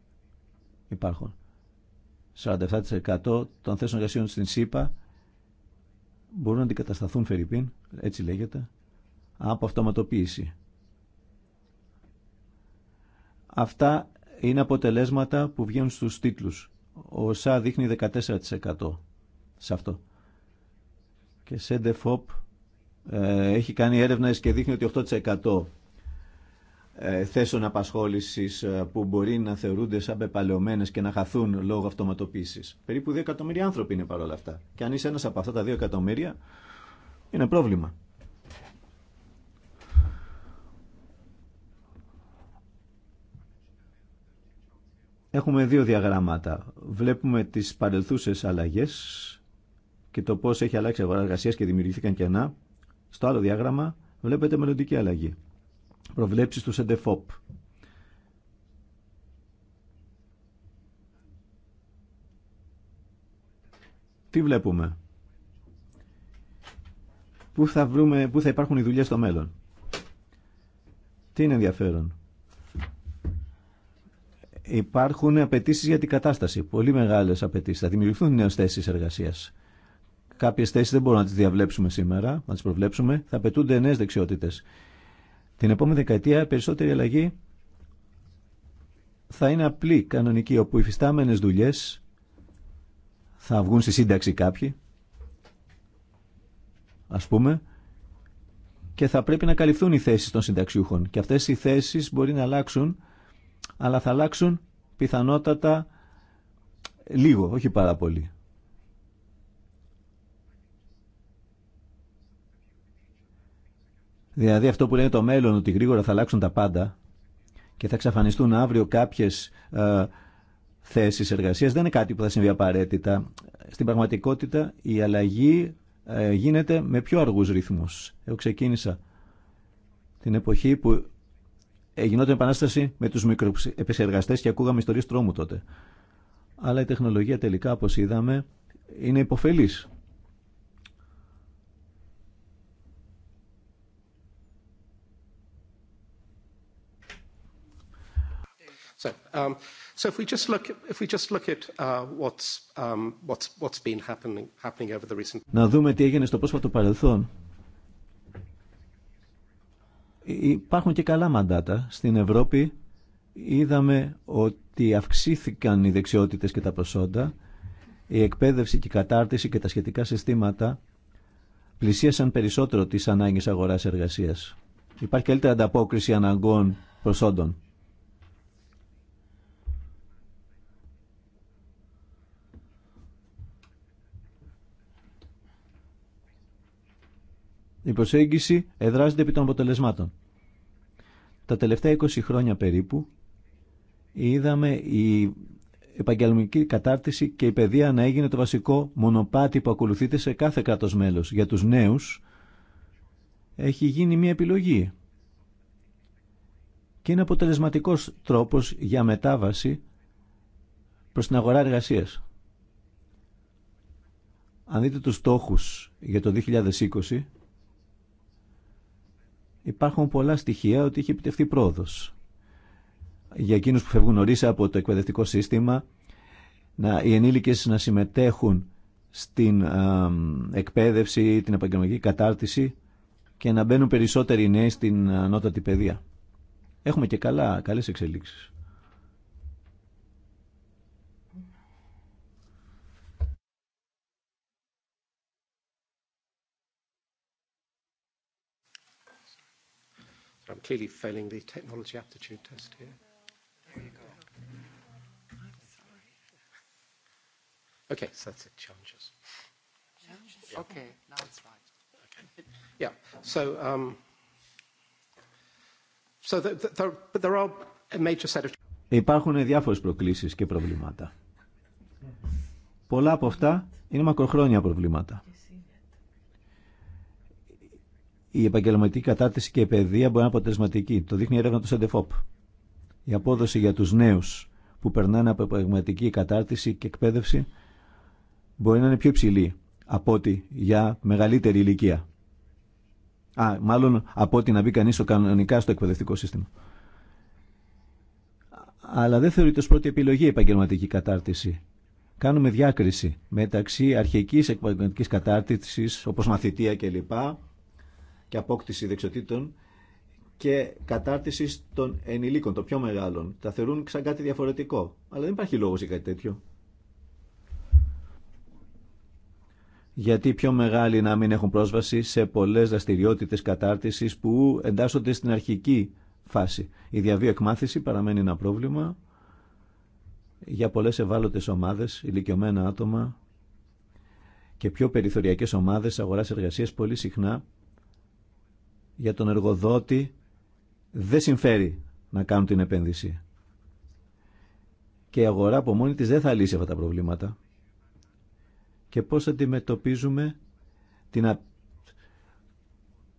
υπάρχουν. 47% των θέσεων εργασίων στην ΣΥΠΑ μπορούν να αντικατασταθούν φερρυπίν, έτσι λέγεται, από αυτοματοποίηση. Αυτά είναι αποτελέσματα που βγαίνουν στους τίτλους. Ο ΣΑ δείχνει 14% σε αυτό και ΣΕΝΤΕΦΟΠ ε, έχει κάνει έρευνες και δείχνει ότι 8% ε, θέσεων απασχόλησης ε, που μπορεί να θεωρούνται σαν πεπαλαιωμένες και να χαθούν λόγω αυτοματοποίησης. Περίπου 2 εκατομμύρια άνθρωποι είναι παρόλα αυτά. Και αν είσαι ένας από αυτά τα 2 εκατομμύρια είναι πρόβλημα. Έχουμε δύο διαγράμματα. Βλέπουμε τις παρελθούσες αλλαγές και το πώ έχει αλλάξει η αγορά εργασία και δημιουργήθηκαν κενά, στο άλλο διάγραμμα βλέπετε μελλοντική αλλαγή. Προβλέψει του ΣΕΝΤΕΦΟΠ. Τι βλέπουμε. Πού θα, βρούμε, πού θα υπάρχουν οι δουλειές στο μέλλον. Τι είναι ενδιαφέρον. Υπάρχουν απαιτήσει για την κατάσταση. Πολύ μεγάλες απαιτήσει. Θα δημιουργηθούν νέες θέσεις εργασίας Κάποιε θέσει δεν μπορούμε να τις διαβλέψουμε σήμερα, να τι προβλέψουμε. Θα απαιτούνται νέε δεξιότητες. Την επόμενη δεκαετία περισσότερη αλλαγή θα είναι απλή κανονική, όπου οι φυστάμενες δουλειές θα βγουν στη σύνταξη κάποιοι, ας πούμε, και θα πρέπει να καλυφθούν οι θέσεις των συνταξιούχων. Και αυτές οι θέσεις μπορεί να αλλάξουν, αλλά θα αλλάξουν πιθανότατα λίγο, όχι πάρα πολύ. Δηλαδή αυτό που λένε το μέλλον, ότι γρήγορα θα αλλάξουν τα πάντα και θα εξαφανιστούν αύριο κάποιες θέσει θέσεις εργασίας, δεν είναι κάτι που θα συμβεί απαραίτητα. Στην πραγματικότητα η αλλαγή ε, γίνεται με πιο αργούς ρυθμούς. Εγώ ξεκίνησα την εποχή που γινόταν επανάσταση με τους μικροεπισεργαστές και ακούγαμε ιστορίες τρόμου τότε. Αλλά η τεχνολογία τελικά, όπως είδαμε, είναι υποφελής. Um, if we just look at uh, um, what's been happening over the recent Να δούμε τι έγινε στο πρόσφατο παρελθόν. Υπάρχουν και καλά μαντάτα στην Ευρώπη. Είδαμε ότι αυξήθηκαν οι δεξιότητες και τα προσόντα, η εκπαίδευση και η κατάρτιση και τα σχετικά συστήματα πλησίασαν περισσότερο τις ανάγκες αγοράς εργασίας. Υπάρχει καλύτερη ανταπόκριση αναγκών προσόντων. Η προσέγγιση εδράζεται επί των αποτελεσμάτων. Τα τελευταία 20 χρόνια περίπου είδαμε η επαγγελματική κατάρτιση και η παιδεία να έγινε το βασικό μονοπάτι που ακολουθείται σε κάθε κράτος μέλος. Για τους νέους έχει γίνει μια επιλογή και είναι αποτελεσματικός τρόπος για μετάβαση προς την αγορά εργασίας. Αν δείτε τους στόχους για το 2020, υπάρχουν πολλά στοιχεία ότι έχει επιτευχθεί πρόοδος. Για εκείνους που φεύγουν νωρίς από το εκπαιδευτικό σύστημα, να, οι ενήλικες να συμμετέχουν στην εκπαίδευση, την επαγγελματική κατάρτιση και να μπαίνουν περισσότεροι νέοι στην ε, ανώτατη παιδεία. Έχουμε και καλά, καλές εξελίξεις. I'm clearly failing the technology aptitude test here. go. Okay, so that's it, challenges. Challenges? Okay, now it's right. Okay. Yeah, so, um, so the, the, the, but there are a major set of... Υπάρχουν διάφορες προκλήσεις και προβλήματα. Πολλά από αυτά είναι μακροχρόνια προβλήματα η επαγγελματική κατάρτιση και η παιδεία μπορεί να είναι αποτελεσματική. Το δείχνει η έρευνα του ΣΕΝΤΕΦΟΠ. Η απόδοση για του νέου που περνάνε από επαγγελματική κατάρτιση και εκπαίδευση μπορεί να είναι πιο υψηλή από ότι για μεγαλύτερη ηλικία. Α, μάλλον από ότι να μπει κανείς κανονικά στο εκπαιδευτικό σύστημα. Αλλά δεν θεωρείται ω πρώτη επιλογή η επαγγελματική κατάρτιση. Κάνουμε διάκριση μεταξύ αρχική επαγγελματική κατάρτιση, όπω μαθητεία κλπ, και απόκτηση δεξιοτήτων και κατάρτιση των ενηλίκων, των πιο μεγάλων. Τα θεωρούν σαν κάτι διαφορετικό. Αλλά δεν υπάρχει λόγος για κάτι τέτοιο. Γιατί οι πιο μεγάλοι να μην έχουν πρόσβαση σε πολλέ δραστηριότητε κατάρτισης που εντάσσονται στην αρχική φάση. Η διαβίω εκμάθηση παραμένει ένα πρόβλημα για πολλέ ευάλωτε ομάδε, ηλικιωμένα άτομα και πιο περιθωριακές ομάδες αγοράς εργασία πολύ συχνά για τον εργοδότη δεν συμφέρει να κάνουν την επένδυση. Και η αγορά από μόνη της δεν θα λύσει αυτά τα προβλήματα. Και πώς αντιμετωπίζουμε την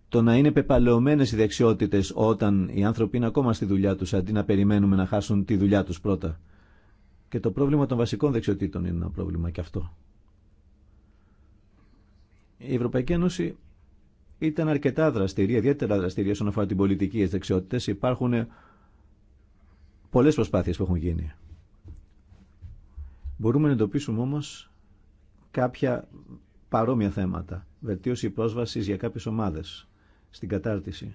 το να είναι πεπαλαιωμένες οι δεξιότητες όταν οι άνθρωποι είναι ακόμα στη δουλειά τους αντί να περιμένουμε να χάσουν τη δουλειά τους πρώτα. Και το πρόβλημα των βασικών δεξιοτήτων είναι ένα πρόβλημα και αυτό. Η Ευρωπαϊκή Ένωση ήταν αρκετά δραστηρία, ιδιαίτερα δραστηρία όσον αφορά την πολιτική τις δεξιότητες. Υπάρχουν πολλές προσπάθειες που έχουν γίνει. Μπορούμε να εντοπίσουμε όμως κάποια παρόμοια θέματα. Βελτίωση πρόσβαση για κάποιες ομάδες στην κατάρτιση.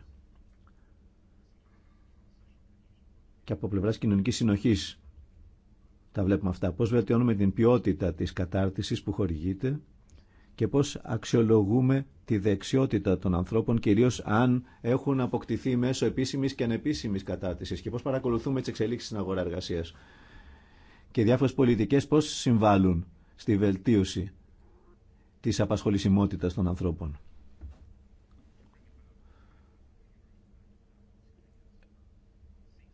Και από πλευράς κοινωνικής συνοχής τα βλέπουμε αυτά. πώ βελτιώνουμε την ποιότητα τη κατάρτιση που χορηγείται και πώς αξιολογούμε τη δεξιότητα των ανθρώπων, κυρίως αν έχουν αποκτηθεί μέσω επίσημης και ανεπίσημης κατάτησης και πώς παρακολουθούμε τις εξελίξεις στην αγορά εργασίας. Και διάφορες πολιτικές πώς συμβάλλουν στη βελτίωση της απασχολησιμότητας των ανθρώπων.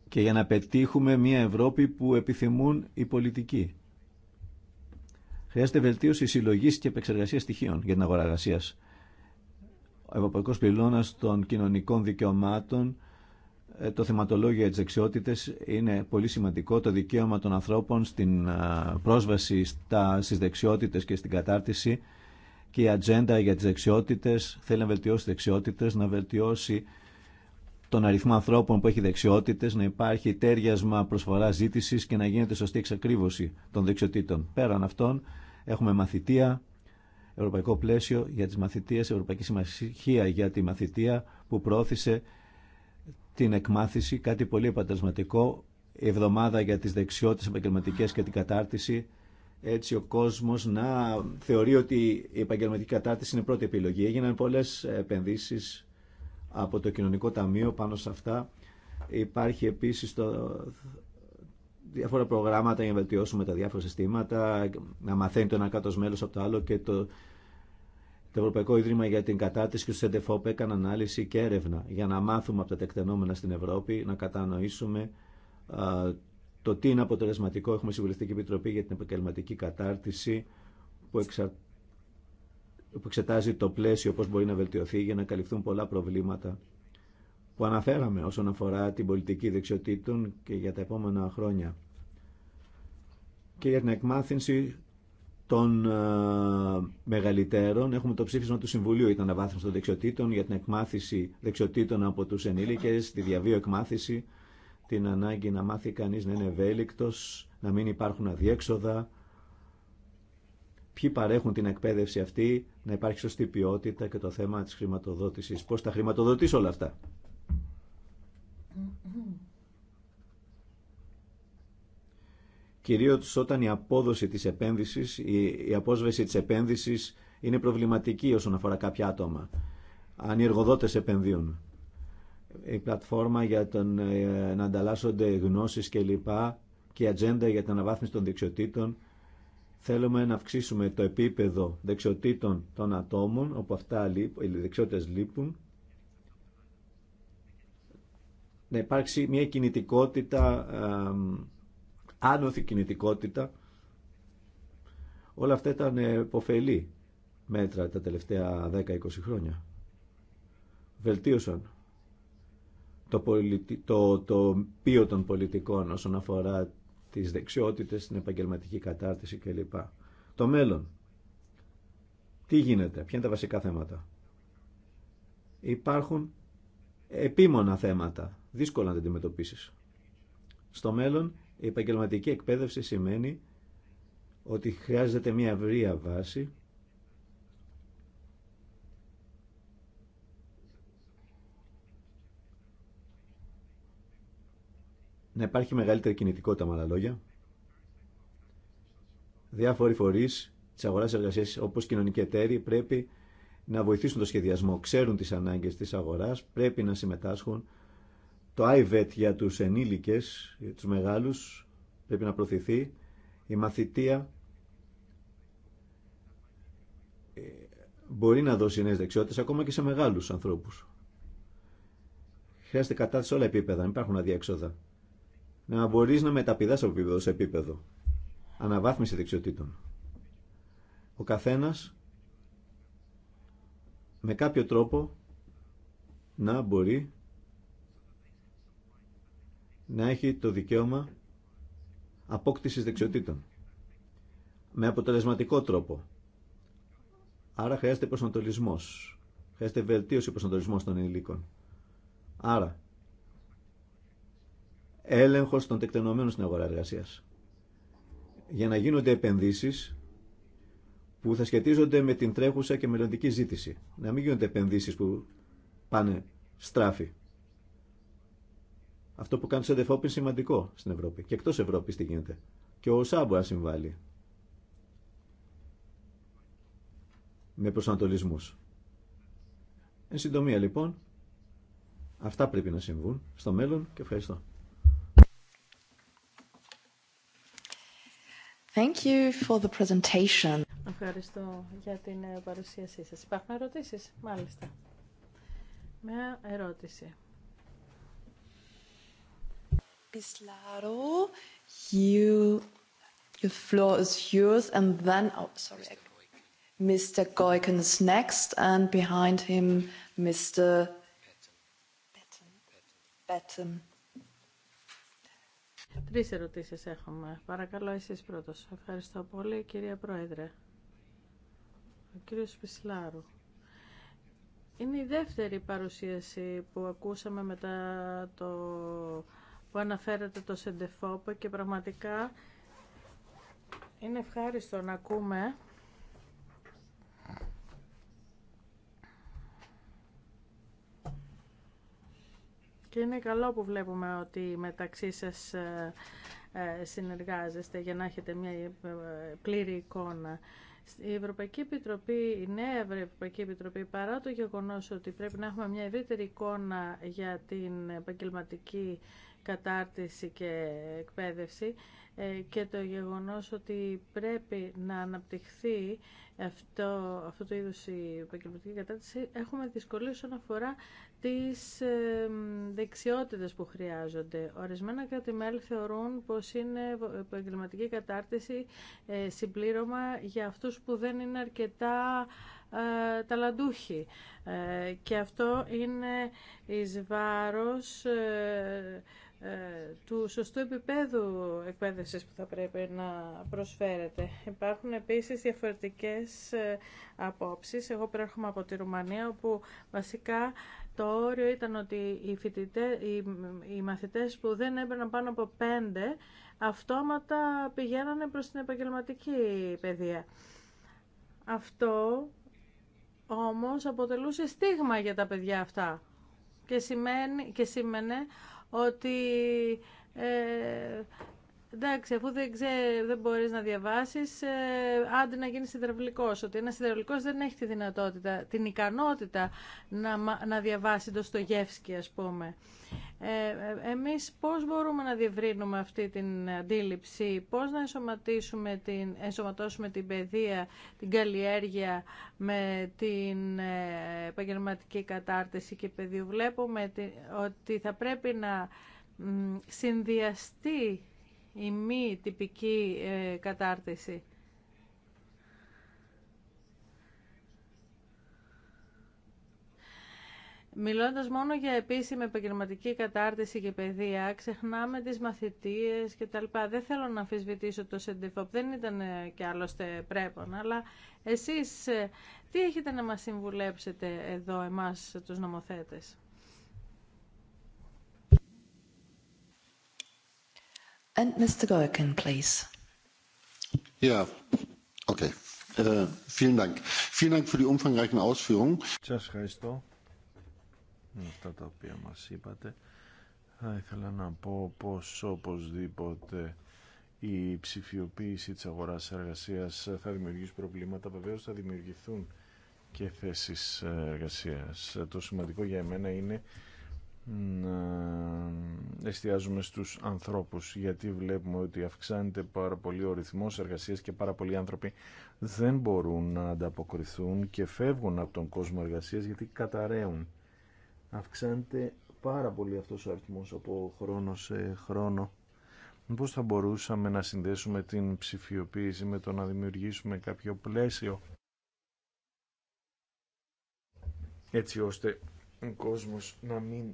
Και για να πετύχουμε μια Ευρώπη που επιθυμούν οι πολιτικοί. Χρειάζεται βελτίωση συλλογή και επεξεργασία στοιχείων για την αγορά εργασία. Ο Ευρωπαϊκό Πυλώνα των Κοινωνικών Δικαιωμάτων, ε, το θεματολόγιο για τι δεξιότητε είναι πολύ σημαντικό. Το δικαίωμα των ανθρώπων στην ε, πρόσβαση στι δεξιότητε και στην κατάρτιση και η ατζέντα για τι δεξιότητε θέλει να βελτιώσει τι δεξιότητε, να βελτιώσει τον αριθμό ανθρώπων που έχει δεξιότητε, να υπάρχει τέριασμα προσφορά ζήτηση και να γίνεται σωστή εξακρίβωση των δεξιοτήτων. Πέραν αυτών, Έχουμε μαθητεία, ευρωπαϊκό πλαίσιο για τις μαθητείες, ευρωπαϊκή συμμαχία για τη μαθητεία που προώθησε την εκμάθηση, κάτι πολύ επαντασματικό, εβδομάδα για τις δεξιότητες επαγγελματικέ και την κατάρτιση, έτσι ο κόσμος να θεωρεί ότι η επαγγελματική κατάρτιση είναι πρώτη επιλογή. Έγιναν πολλές επενδύσεις από το Κοινωνικό Ταμείο πάνω σε αυτά. Υπάρχει επίσης το διάφορα προγράμματα για να βελτιώσουμε τα διάφορα συστήματα, να μαθαίνει το ένα κάτω μέλο από το άλλο και το, το Ευρωπαϊκό Ίδρυμα για την Κατάρτιση και το ΣΕΝΤΕΦΟΠ έκανε ανάλυση και έρευνα για να μάθουμε από τα τεκτενόμενα στην Ευρώπη, να κατανοήσουμε α, το τι είναι αποτελεσματικό. Έχουμε Συμβουλευτική Επιτροπή για την Επαγγελματική Κατάρτιση που, που εξετάζει το πλαίσιο, πώς μπορεί να βελτιωθεί για να καλυφθούν πολλά προβλήματα που αναφέραμε όσον αφορά την πολιτική δεξιοτήτων και για τα επόμενα χρόνια και για την εκμάθηση των ε, μεγαλυτέρων. Έχουμε το ψήφισμα του Συμβουλίου για την αναβάθμιση των δεξιοτήτων, για την εκμάθηση δεξιοτήτων από τους ενήλικες, τη διαβίω εκμάθηση, την ανάγκη να μάθει κανείς να είναι ευέλικτο, να μην υπάρχουν αδιέξοδα, ποιοι παρέχουν την εκπαίδευση αυτή, να υπάρχει σωστή ποιότητα και το θέμα της χρηματοδότησης. Πώς θα χρηματοδοτείς όλα αυτά. Κυρίως όταν η απόδοση της επένδυσης, η απόσβεση της επένδυσης είναι προβληματική όσον αφορά κάποια άτομα. Αν οι εργοδότες επενδύουν. Η πλατφόρμα για τον, ε, να ανταλλάσσονται γνώσεις κλπ. και η ατζέντα για την αναβάθμιση των δεξιοτήτων. Θέλουμε να αυξήσουμε το επίπεδο δεξιοτήτων των ατόμων, όπου αυτά οι δεξιότητες λείπουν να υπάρξει μια κινητικότητα, άνοθη κινητικότητα. Όλα αυτά ήταν υποφελή μέτρα τα τελευταία 10-20 χρόνια. Βελτίωσαν το, πολιτι... το, το τον των πολιτικών όσον αφορά τις δεξιότητες, την επαγγελματική κατάρτιση κλπ. Το μέλλον. Τι γίνεται, ποια είναι τα βασικά θέματα. Υπάρχουν επίμονα θέματα δύσκολα να την αντιμετωπίσει. Στο μέλλον, η επαγγελματική εκπαίδευση σημαίνει ότι χρειάζεται μια ευρεία βάση να υπάρχει μεγαλύτερη κινητικότητα με άλλα λόγια. Διάφοροι φορεί τη αγορά εργασία, όπω κοινωνικοί εταίροι, πρέπει να βοηθήσουν το σχεδιασμό. Ξέρουν τις ανάγκες της αγοράς, πρέπει να συμμετάσχουν το IVET για τους ενήλικες, για τους μεγάλους, πρέπει να προωθηθεί. Η μαθητεία ε, μπορεί να δώσει νέες δεξιότητες ακόμα και σε μεγάλους ανθρώπους. Χρειάζεται κατάθεση σε όλα επίπεδα, να υπάρχουν αδιέξοδα. Να μπορείς να μεταπηδάς από επίπεδο σε επίπεδο. Αναβάθμιση δεξιοτήτων. Ο καθένας με κάποιο τρόπο να μπορεί να έχει το δικαίωμα απόκτησης δεξιοτήτων με αποτελεσματικό τρόπο. Άρα χρειάζεται προσανατολισμός. Χρειάζεται βελτίωση προσανατολισμός των ενηλίκων. Άρα, έλεγχος των τεκτενωμένων στην αγορά εργασίας. Για να γίνονται επενδύσεις που θα σχετίζονται με την τρέχουσα και μελλοντική ζήτηση. Να μην γίνονται επενδύσεις που πάνε στράφη. Αυτό που κάνει σε ΔΕΦΟΠ είναι σημαντικό στην Ευρώπη. Και εκτό Ευρώπη τι γίνεται. Και ο σάμποια μπορεί συμβάλλει. Με προσανατολισμού. Εν συντομία λοιπόν, αυτά πρέπει να συμβούν στο μέλλον και ευχαριστώ. Thank you for the presentation. Ευχαριστώ για την παρουσίασή σας. Υπάρχουν ερωτήσεις, μάλιστα. Μια ερώτηση. Laro, you, the floor is yours, and then, oh, sorry, Mr. Goiken is next, and behind him, Mr. Betten. Betten. Τρεις ερωτήσεις έχουμε. Παρακαλώ εσείς πρώτος. Ευχαριστώ πολύ, κυρία Πρόεδρε. Ο κύριος Πισλάρου. Είναι η δεύτερη παρουσίαση που ακούσαμε μετά το που το Σεντεφόπ και πραγματικά είναι ευχάριστο να ακούμε και είναι καλό που βλέπουμε ότι μεταξύ σας ε, ε, συνεργάζεστε για να έχετε μια ε, πλήρη εικόνα. Η Ευρωπαϊκή Επιτροπή, η νέα Ευρωπαϊκή Επιτροπή, παρά το γεγονός ότι πρέπει να έχουμε μια ευρύτερη εικόνα για την επαγγελματική κατάρτιση και εκπαίδευση ε, και το γεγονός ότι πρέπει να αναπτυχθεί αυτό, αυτό το είδους η επαγγελματική κατάρτιση έχουμε δυσκολίες όσον αφορά τις ε, δεξιότητες που χρειάζονται. Ορισμένα κράτη-μέλη θεωρούν πως είναι επαγγελματική κατάρτιση ε, συμπλήρωμα για αυτούς που δεν είναι αρκετά ταλαντούχοι και αυτό είναι εις βάρος ε, του σωστού επίπεδου εκπαίδευσης που θα πρέπει να προσφέρεται. Υπάρχουν επίσης διαφορετικές ε, απόψεις. Εγώ προέρχομαι από τη Ρουμανία όπου βασικά το όριο ήταν ότι οι, φοιτητές, οι, μαθητές που δεν έμπαιναν πάνω από πέντε αυτόματα πηγαίνανε προς την επαγγελματική παιδεία. Αυτό όμως αποτελούσε στίγμα για τα παιδιά αυτά και, σημαίνει, και σήμαινε ότι ε, εντάξει, αφού δεν, δεν μπορείς να διαβάσεις, ε, άντε να γίνεις υδραυλικός. Ότι ένας υδραυλικός δεν έχει τη δυνατότητα, την ικανότητα να, να διαβάσει το Στογεύσκι, ας πούμε. Ε, ε, εμείς πώς μπορούμε να διευρύνουμε αυτή την αντίληψη, πώς να ενσωματώσουμε την, ενσωματώσουμε την παιδεία, την καλλιέργεια με την ε, επαγγελματική κατάρτιση και παιδίου. Βλέπουμε ότι θα πρέπει να συνδυαστεί η μη τυπική ε, κατάρτιση. Μιλώντας μόνο για επίσημη επαγγελματική κατάρτιση και παιδεία, ξεχνάμε τις μαθητείες και τα Δεν θέλω να αμφισβητήσω το ΣΕΝΤΕΦΟΠ, δεν ήταν ε, και άλλωστε πρέπον, αλλά εσείς ε, τι έχετε να μας συμβουλέψετε εδώ εμάς τους νομοθέτες. And Mr. Äh, αυτά τα οποία μας είπατε. Θα ήθελα να πω πως οπωσδήποτε η ψηφιοποίηση της αγοράς εργασίας θα δημιουργήσει προβλήματα. Βεβαίως θα δημιουργηθούν και θέσεις εργασίας. Το σημαντικό για εμένα είναι να εστιάζουμε στους ανθρώπους γιατί βλέπουμε ότι αυξάνεται πάρα πολύ ο ρυθμός εργασίας και πάρα πολλοί άνθρωποι δεν μπορούν να ανταποκριθούν και φεύγουν από τον κόσμο εργασίας γιατί καταραίουν. Αυξάνεται πάρα πολύ αυτός ο αριθμός από χρόνο σε χρόνο. Πώς θα μπορούσαμε να συνδέσουμε την ψηφιοποίηση με το να δημιουργήσουμε κάποιο πλαίσιο έτσι ώστε ο κόσμος να μην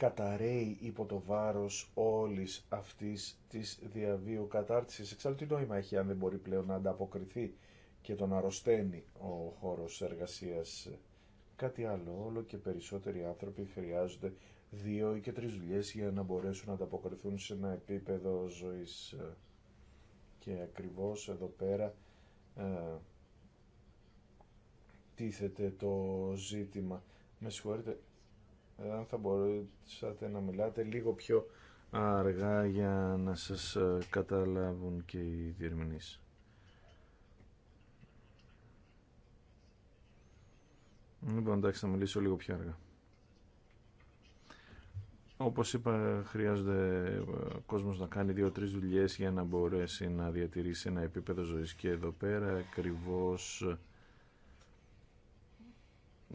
καταραίει υπό το βάρος όλης αυτής της διαβίου κατάρτισης. Εξάλλου τι νόημα έχει αν δεν μπορεί πλέον να ανταποκριθεί και τον αρρωσταίνει ο χώρος εργασίας. Κάτι άλλο, όλο και περισσότεροι άνθρωποι χρειάζονται δύο ή και τρεις δουλειές για να μπορέσουν να ανταποκριθούν σε ένα επίπεδο ζωής. Και ακριβώς εδώ πέρα ε, τίθεται το ζήτημα. Με συγχωρείτε, αν θα μπορούσατε να μιλάτε λίγο πιο αργά για να σας ε, καταλάβουν και οι διερμηνείς. Λοιπόν, εντάξει, θα μιλήσω λίγο πιο αργά. Όπως είπα, χρειάζεται ο ε, κόσμος να κάνει δύο-τρεις δουλειές για να μπορέσει να διατηρήσει ένα επίπεδο ζωής και εδώ πέρα ακριβώς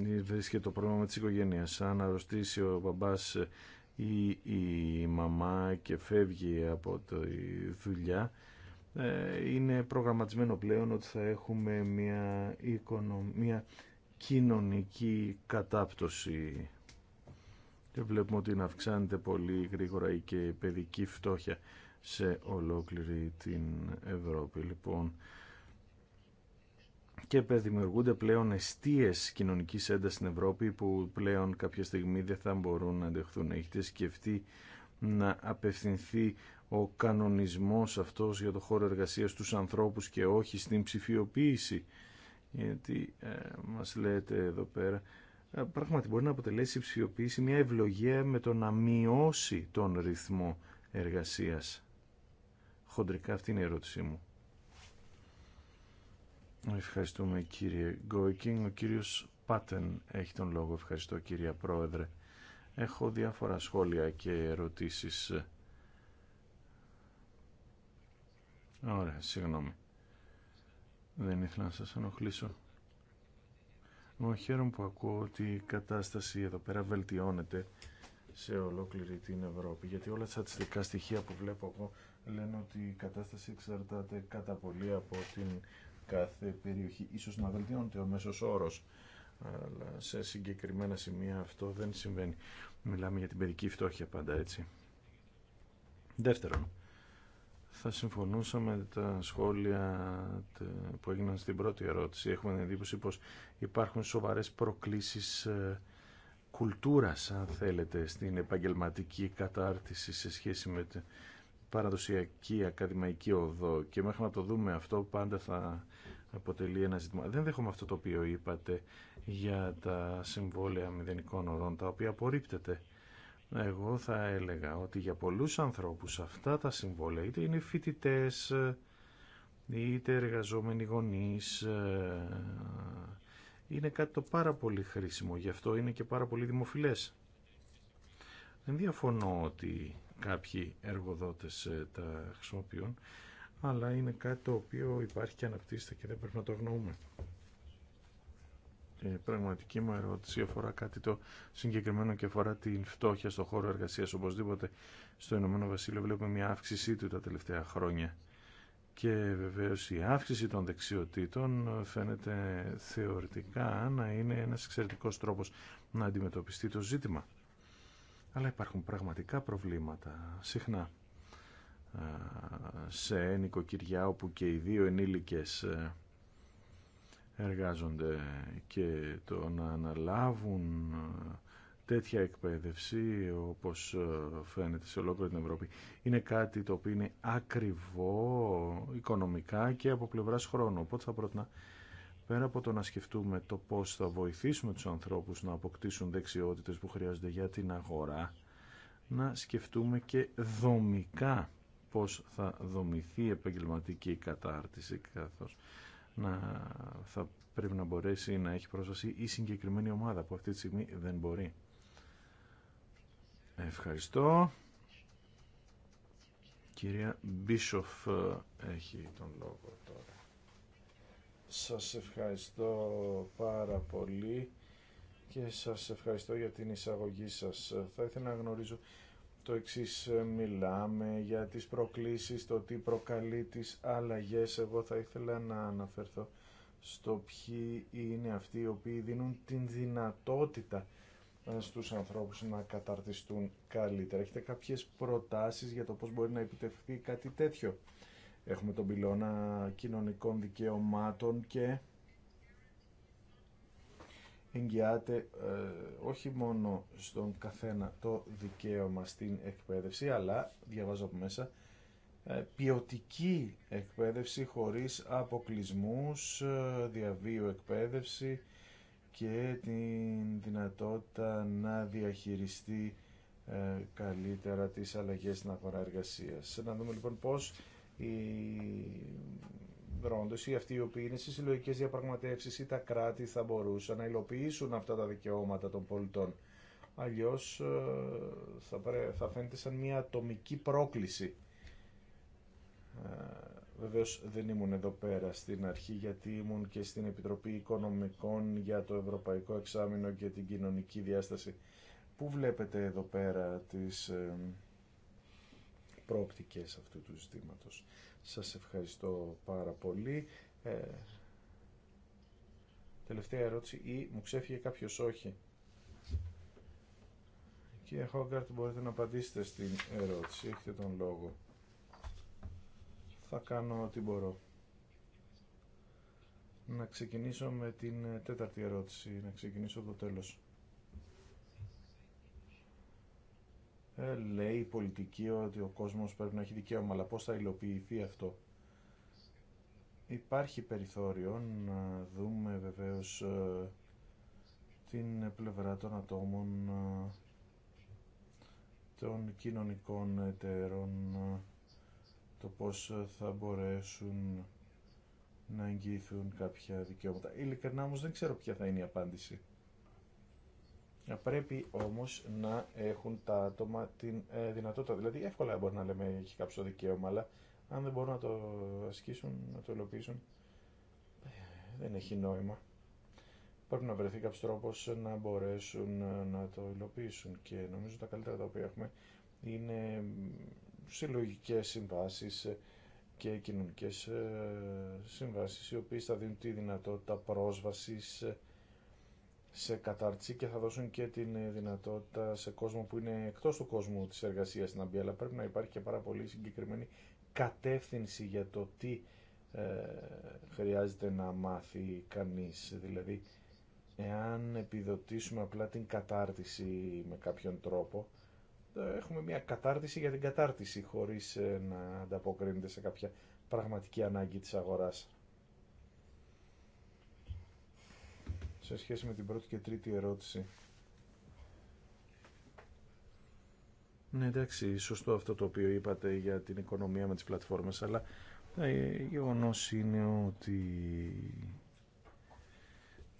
βρίσκεται το πρόβλημα της οικογένειας. Αν αρρωστήσει ο μπαμπάς ή η μαμά και φεύγει από τη δουλειά, ε, είναι προγραμματισμένο πλέον ότι θα έχουμε μια, κοινωνική κατάπτωση και βλέπουμε ότι αυξάνεται πολύ γρήγορα και παιδική φτώχεια σε ολόκληρη την Ευρώπη. Λοιπόν, και δημιουργούνται πλέον αιστείε κοινωνική ένταση στην Ευρώπη που πλέον κάποια στιγμή δεν θα μπορούν να αντεχθούν. Έχετε σκεφτεί να απευθυνθεί ο κανονισμός αυτός για το χώρο εργασίας στους ανθρώπους και όχι στην ψηφιοποίηση. Γιατί ε, μας λέτε εδώ πέρα, ε, πράγματι μπορεί να αποτελέσει η ψηφιοποίηση μια ευλογία με το να μειώσει τον ρυθμό εργασίας. Χοντρικά αυτή είναι η ερώτησή μου. Ευχαριστούμε κύριε Γκόικινγκ. Ο κύριος Πάτεν έχει τον λόγο. Ευχαριστώ κύριε Πρόεδρε. Έχω διάφορα σχόλια και ερωτήσεις. Ωραία, συγγνώμη. Δεν ήθελα να σας ενοχλήσω. Εγώ χαίρομαι που ακούω ότι η κατάσταση εδώ πέρα βελτιώνεται σε ολόκληρη την Ευρώπη. Γιατί όλα τα στατιστικά στοιχεία που βλέπω εγώ λένε ότι η κατάσταση εξαρτάται κατά πολύ από την κάθε περιοχή. Ίσως να βελτιώνεται ο μέσος όρος, αλλά σε συγκεκριμένα σημεία αυτό δεν συμβαίνει. Μιλάμε για την παιδική φτώχεια πάντα έτσι. Δεύτερον, θα συμφωνούσαμε με τα σχόλια που έγιναν στην πρώτη ερώτηση. Έχουμε την εντύπωση πως υπάρχουν σοβαρές προκλήσεις ε, κουλτούρας, αν θέλετε, στην επαγγελματική κατάρτιση σε σχέση με παραδοσιακή ακαδημαϊκή οδό και μέχρι να το δούμε αυτό πάντα θα αποτελεί ένα ζήτημα. Δεν δέχομαι αυτό το οποίο είπατε για τα συμβόλαια μηδενικών ορών τα οποία απορρίπτεται. Εγώ θα έλεγα ότι για πολλούς ανθρώπους αυτά τα συμβόλαια είτε είναι φοιτητέ, είτε εργαζόμενοι γονείς είναι κάτι το πάρα πολύ χρήσιμο γι' αυτό είναι και πάρα πολύ δημοφιλές. Δεν διαφωνώ ότι κάποιοι εργοδότες ε, τα χρησιμοποιούν, αλλά είναι κάτι το οποίο υπάρχει και αναπτύσσεται και δεν πρέπει να το αγνοούμε. Η ε, πραγματική μου ερώτηση αφορά κάτι το συγκεκριμένο και αφορά την φτώχεια στον χώρο εργασίας. Οπωσδήποτε στο Ηνωμένο Βασίλειο βλέπουμε μια αύξησή του τα τελευταία χρόνια. Και βεβαίως η αύξηση των δεξιοτήτων φαίνεται θεωρητικά να είναι ένας εξαιρετικός τρόπος να αντιμετωπιστεί το ζήτημα αλλά υπάρχουν πραγματικά προβλήματα συχνά ε, σε νοικοκυριά όπου και οι δύο ενήλικες ε, εργάζονται και το να αναλάβουν ε, τέτοια εκπαίδευση όπως φαίνεται σε ολόκληρη την Ευρώπη είναι κάτι το οποίο είναι ακριβό οικονομικά και από πλευράς χρόνου θα πρότεινα πέρα από το να σκεφτούμε το πώς θα βοηθήσουμε τους ανθρώπους να αποκτήσουν δεξιότητες που χρειάζονται για την αγορά, να σκεφτούμε και δομικά πώς θα δομηθεί η επαγγελματική κατάρτιση, καθώς να θα πρέπει να μπορέσει να έχει πρόσβαση η συγκεκριμένη ομάδα που αυτή τη στιγμή δεν μπορεί. Ευχαριστώ. Κυρία Μπίσοφ ε, έχει τον λόγο τώρα. Σας ευχαριστώ πάρα πολύ και σας ευχαριστώ για την εισαγωγή σας. Θα ήθελα να γνωρίζω το εξής μιλάμε για τις προκλήσεις, το τι προκαλεί τις αλλαγές. Εγώ θα ήθελα να αναφερθώ στο ποιοι είναι αυτοί οι οποίοι δίνουν την δυνατότητα στους ανθρώπους να καταρτιστούν καλύτερα. Έχετε κάποιες προτάσεις για το πώς μπορεί να επιτευχθεί κάτι τέτοιο. Έχουμε τον πυλώνα κοινωνικών δικαιωμάτων και εγγυάται ε, όχι μόνο στον καθένα το δικαίωμα στην εκπαίδευση, αλλά, διαβάζω από μέσα, ε, ποιοτική εκπαίδευση χωρίς αποκλισμούς, ε, διαβίου εκπαίδευση και την δυνατότητα να διαχειριστεί καλύτερα τις αλλαγές στην αγορά εργασίας. Να δούμε λοιπόν πώς οι δρόντες ή αυτοί οι οποίοι είναι συλλογικέ διαπραγματεύσεις ή τα κράτη θα μπορούσαν να υλοποιήσουν αυτά τα δικαιώματα των πολιτών. Αλλιώ ε, θα, θα φαίνεται σαν μια ατομική πρόκληση. Ε, Βεβαίω δεν ήμουν εδώ πέρα στην αρχή γιατί ήμουν και στην Επιτροπή Οικονομικών για το Ευρωπαϊκό Εξάμεινο και την Κοινωνική Διάσταση. Πού βλέπετε εδώ πέρα τις ε, πρόπτικες αυτού του ζητήματος. Σας ευχαριστώ πάρα πολύ. Ε, τελευταία ερώτηση ή μου ξέφυγε κάποιος όχι. Κύριε Χόγκαρτ, μπορείτε να απαντήσετε στην ερώτηση. Έχετε τον λόγο. Θα κάνω ό,τι μπορώ. Να ξεκινήσω με την τέταρτη ερώτηση. Να ξεκινήσω το τέλος. Ε, λέει η πολιτική ότι ο κόσμος πρέπει να έχει δικαίωμα, αλλά πώς θα υλοποιηθεί αυτό. Υπάρχει περιθώριο να δούμε βεβαίως ε, την πλευρά των ατόμων, ε, των κοινωνικών εταίρων, το πώς θα μπορέσουν να εγγυηθούν κάποια δικαιώματα. Ειλικρινά όμως δεν ξέρω ποια θα είναι η απάντηση. Ε, πρέπει όμως να έχουν τα άτομα τη ε, δυνατότητα. Δηλαδή εύκολα μπορεί να λέμε έχει κάποιο δικαίωμα, αλλά αν δεν μπορούν να το ασκήσουν, να το υλοποιήσουν, ε, δεν έχει νόημα. Πρέπει να βρεθεί κάποιο τρόπο να μπορέσουν να το υλοποιήσουν και νομίζω τα καλύτερα τα οποία έχουμε είναι συλλογικέ συμβάσει και κοινωνικέ συμβάσει οι οποίε θα δίνουν τη δυνατότητα πρόσβαση σε κατάρτιση και θα δώσουν και την ε, δυνατότητα σε κόσμο που είναι εκτός του κόσμου της εργασίας να μπει, αλλά πρέπει να υπάρχει και πάρα πολύ συγκεκριμένη κατεύθυνση για το τι ε, χρειάζεται να μάθει κανείς. Δηλαδή, εάν επιδοτήσουμε απλά την κατάρτιση με κάποιον τρόπο, ε, έχουμε μια κατάρτιση για την κατάρτιση, χωρίς να ανταποκρίνεται σε κάποια πραγματική ανάγκη της αγοράς. σε σχέση με την πρώτη και τρίτη ερώτηση. Ναι, εντάξει, σωστό αυτό το οποίο είπατε για την οικονομία με τις πλατφόρμες, αλλά ε, γεγονό είναι ότι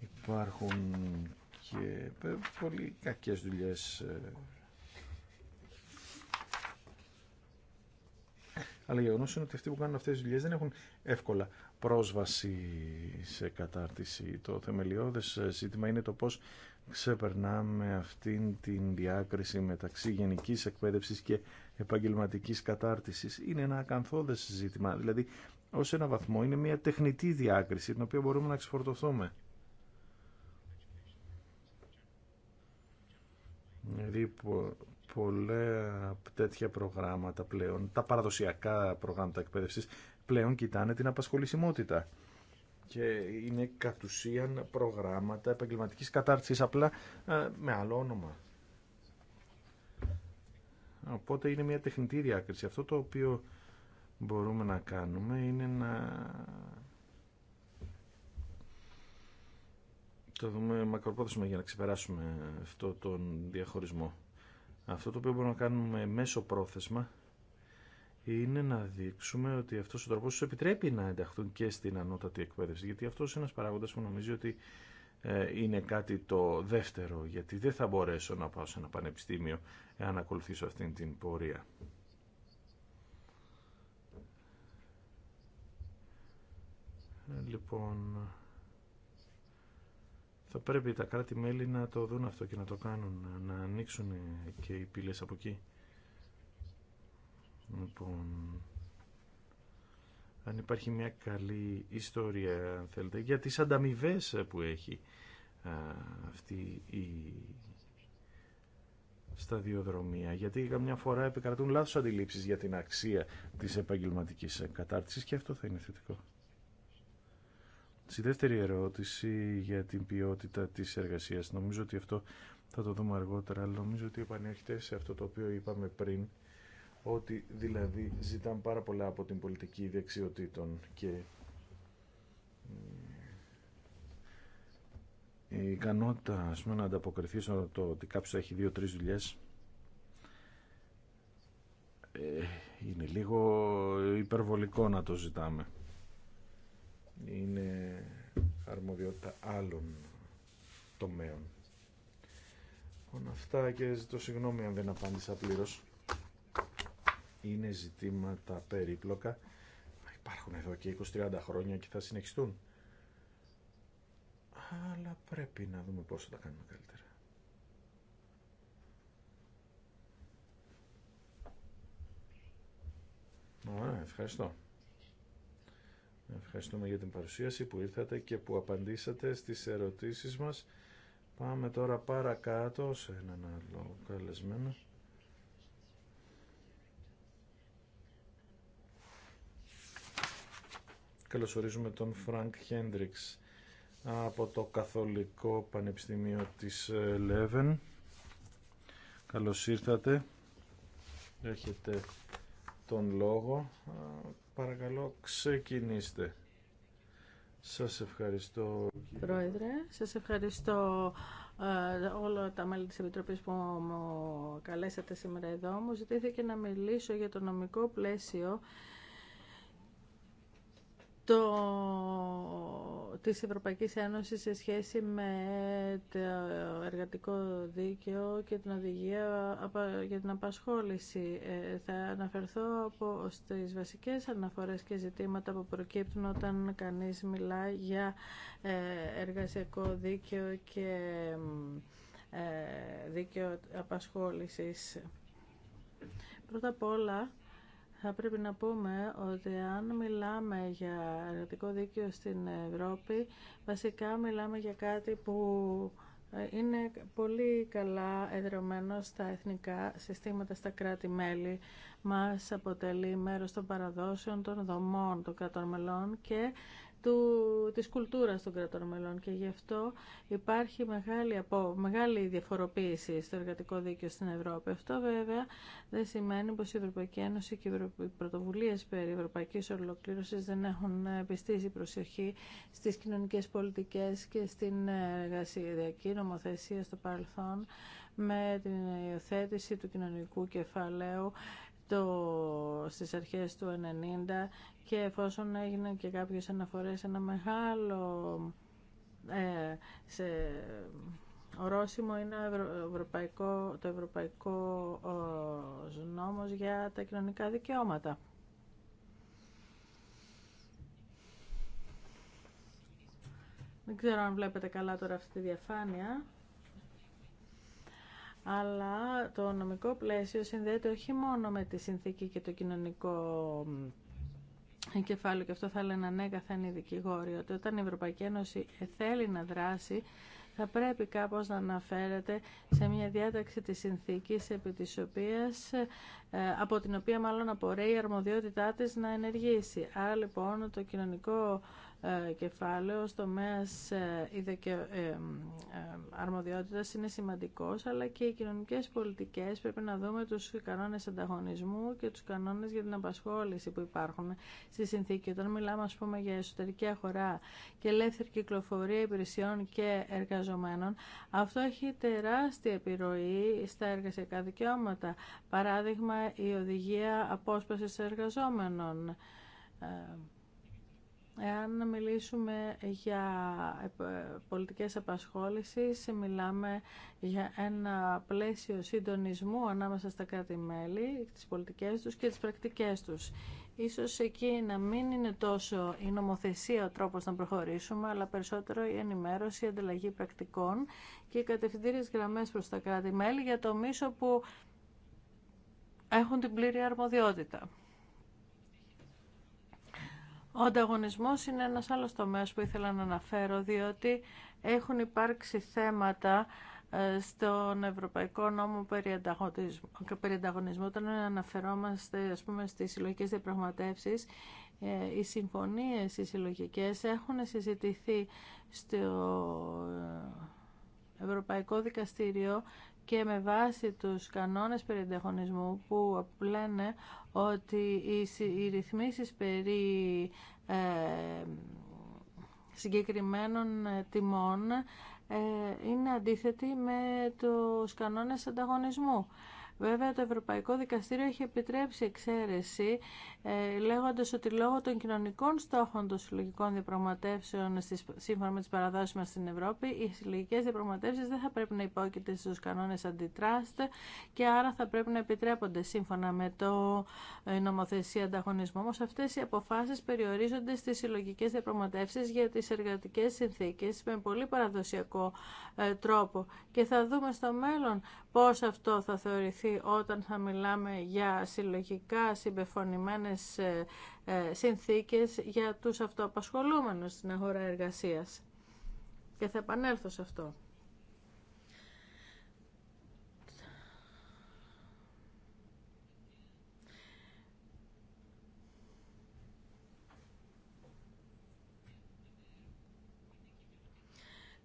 υπάρχουν και πολύ κακές δουλειές ε. αλλά γεγονό είναι ότι αυτοί που κάνουν αυτές τις δουλειές δεν έχουν εύκολα πρόσβαση σε κατάρτιση. Το θεμελιώδες ε, ζήτημα είναι το πώς ξεπερνάμε αυτήν την διάκριση μεταξύ γενικής εκπαίδευσης και επαγγελματικής κατάρτισης. Είναι ένα ακαθόδες ζήτημα, δηλαδή ως ένα βαθμό είναι μια τεχνητή διάκριση την οποία μπορούμε να ξεφορτωθούμε. Δηλαδή πολλά τέτοια προγράμματα πλέον, τα παραδοσιακά προγράμματα εκπαίδευσης πλέον κοιτάνε την απασχολησιμότητα. Και είναι κατ' ουσίαν προγράμματα επαγγελματική κατάρτισης, απλά ε, με άλλο όνομα. Οπότε είναι μια τεχνητή διάκριση. Αυτό το οποίο μπορούμε να κάνουμε είναι να το δούμε μακροπρόθεσμα για να ξεπεράσουμε αυτό τον διαχωρισμό. Αυτό το οποίο μπορούμε να κάνουμε μέσω πρόθεσμα είναι να δείξουμε ότι αυτός ο τρόπος τους επιτρέπει να ενταχθούν και στην ανώτατη εκπαίδευση. Γιατί αυτός είναι ένας παράγοντας που νομίζει ότι ε, είναι κάτι το δεύτερο, γιατί δεν θα μπορέσω να πάω σε ένα πανεπιστήμιο εάν ακολουθήσω αυτήν την πορεία. Λοιπόν, θα πρέπει τα κράτη-μέλη να το δουν αυτό και να το κάνουν, να ανοίξουν και οι πύλες από εκεί. Λοιπόν, αν υπάρχει μια καλή ιστορία, αν θέλετε, για τις ανταμοιβέ που έχει α, αυτή η σταδιοδρομία. Γιατί καμιά φορά επικρατούν λάθος αντιλήψεις για την αξία της επαγγελματικής κατάρτισης και αυτό θα είναι θετικό. Στη δεύτερη ερώτηση για την ποιότητα της εργασίας. Νομίζω ότι αυτό θα το δούμε αργότερα, αλλά νομίζω ότι επανέρχεται σε αυτό το οποίο είπαμε πριν ότι δηλαδή ζητάμε πάρα πολλά από την πολιτική δεξιοτήτων και η ικανότητα ας πούμε, να ανταποκριθεί στο το οτι ότι κάποιος έχει δύο-τρεις δουλειές ε, είναι λίγο υπερβολικό να το ζητάμε. Είναι αρμοδιότητα άλλων τομέων. Λοιπόν, αυτά και ζητώ συγγνώμη αν δεν απάντησα πλήρως είναι ζητήματα περίπλοκα. Υπάρχουν εδώ και 20-30 χρόνια και θα συνεχιστούν. Αλλά πρέπει να δούμε πώς θα τα κάνουμε καλύτερα. Ωραία, ευχαριστώ. Ευχαριστούμε για την παρουσίαση που ήρθατε και που απαντήσατε στις ερωτήσεις μας. Πάμε τώρα παρακάτω σε έναν άλλο καλεσμένο. Καλωσορίζουμε τον Φρανκ Χέντριξ από το Καθολικό Πανεπιστημίο της ε, Λέβεν. Καλώς ήρθατε. Έχετε τον λόγο. Παρακαλώ, ξεκινήστε. Σας ευχαριστώ. Πρόεδρε, σας ευχαριστώ ε, όλα τα μέλη της Επιτροπής που μου καλέσατε σήμερα εδώ. Μου ζητήθηκε να μιλήσω για το νομικό πλαίσιο το, της Ευρωπαϊκής Ένωσης σε σχέση με το εργατικό δίκαιο και την οδηγία για την απασχόληση. Ε, θα αναφερθώ από, στις βασικές αναφορές και ζητήματα που προκύπτουν όταν κανείς μιλά για ε, εργασιακό δίκαιο και ε, δίκαιο απασχόλησης. Πρώτα απ' όλα, θα πρέπει να πούμε ότι αν μιλάμε για εργατικό δίκαιο στην Ευρώπη, βασικά μιλάμε για κάτι που ε, είναι πολύ καλά εδρεωμένο στα εθνικά συστήματα, στα κράτη-μέλη. Μας αποτελεί μέρος των παραδόσεων, των δομών των κρατών και του, της κουλτούρας των κρατών μελών και γι' αυτό υπάρχει μεγάλη, απο, μεγάλη διαφοροποίηση στο εργατικό δίκαιο στην Ευρώπη. Αυτό βέβαια δεν σημαίνει πως η Ευρωπαϊκή Ένωση και οι πρωτοβουλίες περί ευρωπαϊκής ολοκλήρωσης δεν έχουν πιστήσει προσοχή στις κοινωνικές πολιτικές και στην εργασιακή νομοθεσία στο παρελθόν με την υιοθέτηση του κοινωνικού κεφαλαίου το, στις αρχές του 90 και εφόσον έγιναν και κάποιες αναφορές ένα μεγάλο ε, σε, ορόσημο είναι ευρωπαϊκό, το ευρωπαϊκό ο, νόμος για τα κοινωνικά δικαιώματα. Δεν ξέρω αν βλέπετε καλά τώρα αυτή τη διαφάνεια αλλά το νομικό πλαίσιο συνδέεται όχι μόνο με τη συνθήκη και το κοινωνικό κεφάλαιο και αυτό θα λένε ανέκαθεν ναι, οι δικηγόροι ότι όταν η Ευρωπαϊκή Ένωση θέλει να δράσει θα πρέπει κάπως να αναφέρεται σε μια διάταξη της συνθήκης επί ε, από την οποία μάλλον απορρέει η αρμοδιότητά της να ενεργήσει. Άρα λοιπόν το κοινωνικό ε, κεφάλαιο τομέας ε, ε, αρμοδιότητας είναι σημαντικός, αλλά και οι κοινωνικές πολιτικές πρέπει να δούμε τους κανόνες ανταγωνισμού και τους κανόνες για την απασχόληση που υπάρχουν στη συνθήκη. Όταν μιλάμε, ας πούμε, για εσωτερική αγορά και ελεύθερη κυκλοφορία υπηρεσιών και εργαζομένων, αυτό έχει τεράστια επιρροή στα εργασιακά δικαιώματα. Παράδειγμα, η οδηγία απόσπασης εργαζόμενων. Εάν μιλήσουμε για ε, πολιτικές απασχόλησης, μιλάμε για ένα πλαίσιο συντονισμού ανάμεσα στα κράτη-μέλη, τις πολιτικές τους και τις πρακτικές τους. Ίσως εκεί να μην είναι τόσο η νομοθεσία ο τρόπος να προχωρήσουμε, αλλά περισσότερο η ενημέρωση, η ανταλλαγή πρακτικών και οι κατευθυντήριες γραμμές προς τα κράτη-μέλη για το μίσο που έχουν την πλήρη αρμοδιότητα. Ο ανταγωνισμός είναι ένας άλλος τομέας που ήθελα να αναφέρω, διότι έχουν υπάρξει θέματα ε, στον Ευρωπαϊκό Νόμο περί ανταγωνισμού, όταν αναφερόμαστε ας πούμε, στις συλλογικές διαπραγματεύσεις ε, οι συμφωνίες οι συλλογικές έχουν συζητηθεί στο ε, Ευρωπαϊκό Δικαστήριο και με βάση τους κανόνες ανταγωνισμού που λένε ότι οι ρυθμίσεις περί ε, συγκεκριμένων ε, τιμών ε, είναι αντίθετοι με τους κανόνες ανταγωνισμού. Βέβαια το Ευρωπαϊκό Δικαστήριο έχει επιτρέψει εξαίρεση ε, λέγοντας ότι λόγω των κοινωνικών στόχων των συλλογικών διαπραγματεύσεων στις, σύμφωνα με τις παραδόσεις μας στην Ευρώπη οι συλλογικές διαπραγματεύσεις δεν θα πρέπει να υπόκειται στους κανόνες αντιτράστ και άρα θα πρέπει να επιτρέπονται σύμφωνα με το ε, νομοθεσία ανταγωνισμού. Όμως αυτές οι αποφάσεις περιορίζονται στις συλλογικές διαπραγματεύσεις για τις εργατικές συνθήκες με πολύ παραδοσιακό ε, τρόπο και θα δούμε στο μέλλον Πώς αυτό θα θεωρηθεί όταν θα μιλάμε για συλλογικά συμπεφωνημένες ε, ε, συνθήκες για τους αυτοαπασχολούμενους στην αγορά εργασίας. Και θα επανέλθω σε αυτό.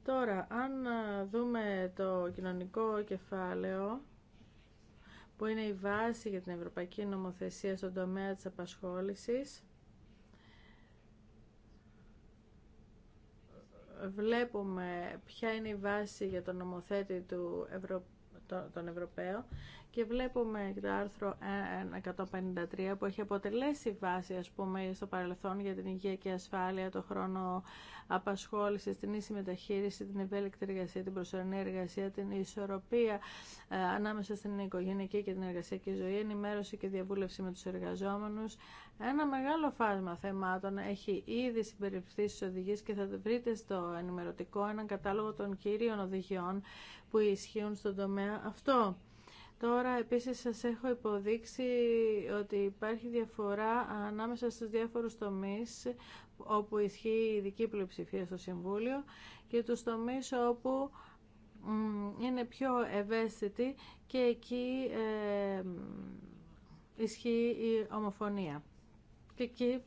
Τώρα, αν δούμε το κοινωνικό κεφάλαιο, που είναι η βάση για την Ευρωπαϊκή Νομοθεσία στον τομέα της απασχόλησης, βλέπουμε ποια είναι η βάση για τον νομοθέτη του Ευρω... τον Ευρωπαίο και βλέπουμε το άρθρο 153 που έχει αποτελέσει βάση ας πούμε στο παρελθόν για την υγεία και ασφάλεια, το χρόνο απασχόλησης, την ίση μεταχείριση, την ευέλικτη εργασία, την προσωρινή εργασία, την ισορροπία ε, ανάμεσα στην οικογενειακή και την εργασιακή ζωή, ενημέρωση και διαβούλευση με τους εργαζόμενους. Ένα μεγάλο φάσμα θεμάτων έχει ήδη συμπεριληφθεί στις οδηγίες και θα βρείτε στο ενημερωτικό έναν κατάλογο των κυρίων οδηγιών που ισχύουν στον τομέα αυτό. Τώρα επίσης σας έχω υποδείξει ότι υπάρχει διαφορά ανάμεσα στους διάφορους τομείς όπου ισχύει η ειδική πλειοψηφία στο Συμβούλιο και τους τομείς όπου είναι πιο ευαίσθητοι και εκεί ε, ισχύει η ομοφωνία. Και εκεί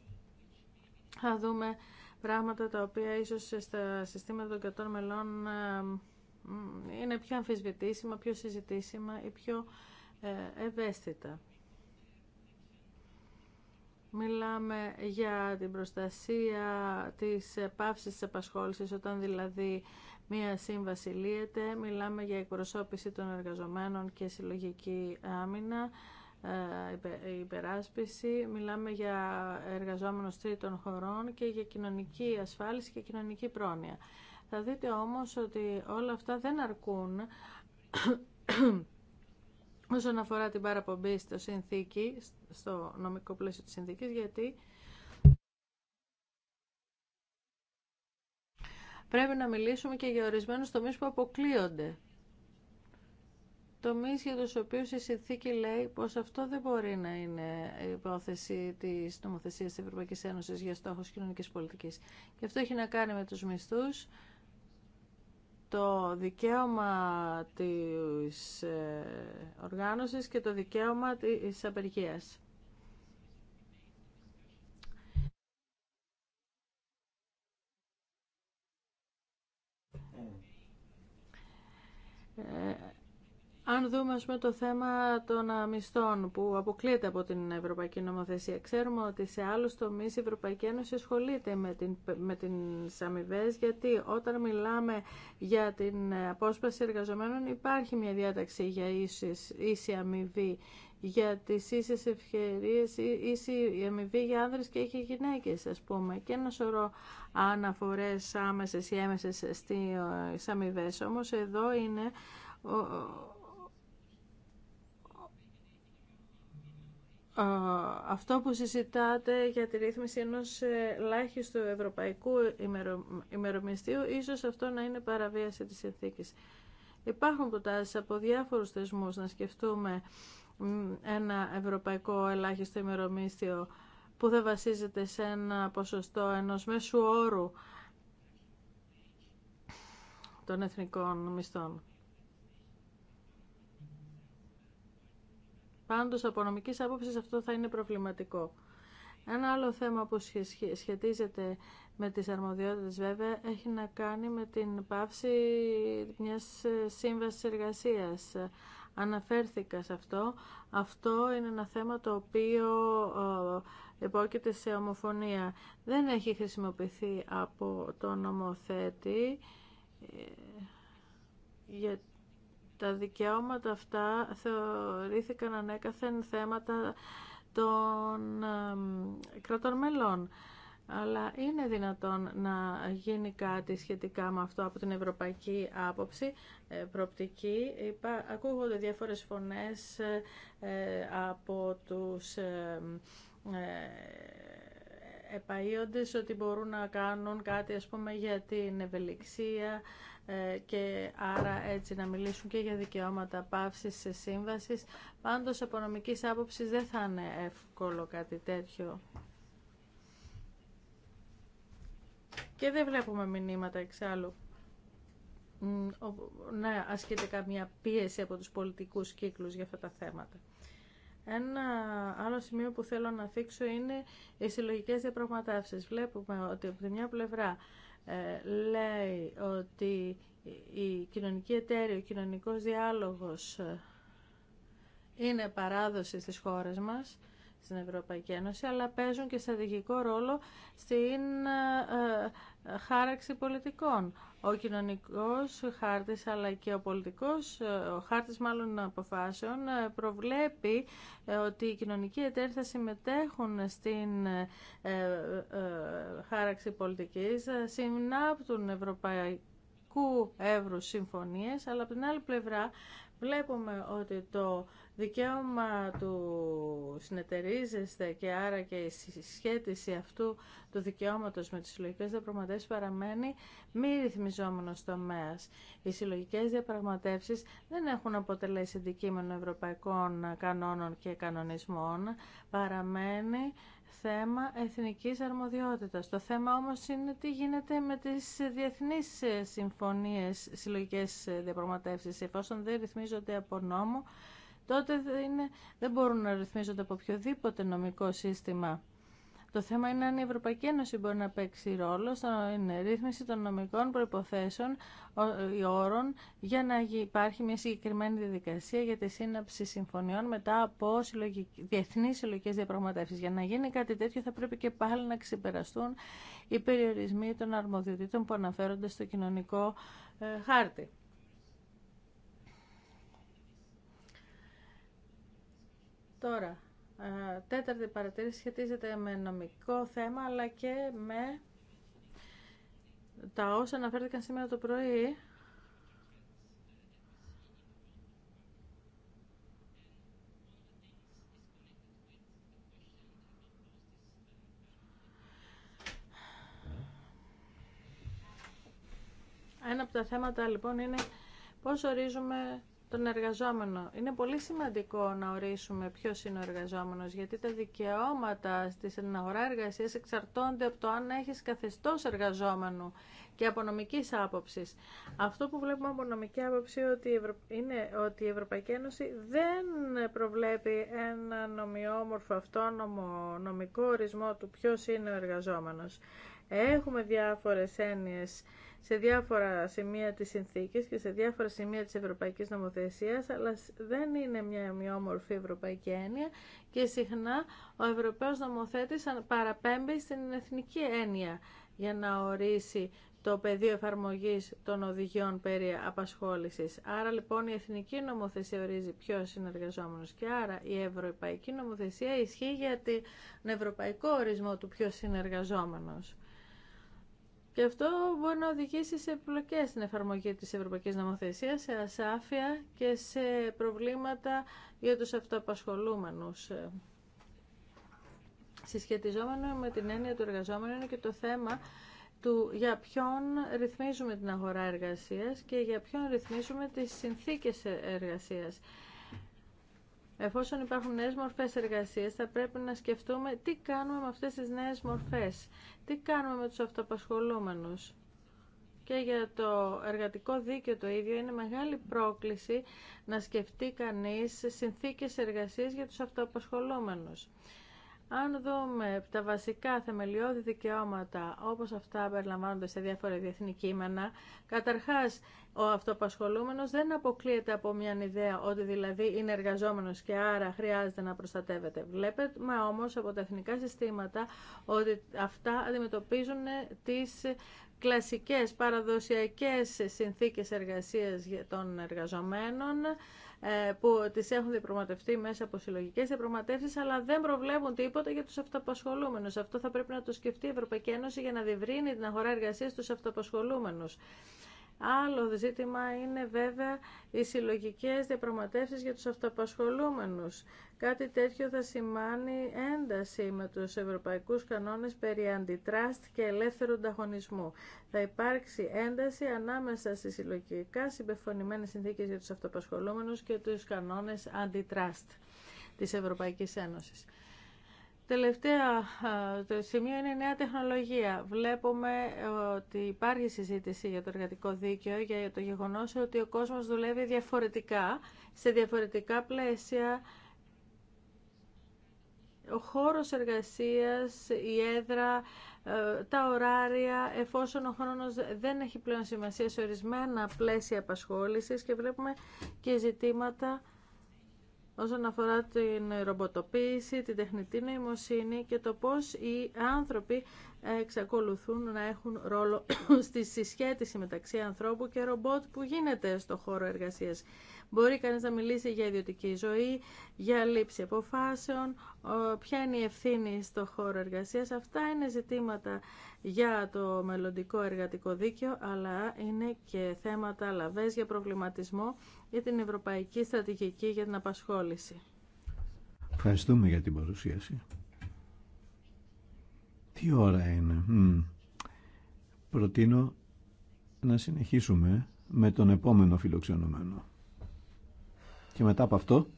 θα δούμε πράγματα τα οποία ίσως στα συστήματα των κατών μελών ε, είναι πιο αμφισβητήσιμα, πιο συζητήσιμα ή πιο ε, ευαίσθητα. Μιλάμε για την προστασία της πάυσης της απασχόλησης, όταν δηλαδή μία σύμβαση λύεται. Μιλάμε για εκπροσώπηση των εργαζομένων και συλλογική άμυνα, ε, υπεράσπιση. Μιλάμε για εργαζόμενους τρίτων χωρών και για κοινωνική ασφάλιση και κοινωνική πρόνοια. Θα δείτε όμως ότι όλα αυτά δεν αρκούν όσον αφορά την παραπομπή στο συνθήκη, στο νομικό πλαίσιο της συνθήκης, γιατί πρέπει να μιλήσουμε και για ορισμένους τομείς που αποκλείονται. Τομείς για τους οποίους η συνθήκη λέει πως αυτό δεν μπορεί να είναι υπόθεση της νομοθεσίας της Ευρωπαϊκής Ένωσης για στόχους κοινωνικής πολιτικής. Και αυτό έχει να κάνει με τους μισθούς, το δικαίωμα της ε, οργάνωσης και το δικαίωμα της απεργίας. Ε, αν δούμε το θέμα των μισθών που αποκλείεται από την Ευρωπαϊκή Νομοθεσία, ξέρουμε ότι σε άλλου τομεί η Ευρωπαϊκή Ένωση ασχολείται με, την, με τις αμοιβέ, γιατί όταν μιλάμε για την απόσπαση εργαζομένων υπάρχει μια διάταξη για ίσης, ίση αμοιβή, για τι ίσες ευκαιρίε, ίση αμοιβή για άνδρες και για γυναίκε. Α πούμε, και ένα σωρό αναφορέ άμεσε ή έμεσε στι αμοιβέ. Όμως εδώ είναι αυτό που συζητάτε για τη ρύθμιση ενός ε, ελάχιστου ευρωπαϊκού ημερομιστίου, ίσως αυτό να είναι παραβίαση της συνθήκης. Υπάρχουν προτάσεις από διάφορους θεσμούς να σκεφτούμε ένα ευρωπαϊκό ελάχιστο ημερομίσθιο που θα βασίζεται σε ένα ποσοστό ενός μέσου όρου των εθνικών μισθών. Πάντως από νομικής άποψης αυτό θα είναι προβληματικό. Ένα άλλο θέμα που σχετίζεται με τις αρμοδιότητες βέβαια έχει να κάνει με την πάυση μιας ε, σύμβασης εργασίας. Αναφέρθηκα σε αυτό. Αυτό είναι ένα θέμα το οποίο ε, υπόκειται σε ομοφωνία. Δεν έχει χρησιμοποιηθεί από τον νομοθέτη ε, γιατί τα δικαιώματα αυτά θεωρήθηκαν ανέκαθεν θέματα των κρατών μελών. Αλλά είναι δυνατόν να γίνει κάτι σχετικά με αυτό από την ευρωπαϊκή άποψη, ε, προοπτική. Ακούγονται διάφορες φωνές ε, ε, από τους επαΐοντες ότι μπορούν να κάνουν κάτι ας πούμε για την ευελιξία, ε, και άρα έτσι να μιλήσουν και για δικαιώματα παύσης σε σύμβασης. Πάντως, από νομικής άποψης δεν θα είναι εύκολο κάτι τέτοιο. Και δεν βλέπουμε μηνύματα εξάλλου να ασκείται καμία πίεση από τους πολιτικούς κύκλους για αυτά τα θέματα. Ένα άλλο σημείο που θέλω να θίξω είναι οι συλλογικέ διαπραγματεύσει. Βλέπουμε ότι από τη μια πλευρά ε, λέει ότι η κοινωνική εταίρεια, ο κοινωνικός διάλογος ε, είναι παράδοση στις χώρες μας, στην Ευρωπαϊκή Ένωση, αλλά παίζουν και στρατηγικό ρόλο στην ε, χάραξη πολιτικών. Ο κοινωνικός χάρτης αλλά και ο πολιτικός, ε, ο χάρτης μάλλον αποφάσεων, ε, προβλέπει ε, ότι οι κοινωνικοί εταίροι θα συμμετέχουν στην χάραξη πολιτικής, συνάπτουν ευρωπαϊκού εύρου συμφωνίες, αλλά από την άλλη πλευρά βλέπουμε ότι το δικαίωμα του συνεταιρίζεστε και άρα και η συσχέτιση αυτού του δικαιώματος με τις συλλογικές διαπραγματεύσεις παραμένει μη ρυθμιζόμενος τομέας. Οι συλλογικές διαπραγματεύσεις δεν έχουν αποτελέσει αντικείμενο ευρωπαϊκών κανόνων και κανονισμών, παραμένει θέμα εθνικής αρμοδιότητας. Το θέμα όμως είναι τι γίνεται με τις διεθνείς συμφωνίες, συλλογικές διαπραγματεύσεις, εφόσον δεν ρυθμίζονται από νόμο τότε δεν μπορούν να ρυθμίζονται από οποιοδήποτε νομικό σύστημα. Το θέμα είναι αν η Ευρωπαϊκή Ένωση μπορεί να παίξει ρόλο στην ρύθμιση των νομικών προϋποθέσεων ή όρων για να υπάρχει μια συγκεκριμένη διαδικασία για τη σύναψη συμφωνιών μετά από διεθνεί συλλογικέ διαπραγματεύσεις. Για να γίνει κάτι τέτοιο θα πρέπει και πάλι να ξεπεραστούν οι περιορισμοί των αρμοδιοτήτων που αναφέρονται στο κοινωνικό ε, χάρτη. Τώρα, ε, τέταρτη παρατήρηση σχετίζεται με νομικό θέμα, αλλά και με τα όσα αναφέρθηκαν σήμερα το πρωί. Ένα από τα θέματα λοιπόν είναι πώς ορίζουμε τον εργαζόμενο. Είναι πολύ σημαντικό να ορίσουμε ποιο είναι ο εργαζόμενος, γιατί τα δικαιώματα στη αγορά εργασία εξαρτώνται από το αν έχει καθεστώς εργαζόμενου και από νομική άποψη. Αυτό που βλέπουμε από νομική άποψη είναι ότι η Ευρωπαϊκή Ένωση δεν προβλέπει ένα νομιόμορφο αυτόνομο νομικό ορισμό του ποιο είναι ο εργαζόμενο. Έχουμε διάφορε έννοιε σε διάφορα σημεία της συνθήκης και σε διάφορα σημεία της ευρωπαϊκής νομοθεσίας, αλλά δεν είναι μια ομοιόμορφη ευρωπαϊκή έννοια και συχνά ο Ευρωπαίος νομοθέτης παραπέμπει στην εθνική έννοια για να ορίσει το πεδίο εφαρμογής των οδηγιών περί απασχόλησης. Άρα λοιπόν η εθνική νομοθεσία ορίζει πιο συνεργαζόμενος και άρα η ευρωπαϊκή νομοθεσία ισχύει για τον ευρωπαϊκό ορισμό του ποιο συνεργαζόμενος. Και αυτό μπορεί να οδηγήσει σε επιπλοκές στην εφαρμογή τη Ευρωπαϊκή Νομοθεσίας, σε ασάφεια και σε προβλήματα για τους αυτοαπασχολούμενου. Συσχετιζόμενο με την έννοια του εργαζόμενου είναι και το θέμα του για ποιον ρυθμίζουμε την αγορά εργασίας και για ποιον ρυθμίζουμε τις συνθήκες εργασίας. Εφόσον υπάρχουν νέες μορφές εργασίας, θα πρέπει να σκεφτούμε τι κάνουμε με αυτές τις νέες μορφές, τι κάνουμε με τους αυτοπασχολούμενους. Και για το εργατικό δίκαιο το ίδιο είναι μεγάλη πρόκληση να σκεφτεί κανείς συνθήκες εργασίας για τους αυτοαπασχολούμενους. Αν δούμε τα βασικά θεμελιώδη δικαιώματα όπως αυτά περιλαμβάνονται σε διάφορα διεθνή κείμενα, καταρχάς ο αυτοπασχολούμενος δεν αποκλείεται από μια ιδέα ότι δηλαδή είναι εργαζόμενος και άρα χρειάζεται να προστατεύεται. με όμως από τα εθνικά συστήματα ότι αυτά αντιμετωπίζουν τις κλασικές παραδοσιακές συνθήκες εργασίας των εργαζομένων, ε, που τις έχουν διαπραγματευτεί μέσα από συλλογικέ διαπραγματεύσει, αλλά δεν προβλέπουν τίποτα για τους αυταπασχολούμενους. Αυτό θα πρέπει να το σκεφτεί η Ευρωπαϊκή Ένωση για να διευρύνει την αγορά εργασίας τους αυταπασχολούμενους. Άλλο ζήτημα είναι βέβαια οι συλλογικές διαπραγματεύσεις για τους αυτοπασχολούμενους. Κάτι τέτοιο θα σημάνει ένταση με τους ευρωπαϊκούς κανόνες περί αντιτράστ και ελεύθερου ανταγωνισμού. Θα υπάρξει ένταση ανάμεσα στις συλλογικά συμπεφωνημένες συνθήκες για τους αυτοπασχολούμενους και τους κανόνες αντιτράστ της Ευρωπαϊκής Ένωσης. Τελευταία το σημείο είναι η νέα τεχνολογία. Βλέπουμε ε, ότι υπάρχει συζήτηση για το εργατικό δίκαιο, για το γεγονός ότι ο κόσμος δουλεύει διαφορετικά, σε διαφορετικά πλαίσια. Ο χώρος εργασίας, η έδρα, ε, τα ωράρια, εφόσον ο χρόνος δεν έχει πλέον σημασία σε ορισμένα πλαίσια απασχόλησης και βλέπουμε και ζητήματα όσον αφορά την ρομποτοποίηση, την τεχνητή νοημοσύνη και το πώς οι άνθρωποι εξακολουθούν να έχουν ρόλο στη συσχέτιση μεταξύ ανθρώπου και ρομπότ που γίνεται στο χώρο εργασίας. Μπορεί κανείς να μιλήσει για ιδιωτική ζωή, για λήψη αποφάσεων, ποια είναι η ευθύνη στο χώρο εργασίας. Αυτά είναι ζητήματα για το μελλοντικό εργατικό δίκαιο, αλλά είναι και θέματα λαβές για προβληματισμό για την Ευρωπαϊκή Στρατηγική για την Απασχόληση. Ευχαριστούμε για την παρουσίαση. Τι ώρα είναι. Προτείνω να συνεχίσουμε με τον επόμενο φιλοξενούμενο. Και μετά από αυτό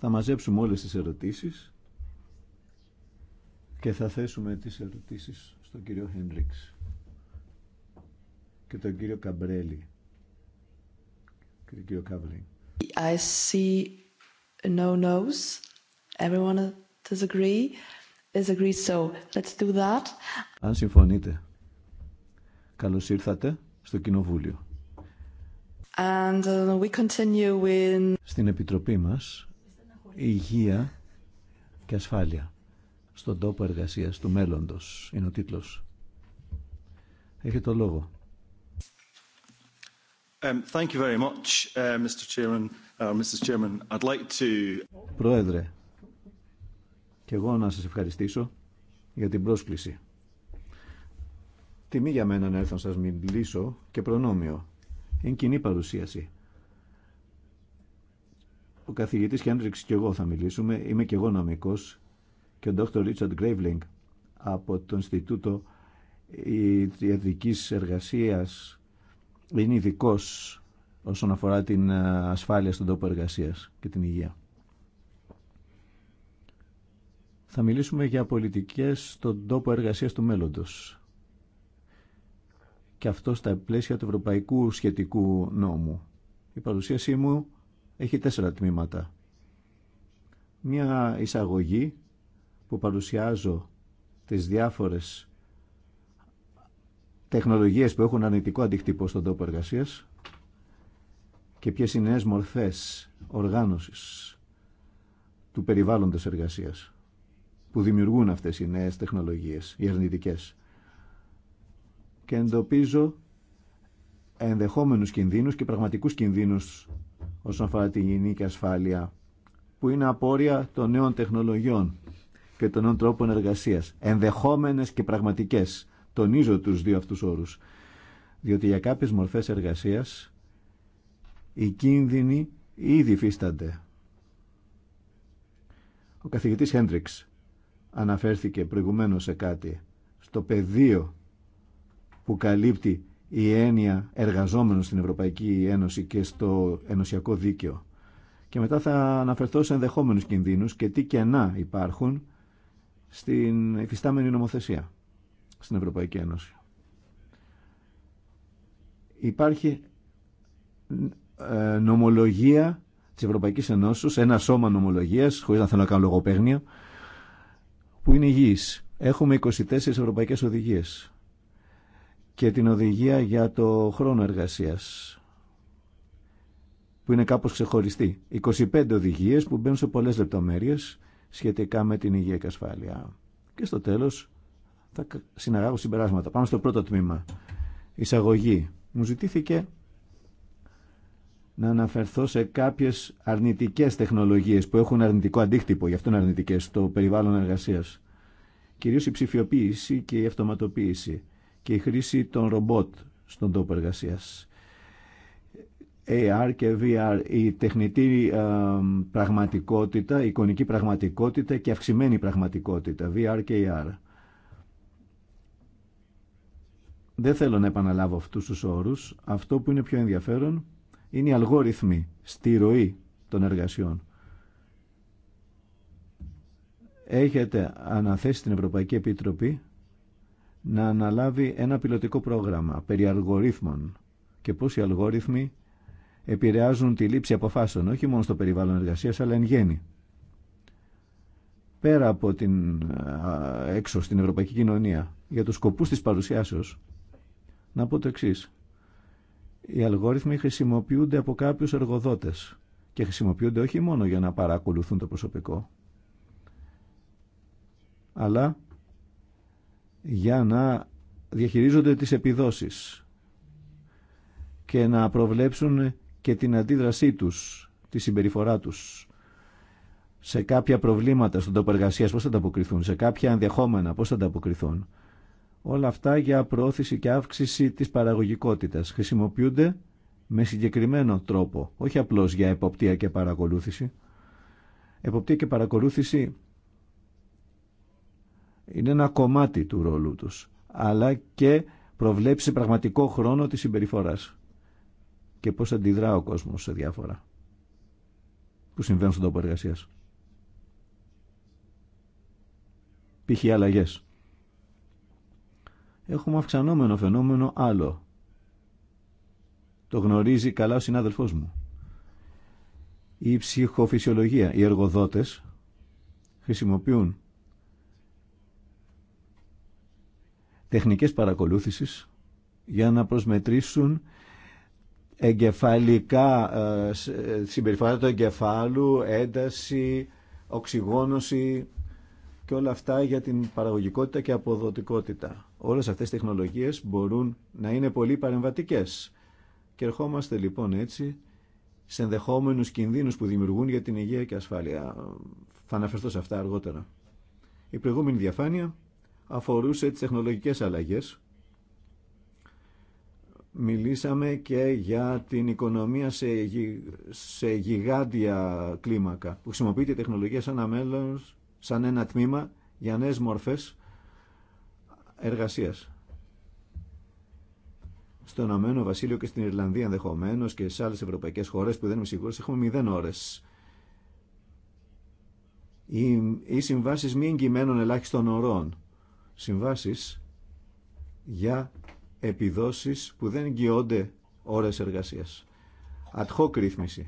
θα μαζέψουμε όλες τις ερωτήσεις και θα θέσουμε τις ερωτήσεις στον κύριο Χέντριξ και τον κύριο Καμπρέλη και τον κύριο Καβλή. I see no nose Everyone Is agree so. Let's do that. Αν συμφωνείτε, καλώς ήρθατε στο Κοινοβούλιο. Uh, Στην Επιτροπή μας, Υγεία και Ασφάλεια στον τόπο εργασίας του μέλλοντος είναι ο τίτλος. Έχετε το λόγο. Thank Πρόεδρε, και εγώ να σας ευχαριστήσω για την πρόσκληση. Τιμή για μένα να έρθω να σας μιλήσω και προνόμιο είναι κοινή παρουσίαση. Ο καθηγητής Χέντριξ και εγώ θα μιλήσουμε. Είμαι και εγώ νομικός και ο Dr. Richard Graveling από το Ινστιτούτο Ιατρικής Εργασίας είναι ειδικό όσον αφορά την ε, ασφάλεια στον τόπο εργασίας και την υγεία. Θα μιλήσουμε για πολιτικές στον τόπο εργασίας του μέλλοντος και αυτό στα πλαίσια του Ευρωπαϊκού Σχετικού Νόμου. Η παρουσίασή μου έχει τέσσερα τμήματα. Μια εισαγωγή που παρουσιάζω τις διάφορες τεχνολογίες που έχουν αρνητικό αντίκτυπο στον τόπο εργασίας και ποιες είναι νέες μορφές οργάνωσης του περιβάλλοντος εργασίας που δημιουργούν αυτές οι νέες τεχνολογίες, οι αρνητικές και εντοπίζω ενδεχόμενους κινδύνους και πραγματικούς κινδύνους όσον αφορά την υγιεινή ασφάλεια που είναι απόρρια των νέων τεχνολογιών και των νέων τρόπων εργασίας. Ενδεχόμενες και πραγματικές. Τονίζω τους δύο αυτούς όρους. Διότι για κάποιες μορφές εργασίας οι κίνδυνοι ήδη φύστανται. Ο καθηγητής Χέντριξ αναφέρθηκε προηγουμένως σε κάτι στο πεδίο που καλύπτει η έννοια εργαζόμενο στην Ευρωπαϊκή Ένωση και στο ενωσιακό δίκαιο. Και μετά θα αναφερθώ σε ενδεχόμενους κινδύνους και τι κενά υπάρχουν στην υφιστάμενη νομοθεσία στην Ευρωπαϊκή Ένωση. Υπάρχει ε, νομολογία της Ευρωπαϊκής Ένωσης, ένα σώμα νομολογίας, χωρίς να θέλω να κάνω λογοπαίγνια, που είναι υγιή. Έχουμε 24 ευρωπαϊκέ οδηγίε και την οδηγία για το χρόνο εργασίας που είναι κάπως ξεχωριστή. 25 οδηγίες που μπαίνουν σε πολλές λεπτομέρειες σχετικά με την υγεία και ασφάλεια. Και στο τέλος θα συναγάγω συμπεράσματα. Πάμε στο πρώτο τμήμα. Εισαγωγή. Μου ζητήθηκε να αναφερθώ σε κάποιες αρνητικές τεχνολογίες που έχουν αρνητικό αντίκτυπο, γι' αυτό είναι αρνητικές, στο περιβάλλον εργασίας. Κυρίως η ψηφιοποίηση και η αυτοματοποίηση και η χρήση των ρομπότ στον τόπο εργασία. AR και VR, η τεχνητή ε, πραγματικότητα, η εικονική πραγματικότητα και αυξημένη πραγματικότητα, VR και AR. Δεν θέλω να επαναλάβω αυτούς τους όρους. Αυτό που είναι πιο ενδιαφέρον είναι οι αλγόριθμοι στη ροή των εργασιών. Έχετε αναθέσει την Ευρωπαϊκή Επιτροπή να αναλάβει ένα πιλωτικό πρόγραμμα περί αλγορίθμων και πώς οι αλγόριθμοι επηρεάζουν τη λήψη αποφάσεων, όχι μόνο στο περιβάλλον εργασίας, αλλά εν γέννη. Πέρα από την έξω στην ευρωπαϊκή κοινωνία, για τους σκοπούς της παρουσιάσεως, να πω το εξή. Οι αλγόριθμοι χρησιμοποιούνται από κάποιους εργοδότες και χρησιμοποιούνται όχι μόνο για να παρακολουθούν το προσωπικό, αλλά για να διαχειρίζονται τις επιδόσεις και να προβλέψουν και την αντίδρασή τους, τη συμπεριφορά τους σε κάποια προβλήματα στον τόπο εργασία, πώς θα τα αποκριθούν, σε κάποια ενδεχόμενα, πώς θα τα αποκριθούν. Όλα αυτά για προώθηση και αύξηση της παραγωγικότητας χρησιμοποιούνται με συγκεκριμένο τρόπο, όχι απλώς για εποπτεία και παρακολούθηση. Εποπτεία και παρακολούθηση είναι ένα κομμάτι του ρόλου τους, αλλά και προβλέψει πραγματικό χρόνο της συμπεριφοράς και πώς αντιδρά ο κόσμος σε διάφορα που συμβαίνουν στον τόπο εργασίας. Π.χ. αλλαγέ. Έχουμε αυξανόμενο φαινόμενο άλλο. Το γνωρίζει καλά ο συνάδελφός μου. Η ψυχοφυσιολογία, οι εργοδότες χρησιμοποιούν τεχνικές παρακολούθησης για να προσμετρήσουν εγκεφαλικά, ε, ε, συμπεριφορά του εγκεφάλου, ένταση, οξυγόνωση και όλα αυτά για την παραγωγικότητα και αποδοτικότητα. Όλες αυτές οι τεχνολογίες μπορούν να είναι πολύ παρεμβατικές. Και ερχόμαστε λοιπόν έτσι σε ενδεχόμενους κινδύνους που δημιουργούν για την υγεία και ασφάλεια. Θα αναφερθώ σε αυτά αργότερα. Η προηγούμενη διαφάνεια αφορούσε τις τεχνολογικές αλλαγές. Μιλήσαμε και για την οικονομία σε, γι... γιγάντια κλίμακα που χρησιμοποιείται η τεχνολογία σαν ένα μέλος, σαν ένα τμήμα για νέες μορφές εργασίας. στον Αμένο Βασίλειο και στην Ιρλανδία ενδεχομένω και σε άλλες ευρωπαϊκές χώρες που δεν είμαι σίγουρος έχουμε μηδέν ώρες. Οι, οι συμβάσει μη εγκυμένων ελάχιστων ωρών συμβάσεις για επιδόσεις που δεν εγγυώνται ώρες εργασίας. Ad ρύθμιση.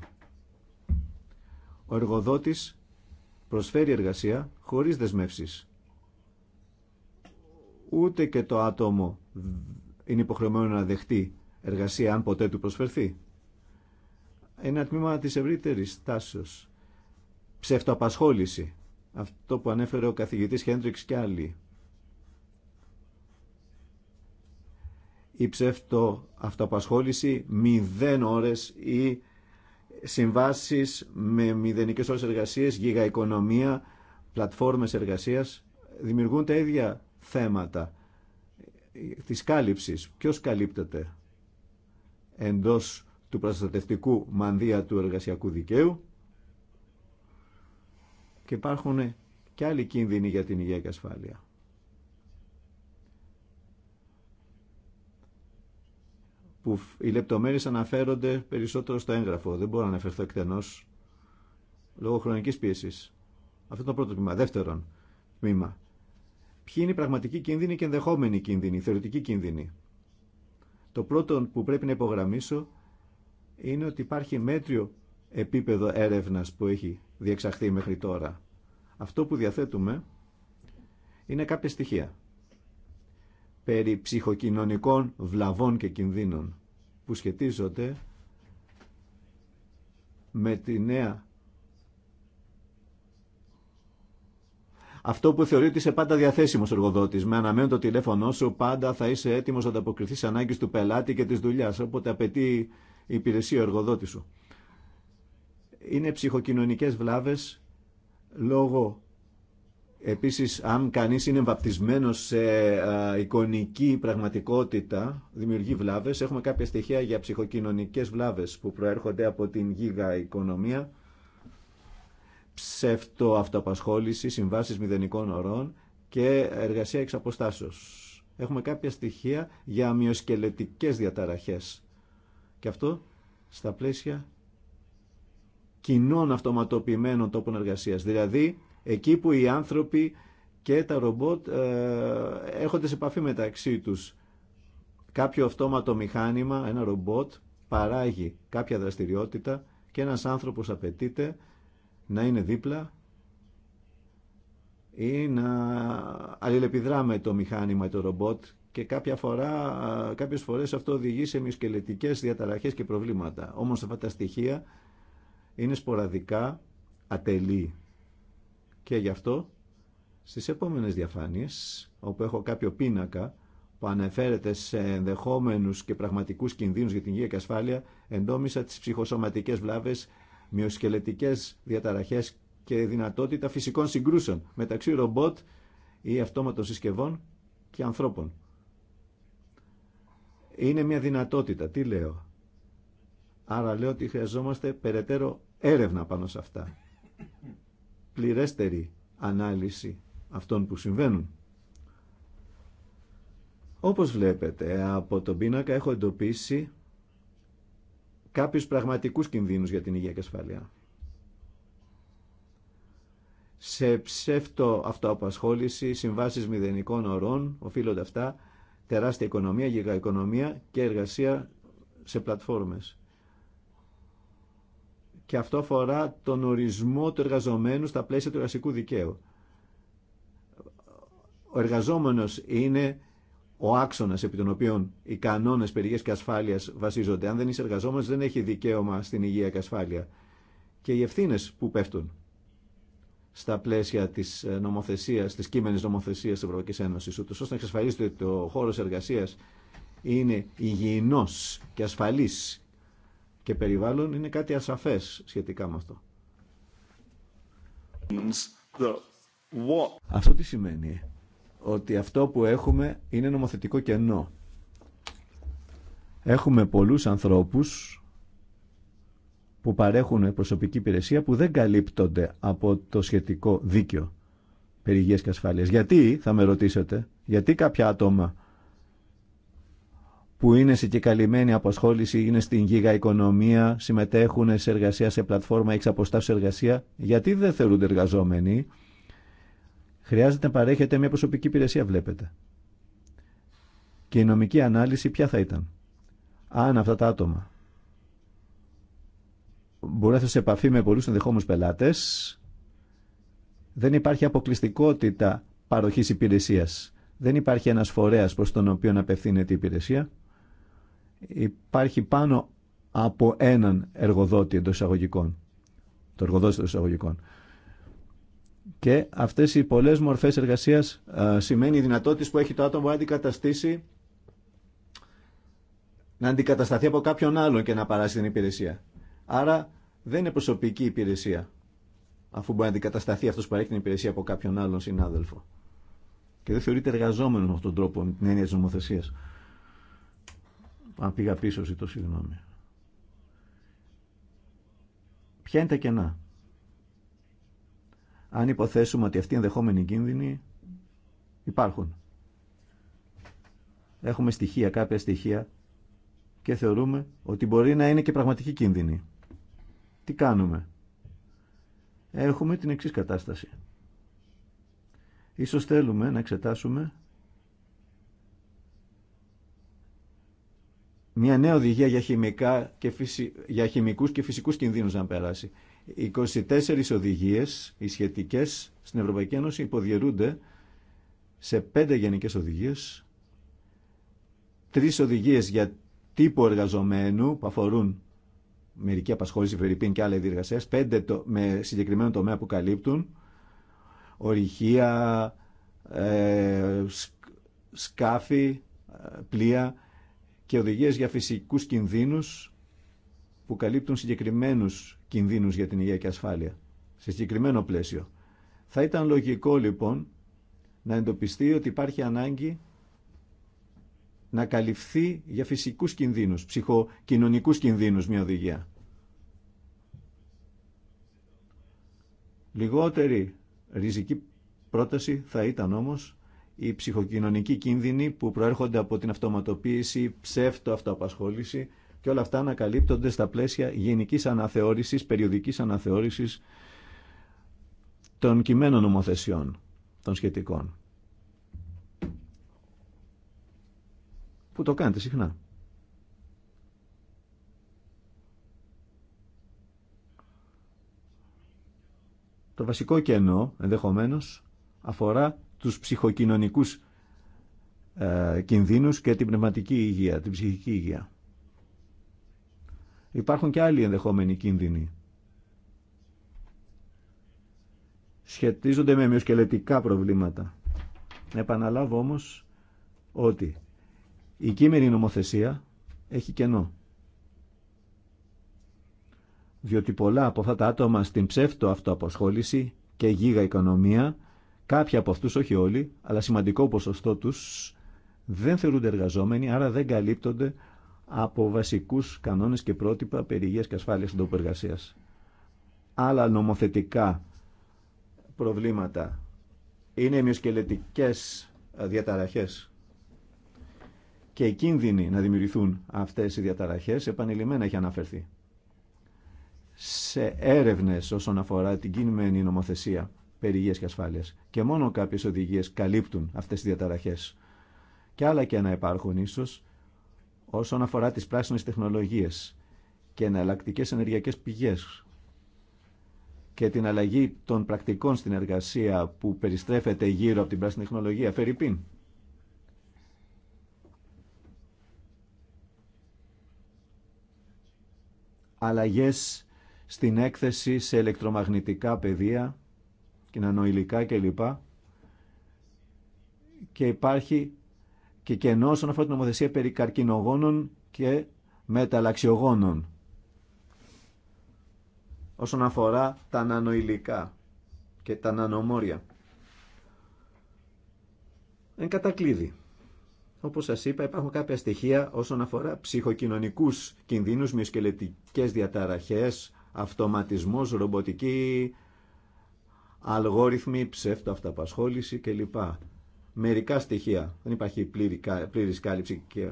Ο εργοδότης προσφέρει εργασία χωρίς δεσμεύσεις. Ούτε και το άτομο είναι υποχρεωμένο να δεχτεί εργασία αν ποτέ του προσφερθεί. Ένα τμήμα της ευρύτερης τάσεως. Ψευτοαπασχόληση. Αυτό που ανέφερε ο καθηγητής Χέντριξ και άλλοι η ψεύτο αυτοαπασχόληση, μηδέν ώρες ή συμβάσεις με μηδενικές ώρες εργασίες, γιγαοικονομία, πλατφόρμες εργασίας, δημιουργούν τα ίδια θέματα της κάλυψης. Ποιος καλύπτεται εντός του προστατευτικού μανδύα του εργασιακού δικαίου και υπάρχουν και άλλοι κίνδυνοι για την υγεία και ασφάλεια. που οι λεπτομέρειες αναφέρονται περισσότερο στο έγγραφο. Δεν μπορώ να αναφερθώ εκτενώς λόγω χρονικής πίεσης. Αυτό είναι το πρώτο τμήμα. Δεύτερον τμήμα. Ποιοι είναι οι πραγματικοί κίνδυνοι και ενδεχόμενοι κίνδυνοι, θεωρητικοί κίνδυνοι. Το πρώτο που πρέπει να υπογραμμίσω είναι ότι υπάρχει μέτριο επίπεδο έρευνας που έχει διεξαχθεί μέχρι τώρα. Αυτό που διαθέτουμε είναι κάποια στοιχεία περί ψυχοκοινωνικών βλαβών και κινδύνων που σχετίζονται με τη νέα Αυτό που θεωρεί ότι είσαι πάντα διαθέσιμο εργοδότη. Με αναμένω το τηλέφωνό σου, πάντα θα είσαι έτοιμο να ανταποκριθεί στι ανάγκε του πελάτη και τη δουλειά. Όποτε απαιτεί η υπηρεσία ο εργοδότη σου. Είναι ψυχοκοινωνικέ βλάβε λόγω Επίσης, αν κανείς είναι βαπτισμένος σε εικονική πραγματικότητα, δημιουργεί βλάβες. Έχουμε κάποια στοιχεία για ψυχοκοινωνικές βλάβες που προέρχονται από την γίγα οικονομία, αυτοαπασχόληση, συμβάσεις μηδενικών ωρών και εργασία εξ αποστάσεως. Έχουμε κάποια στοιχεία για αμυοσκελετικές διαταραχές. Και αυτό στα πλαίσια κοινών αυτοματοποιημένων τόπων εργασίας. Δηλαδή, εκεί που οι άνθρωποι και τα ρομπότ ε, έχονται σε επαφή μεταξύ τους. Κάποιο αυτόματο μηχάνημα, ένα ρομπότ, παράγει κάποια δραστηριότητα και ένας άνθρωπος απαιτείται να είναι δίπλα ή να αλληλεπιδρά με το μηχάνημα ή το ρομπότ και κάποια φορά, κάποιες φορές αυτό οδηγεί σε μυσκελετικές διαταραχές και προβλήματα. Όμως αυτά τα στοιχεία είναι σποραδικά ατελή και γι' αυτό στις επόμενες διαφάνειες, όπου έχω κάποιο πίνακα που αναφέρεται σε ενδεχόμενους και πραγματικούς κινδύνους για την υγεία και ασφάλεια, εντόμισα τις ψυχοσωματικές βλάβες, μειοσκελετικές διαταραχές και δυνατότητα φυσικών συγκρούσεων μεταξύ ρομπότ ή αυτόματων συσκευών και ανθρώπων. Είναι μια δυνατότητα. Τι λέω. Άρα λέω ότι χρειαζόμαστε περαιτέρω έρευνα πάνω σε αυτά πληρέστερη ανάλυση αυτών που συμβαίνουν. Όπως βλέπετε, από τον πίνακα έχω εντοπίσει κάποιους πραγματικούς κινδύνους για την υγεία και ασφαλεία. Σε ψεύτο αυτοαπασχόληση, συμβάσεις μηδενικών ορών, οφείλονται αυτά, τεράστια οικονομία, γιγαοικονομία και εργασία σε πλατφόρμες και αυτό αφορά τον ορισμό του εργαζομένου στα πλαίσια του εργασικού δικαίου. Ο εργαζόμενος είναι ο άξονας επί των οποίων οι κανόνες περιγές και ασφάλειας βασίζονται. Αν δεν είσαι εργαζόμενος δεν έχει δικαίωμα στην υγεία και ασφάλεια. Και οι ευθύνε που πέφτουν στα πλαίσια της ε, νομοθεσίας, της κείμενης νομοθεσίας της Ευρωπαϊκής Ένωσης, ούτως ώστε να εξασφαλίσετε ότι ο χώρος εργασίας είναι υγιεινός και ασφαλής και περιβάλλον είναι κάτι ασαφές σχετικά με αυτό. Αυτό τι σημαίνει. Ότι αυτό που έχουμε είναι νομοθετικό κενό. Έχουμε πολλούς ανθρώπους που παρέχουν προσωπική υπηρεσία που δεν καλύπτονται από το σχετικό δίκαιο περί υγείας και ασφάλειας. Γιατί, θα με ρωτήσετε, γιατί κάποια άτομα που είναι σε κεκαλυμμένη αποσχόληση, είναι στην γίγα οικονομία, συμμετέχουν σε εργασία, σε πλατφόρμα ή αποστάσεως εργασία, γιατί δεν θεωρούνται εργαζόμενοι. Χρειάζεται να παρέχεται μια προσωπική υπηρεσία, βλέπετε. Και η νομική ανάλυση ποια θα ήταν. Αν αυτά τα άτομα μπορούν να σε επαφή με πολλούς ενδεχόμενους πελάτες, δεν υπάρχει αποκλειστικότητα παροχής υπηρεσίας. Δεν υπάρχει ένας φορέας προς τον οποίο να απευθύνεται η υπηρεσία υπάρχει πάνω από έναν εργοδότη εντό εισαγωγικών. Το εργοδότη εντό εισαγωγικών. Και αυτέ οι πολλέ μορφέ εργασία σημαίνει η δυνατότητα που έχει το άτομο να αντικαταστήσει να αντικατασταθεί από κάποιον άλλον και να παράσει την υπηρεσία. Άρα δεν είναι προσωπική υπηρεσία αφού μπορεί να αντικατασταθεί αυτό που παρέχει την υπηρεσία από κάποιον άλλον συνάδελφο. Και δεν θεωρείται εργαζόμενο με αυτόν τον τρόπο, με την έννοια τη νομοθεσία. Αν πήγα πίσω, ζητώ συγγνώμη. Ποια είναι τα κενά. Αν υποθέσουμε ότι αυτοί οι ενδεχόμενοι κίνδυνοι υπάρχουν. Έχουμε στοιχεία, κάποια στοιχεία και θεωρούμε ότι μπορεί να είναι και πραγματική κίνδυνη. Τι κάνουμε. Έχουμε την εξής κατάσταση. Ίσως θέλουμε να εξετάσουμε μια νέα οδηγία για, χημικά και φυσι... για χημικούς και φυσικούς κινδύνους να περάσει. 24 οδηγίες, οι σχετικές, στην Ευρωπαϊκή Ένωση υποδιαιρούνται σε 5 γενικές οδηγίες, 3 οδηγίες για τύπο εργαζομένου που αφορούν μερική απασχόληση, φερρυπίν και άλλα διεργασίες, 5 το... με συγκεκριμένο τομέα που καλύπτουν, ορυχεία, ε... σκάφη, ε, πλοία, και οδηγίες για φυσικούς κινδύνους που καλύπτουν συγκεκριμένους κινδύνους για την υγεία και ασφάλεια, σε συγκεκριμένο πλαίσιο. Θα ήταν λογικό λοιπόν να εντοπιστεί ότι υπάρχει ανάγκη να καλυφθεί για φυσικούς κινδύνους, ψυχοκοινωνικούς κινδύνους μια οδηγία. Λιγότερη ριζική πρόταση θα ήταν όμως οι ψυχοκοινωνικοί κίνδυνοι που προέρχονται από την αυτοματοποίηση, ψεύτο αυτοαπασχόληση και όλα αυτά ανακαλύπτονται στα πλαίσια γενικής αναθεώρησης, περιοδικής αναθεώρησης των κειμένων νομοθεσιών, των σχετικών. Που το κάνετε συχνά. Το βασικό κενό, ενδεχομένως, αφορά τους ψυχοκοινωνικούς ε, κινδύνους και την πνευματική υγεία, την ψυχική υγεία. Υπάρχουν και άλλοι ενδεχόμενοι κίνδυνοι. Σχετίζονται με μειοσκελετικά προβλήματα. Επαναλάβω όμως ότι η κείμενη νομοθεσία έχει κενό. Διότι πολλά από αυτά τα άτομα στην ψεύτο αυτοαποσχόληση και γίγα οικονομία Κάποιοι από αυτούς, όχι όλοι, αλλά σημαντικό ποσοστό τους, δεν θεωρούνται εργαζόμενοι, άρα δεν καλύπτονται από βασικούς κανόνες και πρότυπα περί και ασφάλειας στον τόπο εργασίας. Άλλα νομοθετικά προβλήματα είναι οι μυοσκελετικές διαταραχές και οι κίνδυνοι να δημιουργηθούν αυτές οι διαταραχές επανειλημμένα έχει αναφερθεί σε έρευνες όσον αφορά την κινημένη νομοθεσία περί και ασφάλειας. Και μόνο κάποιες οδηγίες καλύπτουν αυτές τις διαταραχές. Και άλλα και να υπάρχουν ίσως όσον αφορά τις πράσινες τεχνολογίες και εναλλακτικέ ενεργειακές πηγές και την αλλαγή των πρακτικών στην εργασία που περιστρέφεται γύρω από την πράσινη τεχνολογία, Φερρυπίν. Αλλαγές στην έκθεση σε ηλεκτρομαγνητικά πεδία και νανοηλικά κλπ. Και υπάρχει και κενό όσον αφορά την νομοθεσία περί καρκινογόνων και μεταλλαξιογόνων. Όσον αφορά τα νανοηλικά και τα νανομόρια. Εν κατακλείδη. Όπως σας είπα υπάρχουν κάποια στοιχεία όσον αφορά ψυχοκοινωνικούς κινδύνους, μυοσκελετικές διαταραχές, αυτοματισμός, ρομποτική αλγόριθμοι, ψεύτο αυταπασχόληση κλπ. Μερικά στοιχεία. Δεν υπάρχει πλήρη κάλυψη και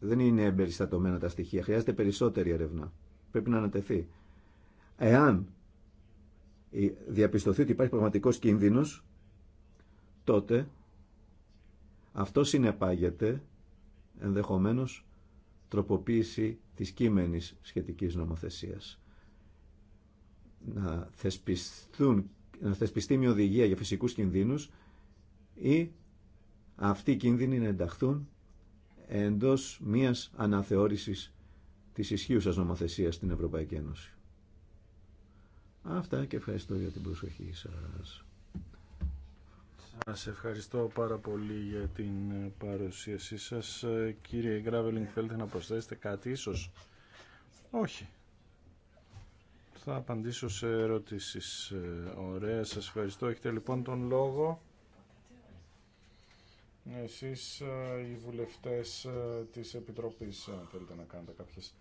δεν είναι εμπεριστατωμένα τα στοιχεία. Χρειάζεται περισσότερη έρευνα. Πρέπει να ανατεθεί. Εάν διαπιστωθεί ότι υπάρχει πραγματικός κίνδυνος, τότε αυτό συνεπάγεται ενδεχομένως τροποποίηση της κείμενης σχετικής νομοθεσίας. Να θεσπιστούν να θεσπιστεί μια οδηγία για φυσικούς κινδύνους ή αυτοί οι κίνδυνοι να ενταχθούν εντός μιας αναθεώρησης της ισχύουσας νομοθεσίας στην Ευρωπαϊκή Ένωση. Αυτά και ευχαριστώ για την προσοχή σας. Σας ευχαριστώ πάρα πολύ για την παρουσίασή σας. Κύριε Γκράβελινγκ, θέλετε να προσθέσετε κάτι ίσως. Όχι θα απαντήσω σε ερωτήσεις. Ε, ωραία, σας ευχαριστώ. Έχετε λοιπόν τον λόγο. Εσείς ε, οι βουλευτές ε, της Επιτροπής θέλετε να κάνετε κάποιες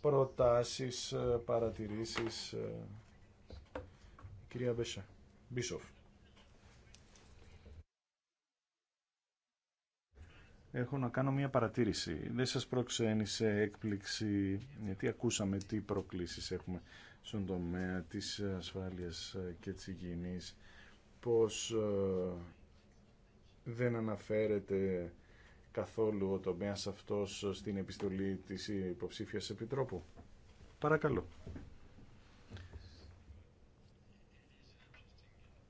προτάσεις, παρατηρήσεις. Κυρία Μπέσα, Μπίσοφ. Έχω να κάνω μια παρατήρηση. Δεν σας προξένησε έκπληξη, γιατί ακούσαμε τι προκλήσεις έχουμε στον τομέα της ασφάλειας και της υγιεινής πως ε, δεν αναφέρεται καθόλου ο τομέας αυτός στην επιστολή της υποψήφιας επιτρόπου. Παρακαλώ.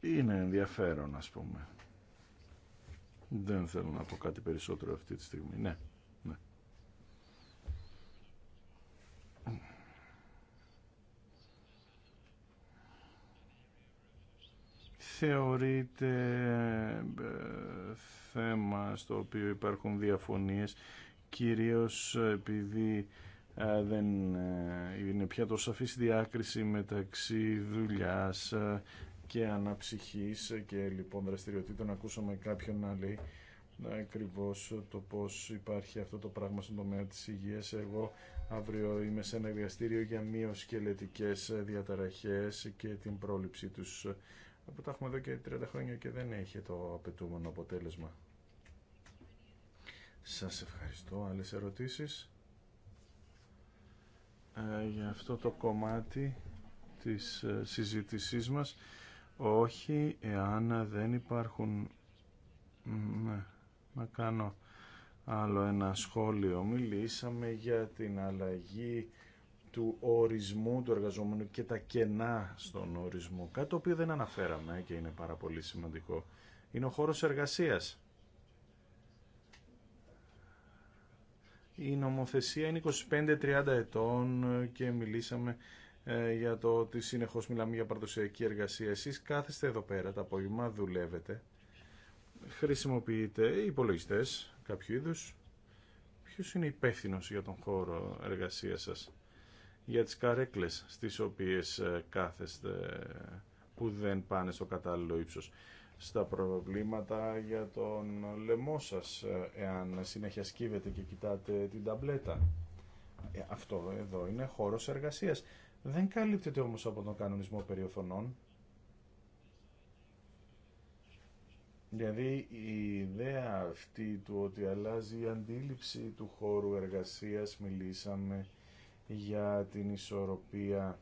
Είναι ενδιαφέρον ας πούμε. Δεν θέλω να πω κάτι περισσότερο αυτή τη στιγμή. Ναι. θεωρείται ε, θέμα στο οποίο υπάρχουν διαφωνίες κυρίως επειδή ε, δεν ε, είναι πια τόσο σαφής διάκριση μεταξύ δουλειάς και αναψυχής και λοιπόν δραστηριοτήτων ακούσαμε κάποιον να λέει ακριβώ το πώς υπάρχει αυτό το πράγμα στον τομέα της υγείας εγώ αύριο είμαι σε ένα εργαστήριο για μειοσκελετικές διαταραχές και την πρόληψη τους που τα έχουμε εδώ και 30 χρόνια και δεν έχει το απαιτούμενο αποτέλεσμα. Σας ευχαριστώ. Άλλες ερωτήσεις ε, για αυτό το κομμάτι της ε, συζήτησής μας. Όχι, εάν δεν υπάρχουν... Ναι, να κάνω άλλο ένα σχόλιο. Μιλήσαμε για την αλλαγή του ορισμού του εργαζόμενου και τα κενά στον ορισμό. Κάτι το οποίο δεν αναφέραμε και είναι πάρα πολύ σημαντικό. Είναι ο χώρος εργασίας. Η νομοθεσία είναι 25-30 ετών και μιλήσαμε ε, για το ότι συνεχώς μιλάμε για παραδοσιακή εργασία. Εσείς κάθεστε εδώ πέρα, τα απόγευμα δουλεύετε, χρησιμοποιείτε υπολογιστές κάποιου είδους. Ποιος είναι υπεύθυνο για τον χώρο εργασίας σας για τις καρέκλες στις οποίες ε, κάθεστε που δεν πάνε στο κατάλληλο ύψος στα προβλήματα για τον λαιμό σας ε, εάν συνέχεια σκύβετε και κοιτάτε την ταμπλέτα ε, αυτό εδώ είναι χώρος εργασίας δεν καλύπτεται όμως από τον κανονισμό περιοφωνών Δηλαδή η ιδέα αυτή του ότι αλλάζει η αντίληψη του χώρου εργασίας, μιλήσαμε για την ισορροπία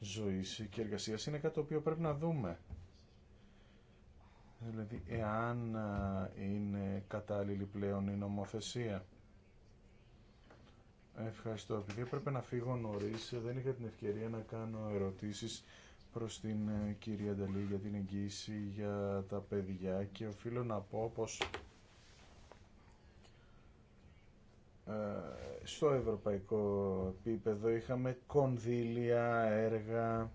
ζωής και εργασίας είναι κάτι το οποίο πρέπει να δούμε. Δηλαδή, εάν είναι κατάλληλη πλέον η νομοθεσία. Ευχαριστώ. Επειδή έπρεπε να φύγω νωρίς, δεν είχα την ευκαιρία να κάνω ερωτήσεις προς την ε, κυρία Νταλή για την εγγύηση για τα παιδιά και οφείλω να πω πως Ε, στο ευρωπαϊκό επίπεδο είχαμε κονδύλια, έργα,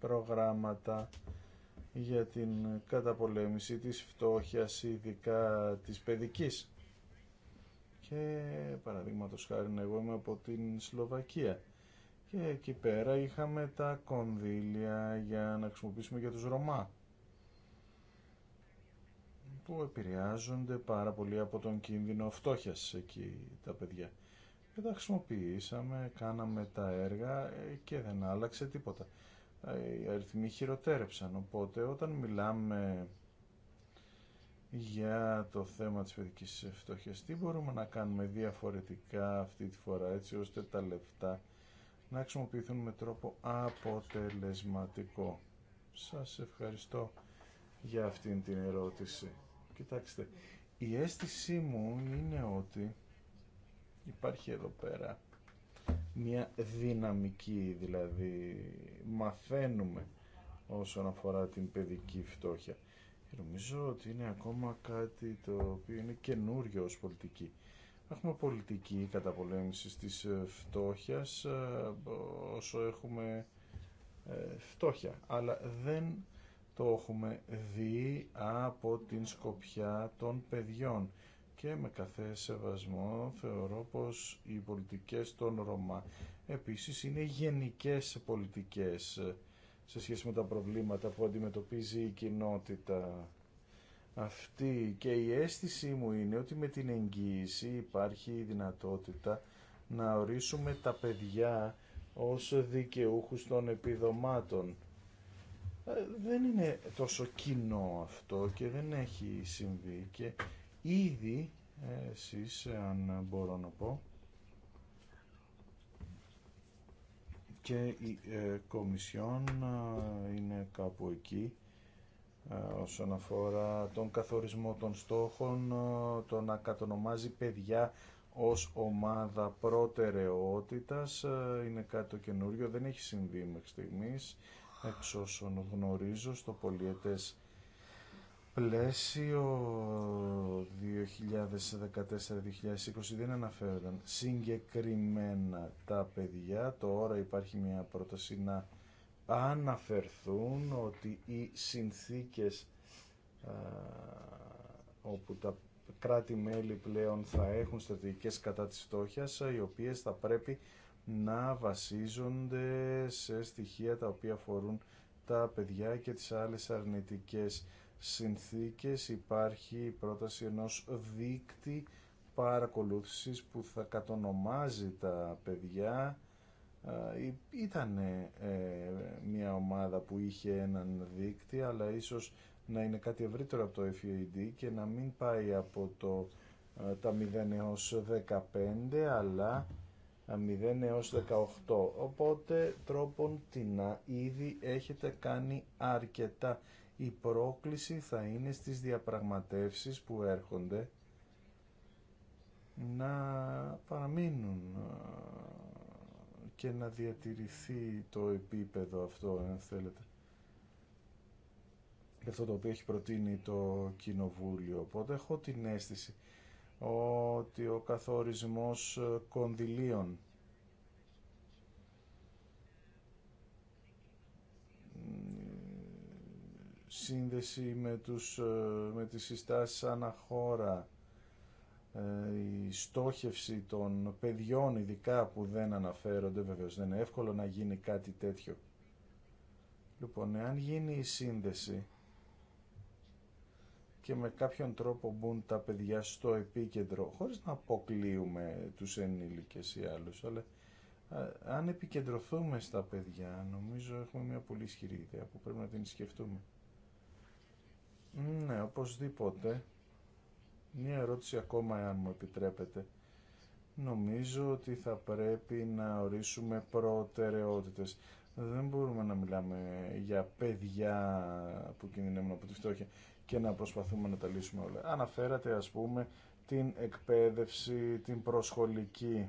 προγράμματα για την καταπολέμηση της φτώχειας, ειδικά της παιδικής. Και παραδείγματο χάρη εγώ είμαι από την Σλοβακία. Και εκεί πέρα είχαμε τα κονδύλια για να χρησιμοποιήσουμε για τους Ρωμά που επηρεάζονται πάρα πολύ από τον κίνδυνο φτώχειας εκεί τα παιδιά. Και τα χρησιμοποιήσαμε, κάναμε τα έργα ε, και δεν άλλαξε τίποτα. Ε, οι αριθμοί χειροτέρεψαν, οπότε όταν μιλάμε για το θέμα της παιδικής φτώχειας, τι μπορούμε να κάνουμε διαφορετικά αυτή τη φορά, έτσι ώστε τα λεφτά να χρησιμοποιηθούν με τρόπο αποτελεσματικό. Σας ευχαριστώ για αυτήν την ερώτηση. Κοιτάξτε, η αίσθησή μου είναι ότι υπάρχει εδώ πέρα μια δυναμική, δηλαδή μαθαίνουμε όσον αφορά την παιδική φτώχεια. Νομίζω ότι είναι ακόμα κάτι το οποίο είναι καινούριο ως πολιτική. Έχουμε πολιτική καταπολέμησης της ε, φτώχειας ε, όσο έχουμε ε, φτώχεια, αλλά δεν το έχουμε δει από την σκοπιά των παιδιών και με καθέ σεβασμό θεωρώ πως οι πολιτικές των Ρωμά επίσης είναι γενικές πολιτικές σε σχέση με τα προβλήματα που αντιμετωπίζει η κοινότητα αυτή και η αίσθησή μου είναι ότι με την εγγύηση υπάρχει η δυνατότητα να ορίσουμε τα παιδιά ως δικαιούχους των επιδομάτων ε, δεν είναι τόσο κοινό αυτό και δεν έχει συμβεί και ήδη ε, εσείς αν μπορώ να πω και η ε, Κομισιόν ε, είναι κάπου εκεί ε, όσον αφορά τον καθορισμό των στόχων, το να κατονομάζει παιδιά ως ομάδα προτεραιότητας είναι κάτι το καινούριο, δεν έχει συμβεί μέχρι στιγμής εξ όσων γνωρίζω στο πολιετές πλαίσιο 2014-2020 δεν αναφέρονταν συγκεκριμένα τα παιδιά τώρα υπάρχει μια πρόταση να αναφερθούν ότι οι συνθήκες όπου τα κράτη-μέλη πλέον θα έχουν στρατηγικές κατά της φτώχειας οι οποίες θα πρέπει να βασίζονται σε στοιχεία τα οποία αφορούν τα παιδιά και τις άλλες αρνητικές συνθήκες. Υπάρχει η πρόταση ενός δίκτυ παρακολούθησης που θα κατονομάζει τα παιδιά. Ήταν ε, μια ομάδα που είχε έναν δίκτυ, αλλά ίσως να είναι κάτι ευρύτερο από το FED και να μην πάει από το ε, τα 0 έως 15, αλλά 0 έως 18 οπότε τρόπον να ήδη έχετε κάνει αρκετά η πρόκληση θα είναι στις διαπραγματεύσεις που έρχονται να παραμείνουν και να διατηρηθεί το επίπεδο αυτό αν θέλετε αυτό το οποίο έχει προτείνει το κοινοβούλιο οπότε έχω την αίσθηση ότι ο καθορισμός ε, κονδυλίων σύνδεση με, τους, ε, με τις συστάσεις αναχώρα ε, η στόχευση των παιδιών ειδικά που δεν αναφέρονται βεβαίως δεν είναι εύκολο να γίνει κάτι τέτοιο λοιπόν εάν γίνει η σύνδεση και με κάποιον τρόπο μπουν τα παιδιά στο επίκεντρο, χωρίς να αποκλείουμε τους ενήλικες ή άλλους, αλλά αν επικεντρωθούμε στα παιδιά, νομίζω έχουμε μια πολύ ισχυρή ιδέα που πρέπει να την σκεφτούμε. Ναι, οπωσδήποτε. Μια ερώτηση ακόμα, αν μου επιτρέπετε. Νομίζω ότι θα πρέπει να ορίσουμε προτεραιότητες. Δεν μπορούμε να μιλάμε για παιδιά που κινδυνεύουν από τη φτώχεια και να προσπαθούμε να τα λύσουμε όλα. Αναφέρατε ας πούμε την εκπαίδευση, την προσχολική.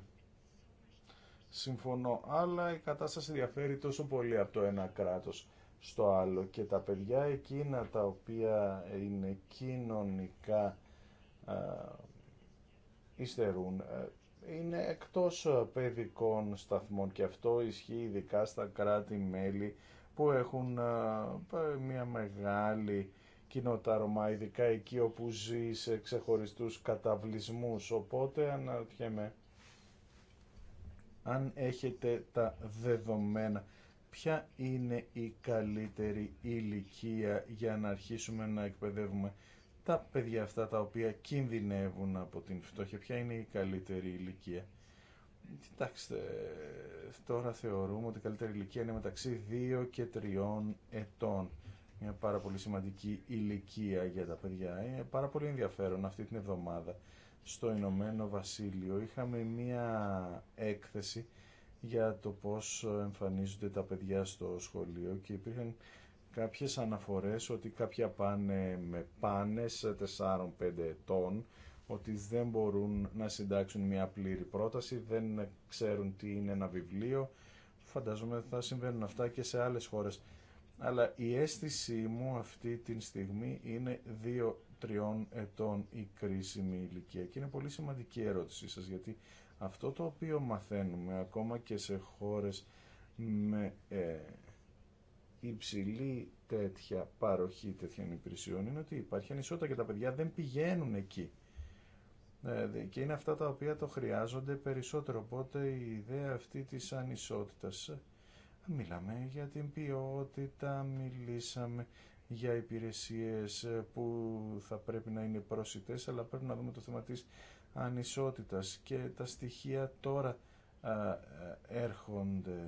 Συμφωνώ, αλλά η κατάσταση διαφέρει τόσο πολύ από το ένα κράτος στο άλλο και τα παιδιά εκείνα τα οποία είναι κοινωνικά υστερούν ε, είναι εκτός ε, παιδικών σταθμών και αυτό ισχύει ειδικά στα κράτη-μέλη που έχουν ε, μια μεγάλη κοινοτάρωμα, ειδικά εκεί όπου ζει σε ξεχωριστούς καταβλισμούς. Οπότε αναρωτιέμαι αν έχετε τα δεδομένα. Ποια είναι η καλύτερη ηλικία για να αρχίσουμε να εκπαιδεύουμε τα παιδιά αυτά τα οποία κινδυνεύουν από την φτώχεια. Ποια είναι η καλύτερη ηλικία. Κοιτάξτε, τώρα θεωρούμε ότι η καλύτερη ηλικία είναι μεταξύ 2 και 3 ετών μια πάρα πολύ σημαντική ηλικία για τα παιδιά. Είναι πάρα πολύ ενδιαφέρον αυτή την εβδομάδα στο Ηνωμένο Βασίλειο είχαμε μια έκθεση για το πώς εμφανίζονται τα παιδιά στο σχολείο και υπήρχαν κάποιες αναφορές ότι κάποια πάνε με πάνες 4-5 ετών ότι δεν μπορούν να συντάξουν μια πλήρη πρόταση, δεν ξέρουν τι είναι ένα βιβλίο. Φαντάζομαι θα συμβαίνουν αυτά και σε άλλες χώρες αλλά η αίσθησή μου αυτή τη στιγμή είναι 2-3 ετών η κρίσιμη ηλικία και είναι πολύ σημαντική η ερώτησή σας γιατί αυτό το οποίο μαθαίνουμε ακόμα και σε χώρες με ε, υψηλή τέτοια παροχή τέτοιων υπηρεσιών είναι ότι υπάρχει ανισότητα και τα παιδιά δεν πηγαίνουν εκεί ε, και είναι αυτά τα οποία το χρειάζονται περισσότερο οπότε η ιδέα αυτή της ανισότητας Μιλάμε για την ποιότητα, μιλήσαμε για υπηρεσίες που θα πρέπει να είναι πρόσιτες, αλλά πρέπει να δούμε το θέμα της ανισότητας και τα στοιχεία τώρα α, ε, έρχονται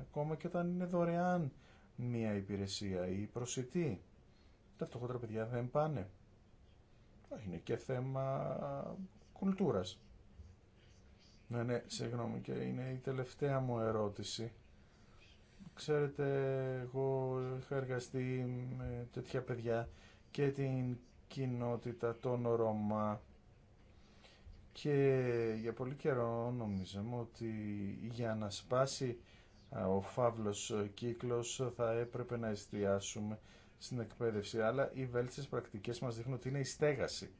ακόμα και όταν είναι δωρεάν μία υπηρεσία ή προσιτή. Τα φτωχότερα παιδιά δεν πάνε. Είναι και θέμα κουλτούρας. Ναι, ναι, συγγνώμη και είναι η τελευταία μου ερώτηση. Ξέρετε, εγώ είχα εργαστεί με τέτοια παιδιά και την κοινότητα των Ρώμα και για πολύ καιρό νομίζαμε ότι για να σπάσει ο φάβλος κύκλος θα έπρεπε να εστιάσουμε στην εκπαίδευση, αλλά οι βέλτιστες πρακτικές μας δείχνουν ότι είναι η στέγαση.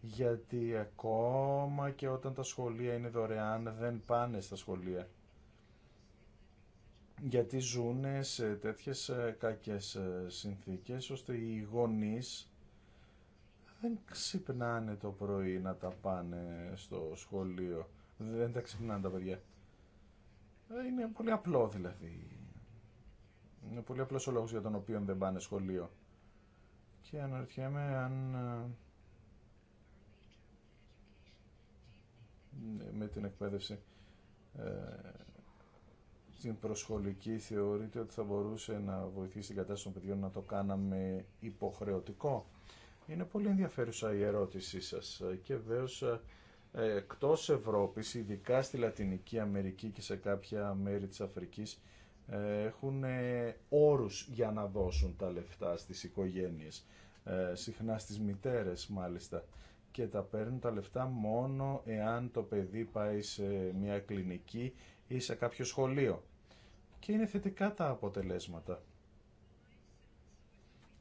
Γιατί ακόμα και όταν τα σχολεία είναι δωρεάν δεν πάνε στα σχολεία γιατί ζουν σε τέτοιες ε, κακές ε, συνθήκες ώστε οι γονείς δεν ξυπνάνε το πρωί να τα πάνε στο σχολείο. Δεν τα ξυπνάνε τα παιδιά. Ε, είναι πολύ απλό δηλαδή. Είναι πολύ απλός ο λόγος για τον οποίο δεν πάνε σχολείο. Και αναρωτιέμαι αν με την εκπαίδευση στην προσχολική θεωρείτε ότι θα μπορούσε να βοηθήσει την κατάσταση των παιδιών να το κάναμε υποχρεωτικό. Είναι πολύ ενδιαφέρουσα η ερώτησή σας και βεβαίω ε, εκτός Ευρώπης, ειδικά στη Λατινική Αμερική και σε κάποια μέρη της Αφρικής, ε, έχουν ε, όρους για να δώσουν τα λεφτά στις οικογένειες, συχνά στις μητέρες μάλιστα, και τα παίρνουν τα λεφτά μόνο εάν το παιδί πάει σε μια κλινική ή σε κάποιο σχολείο και είναι θετικά τα αποτελέσματα.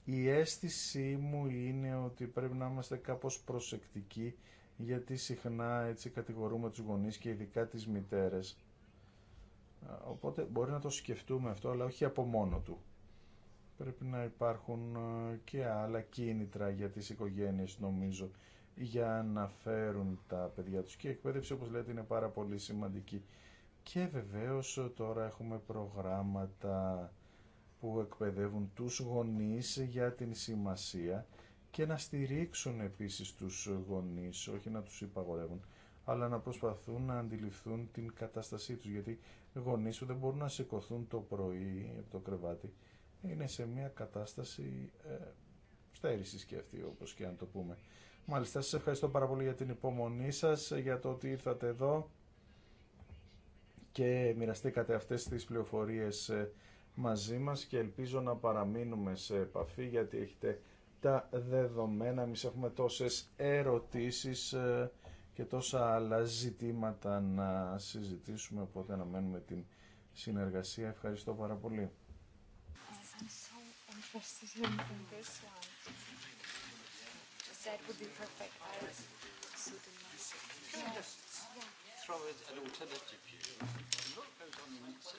Η αίσθησή μου είναι ότι πρέπει να είμαστε κάπως προσεκτικοί γιατί συχνά έτσι κατηγορούμε τους γονείς και ειδικά τις μητέρες. Οπότε μπορεί να το σκεφτούμε αυτό, αλλά όχι από μόνο του. Πρέπει να υπάρχουν και άλλα κίνητρα για τις οικογένειες, νομίζω, για να φέρουν τα παιδιά τους. Και η εκπαίδευση, όπως λέτε, είναι πάρα πολύ σημαντική και βεβαίως ε, τώρα έχουμε προγράμματα που εκπαιδεύουν τους γονείς για την σημασία και να στηρίξουν επίσης τους γονείς, όχι να τους υπαγορεύουν, αλλά να προσπαθούν να αντιληφθούν την κατάστασή τους, γιατί γονείς που δεν μπορούν να σηκωθούν το πρωί από το κρεβάτι είναι σε μια κατάσταση ε, στέρησης και αυτή, όπως και αν το πούμε. Μάλιστα, σας ευχαριστώ πάρα πολύ για την υπομονή σας, για το ότι ήρθατε εδώ και μοιραστήκατε αυτές τις πληροφορίες ε, μαζί μας και ελπίζω να παραμείνουμε σε επαφή γιατί έχετε τα δεδομένα, εμείς έχουμε τόσες ερωτήσεις ε, και τόσα άλλα ζητήματα να συζητήσουμε, οπότε μένουμε την συνεργασία. Ευχαριστώ πάρα πολύ throw it at alternative view. Look at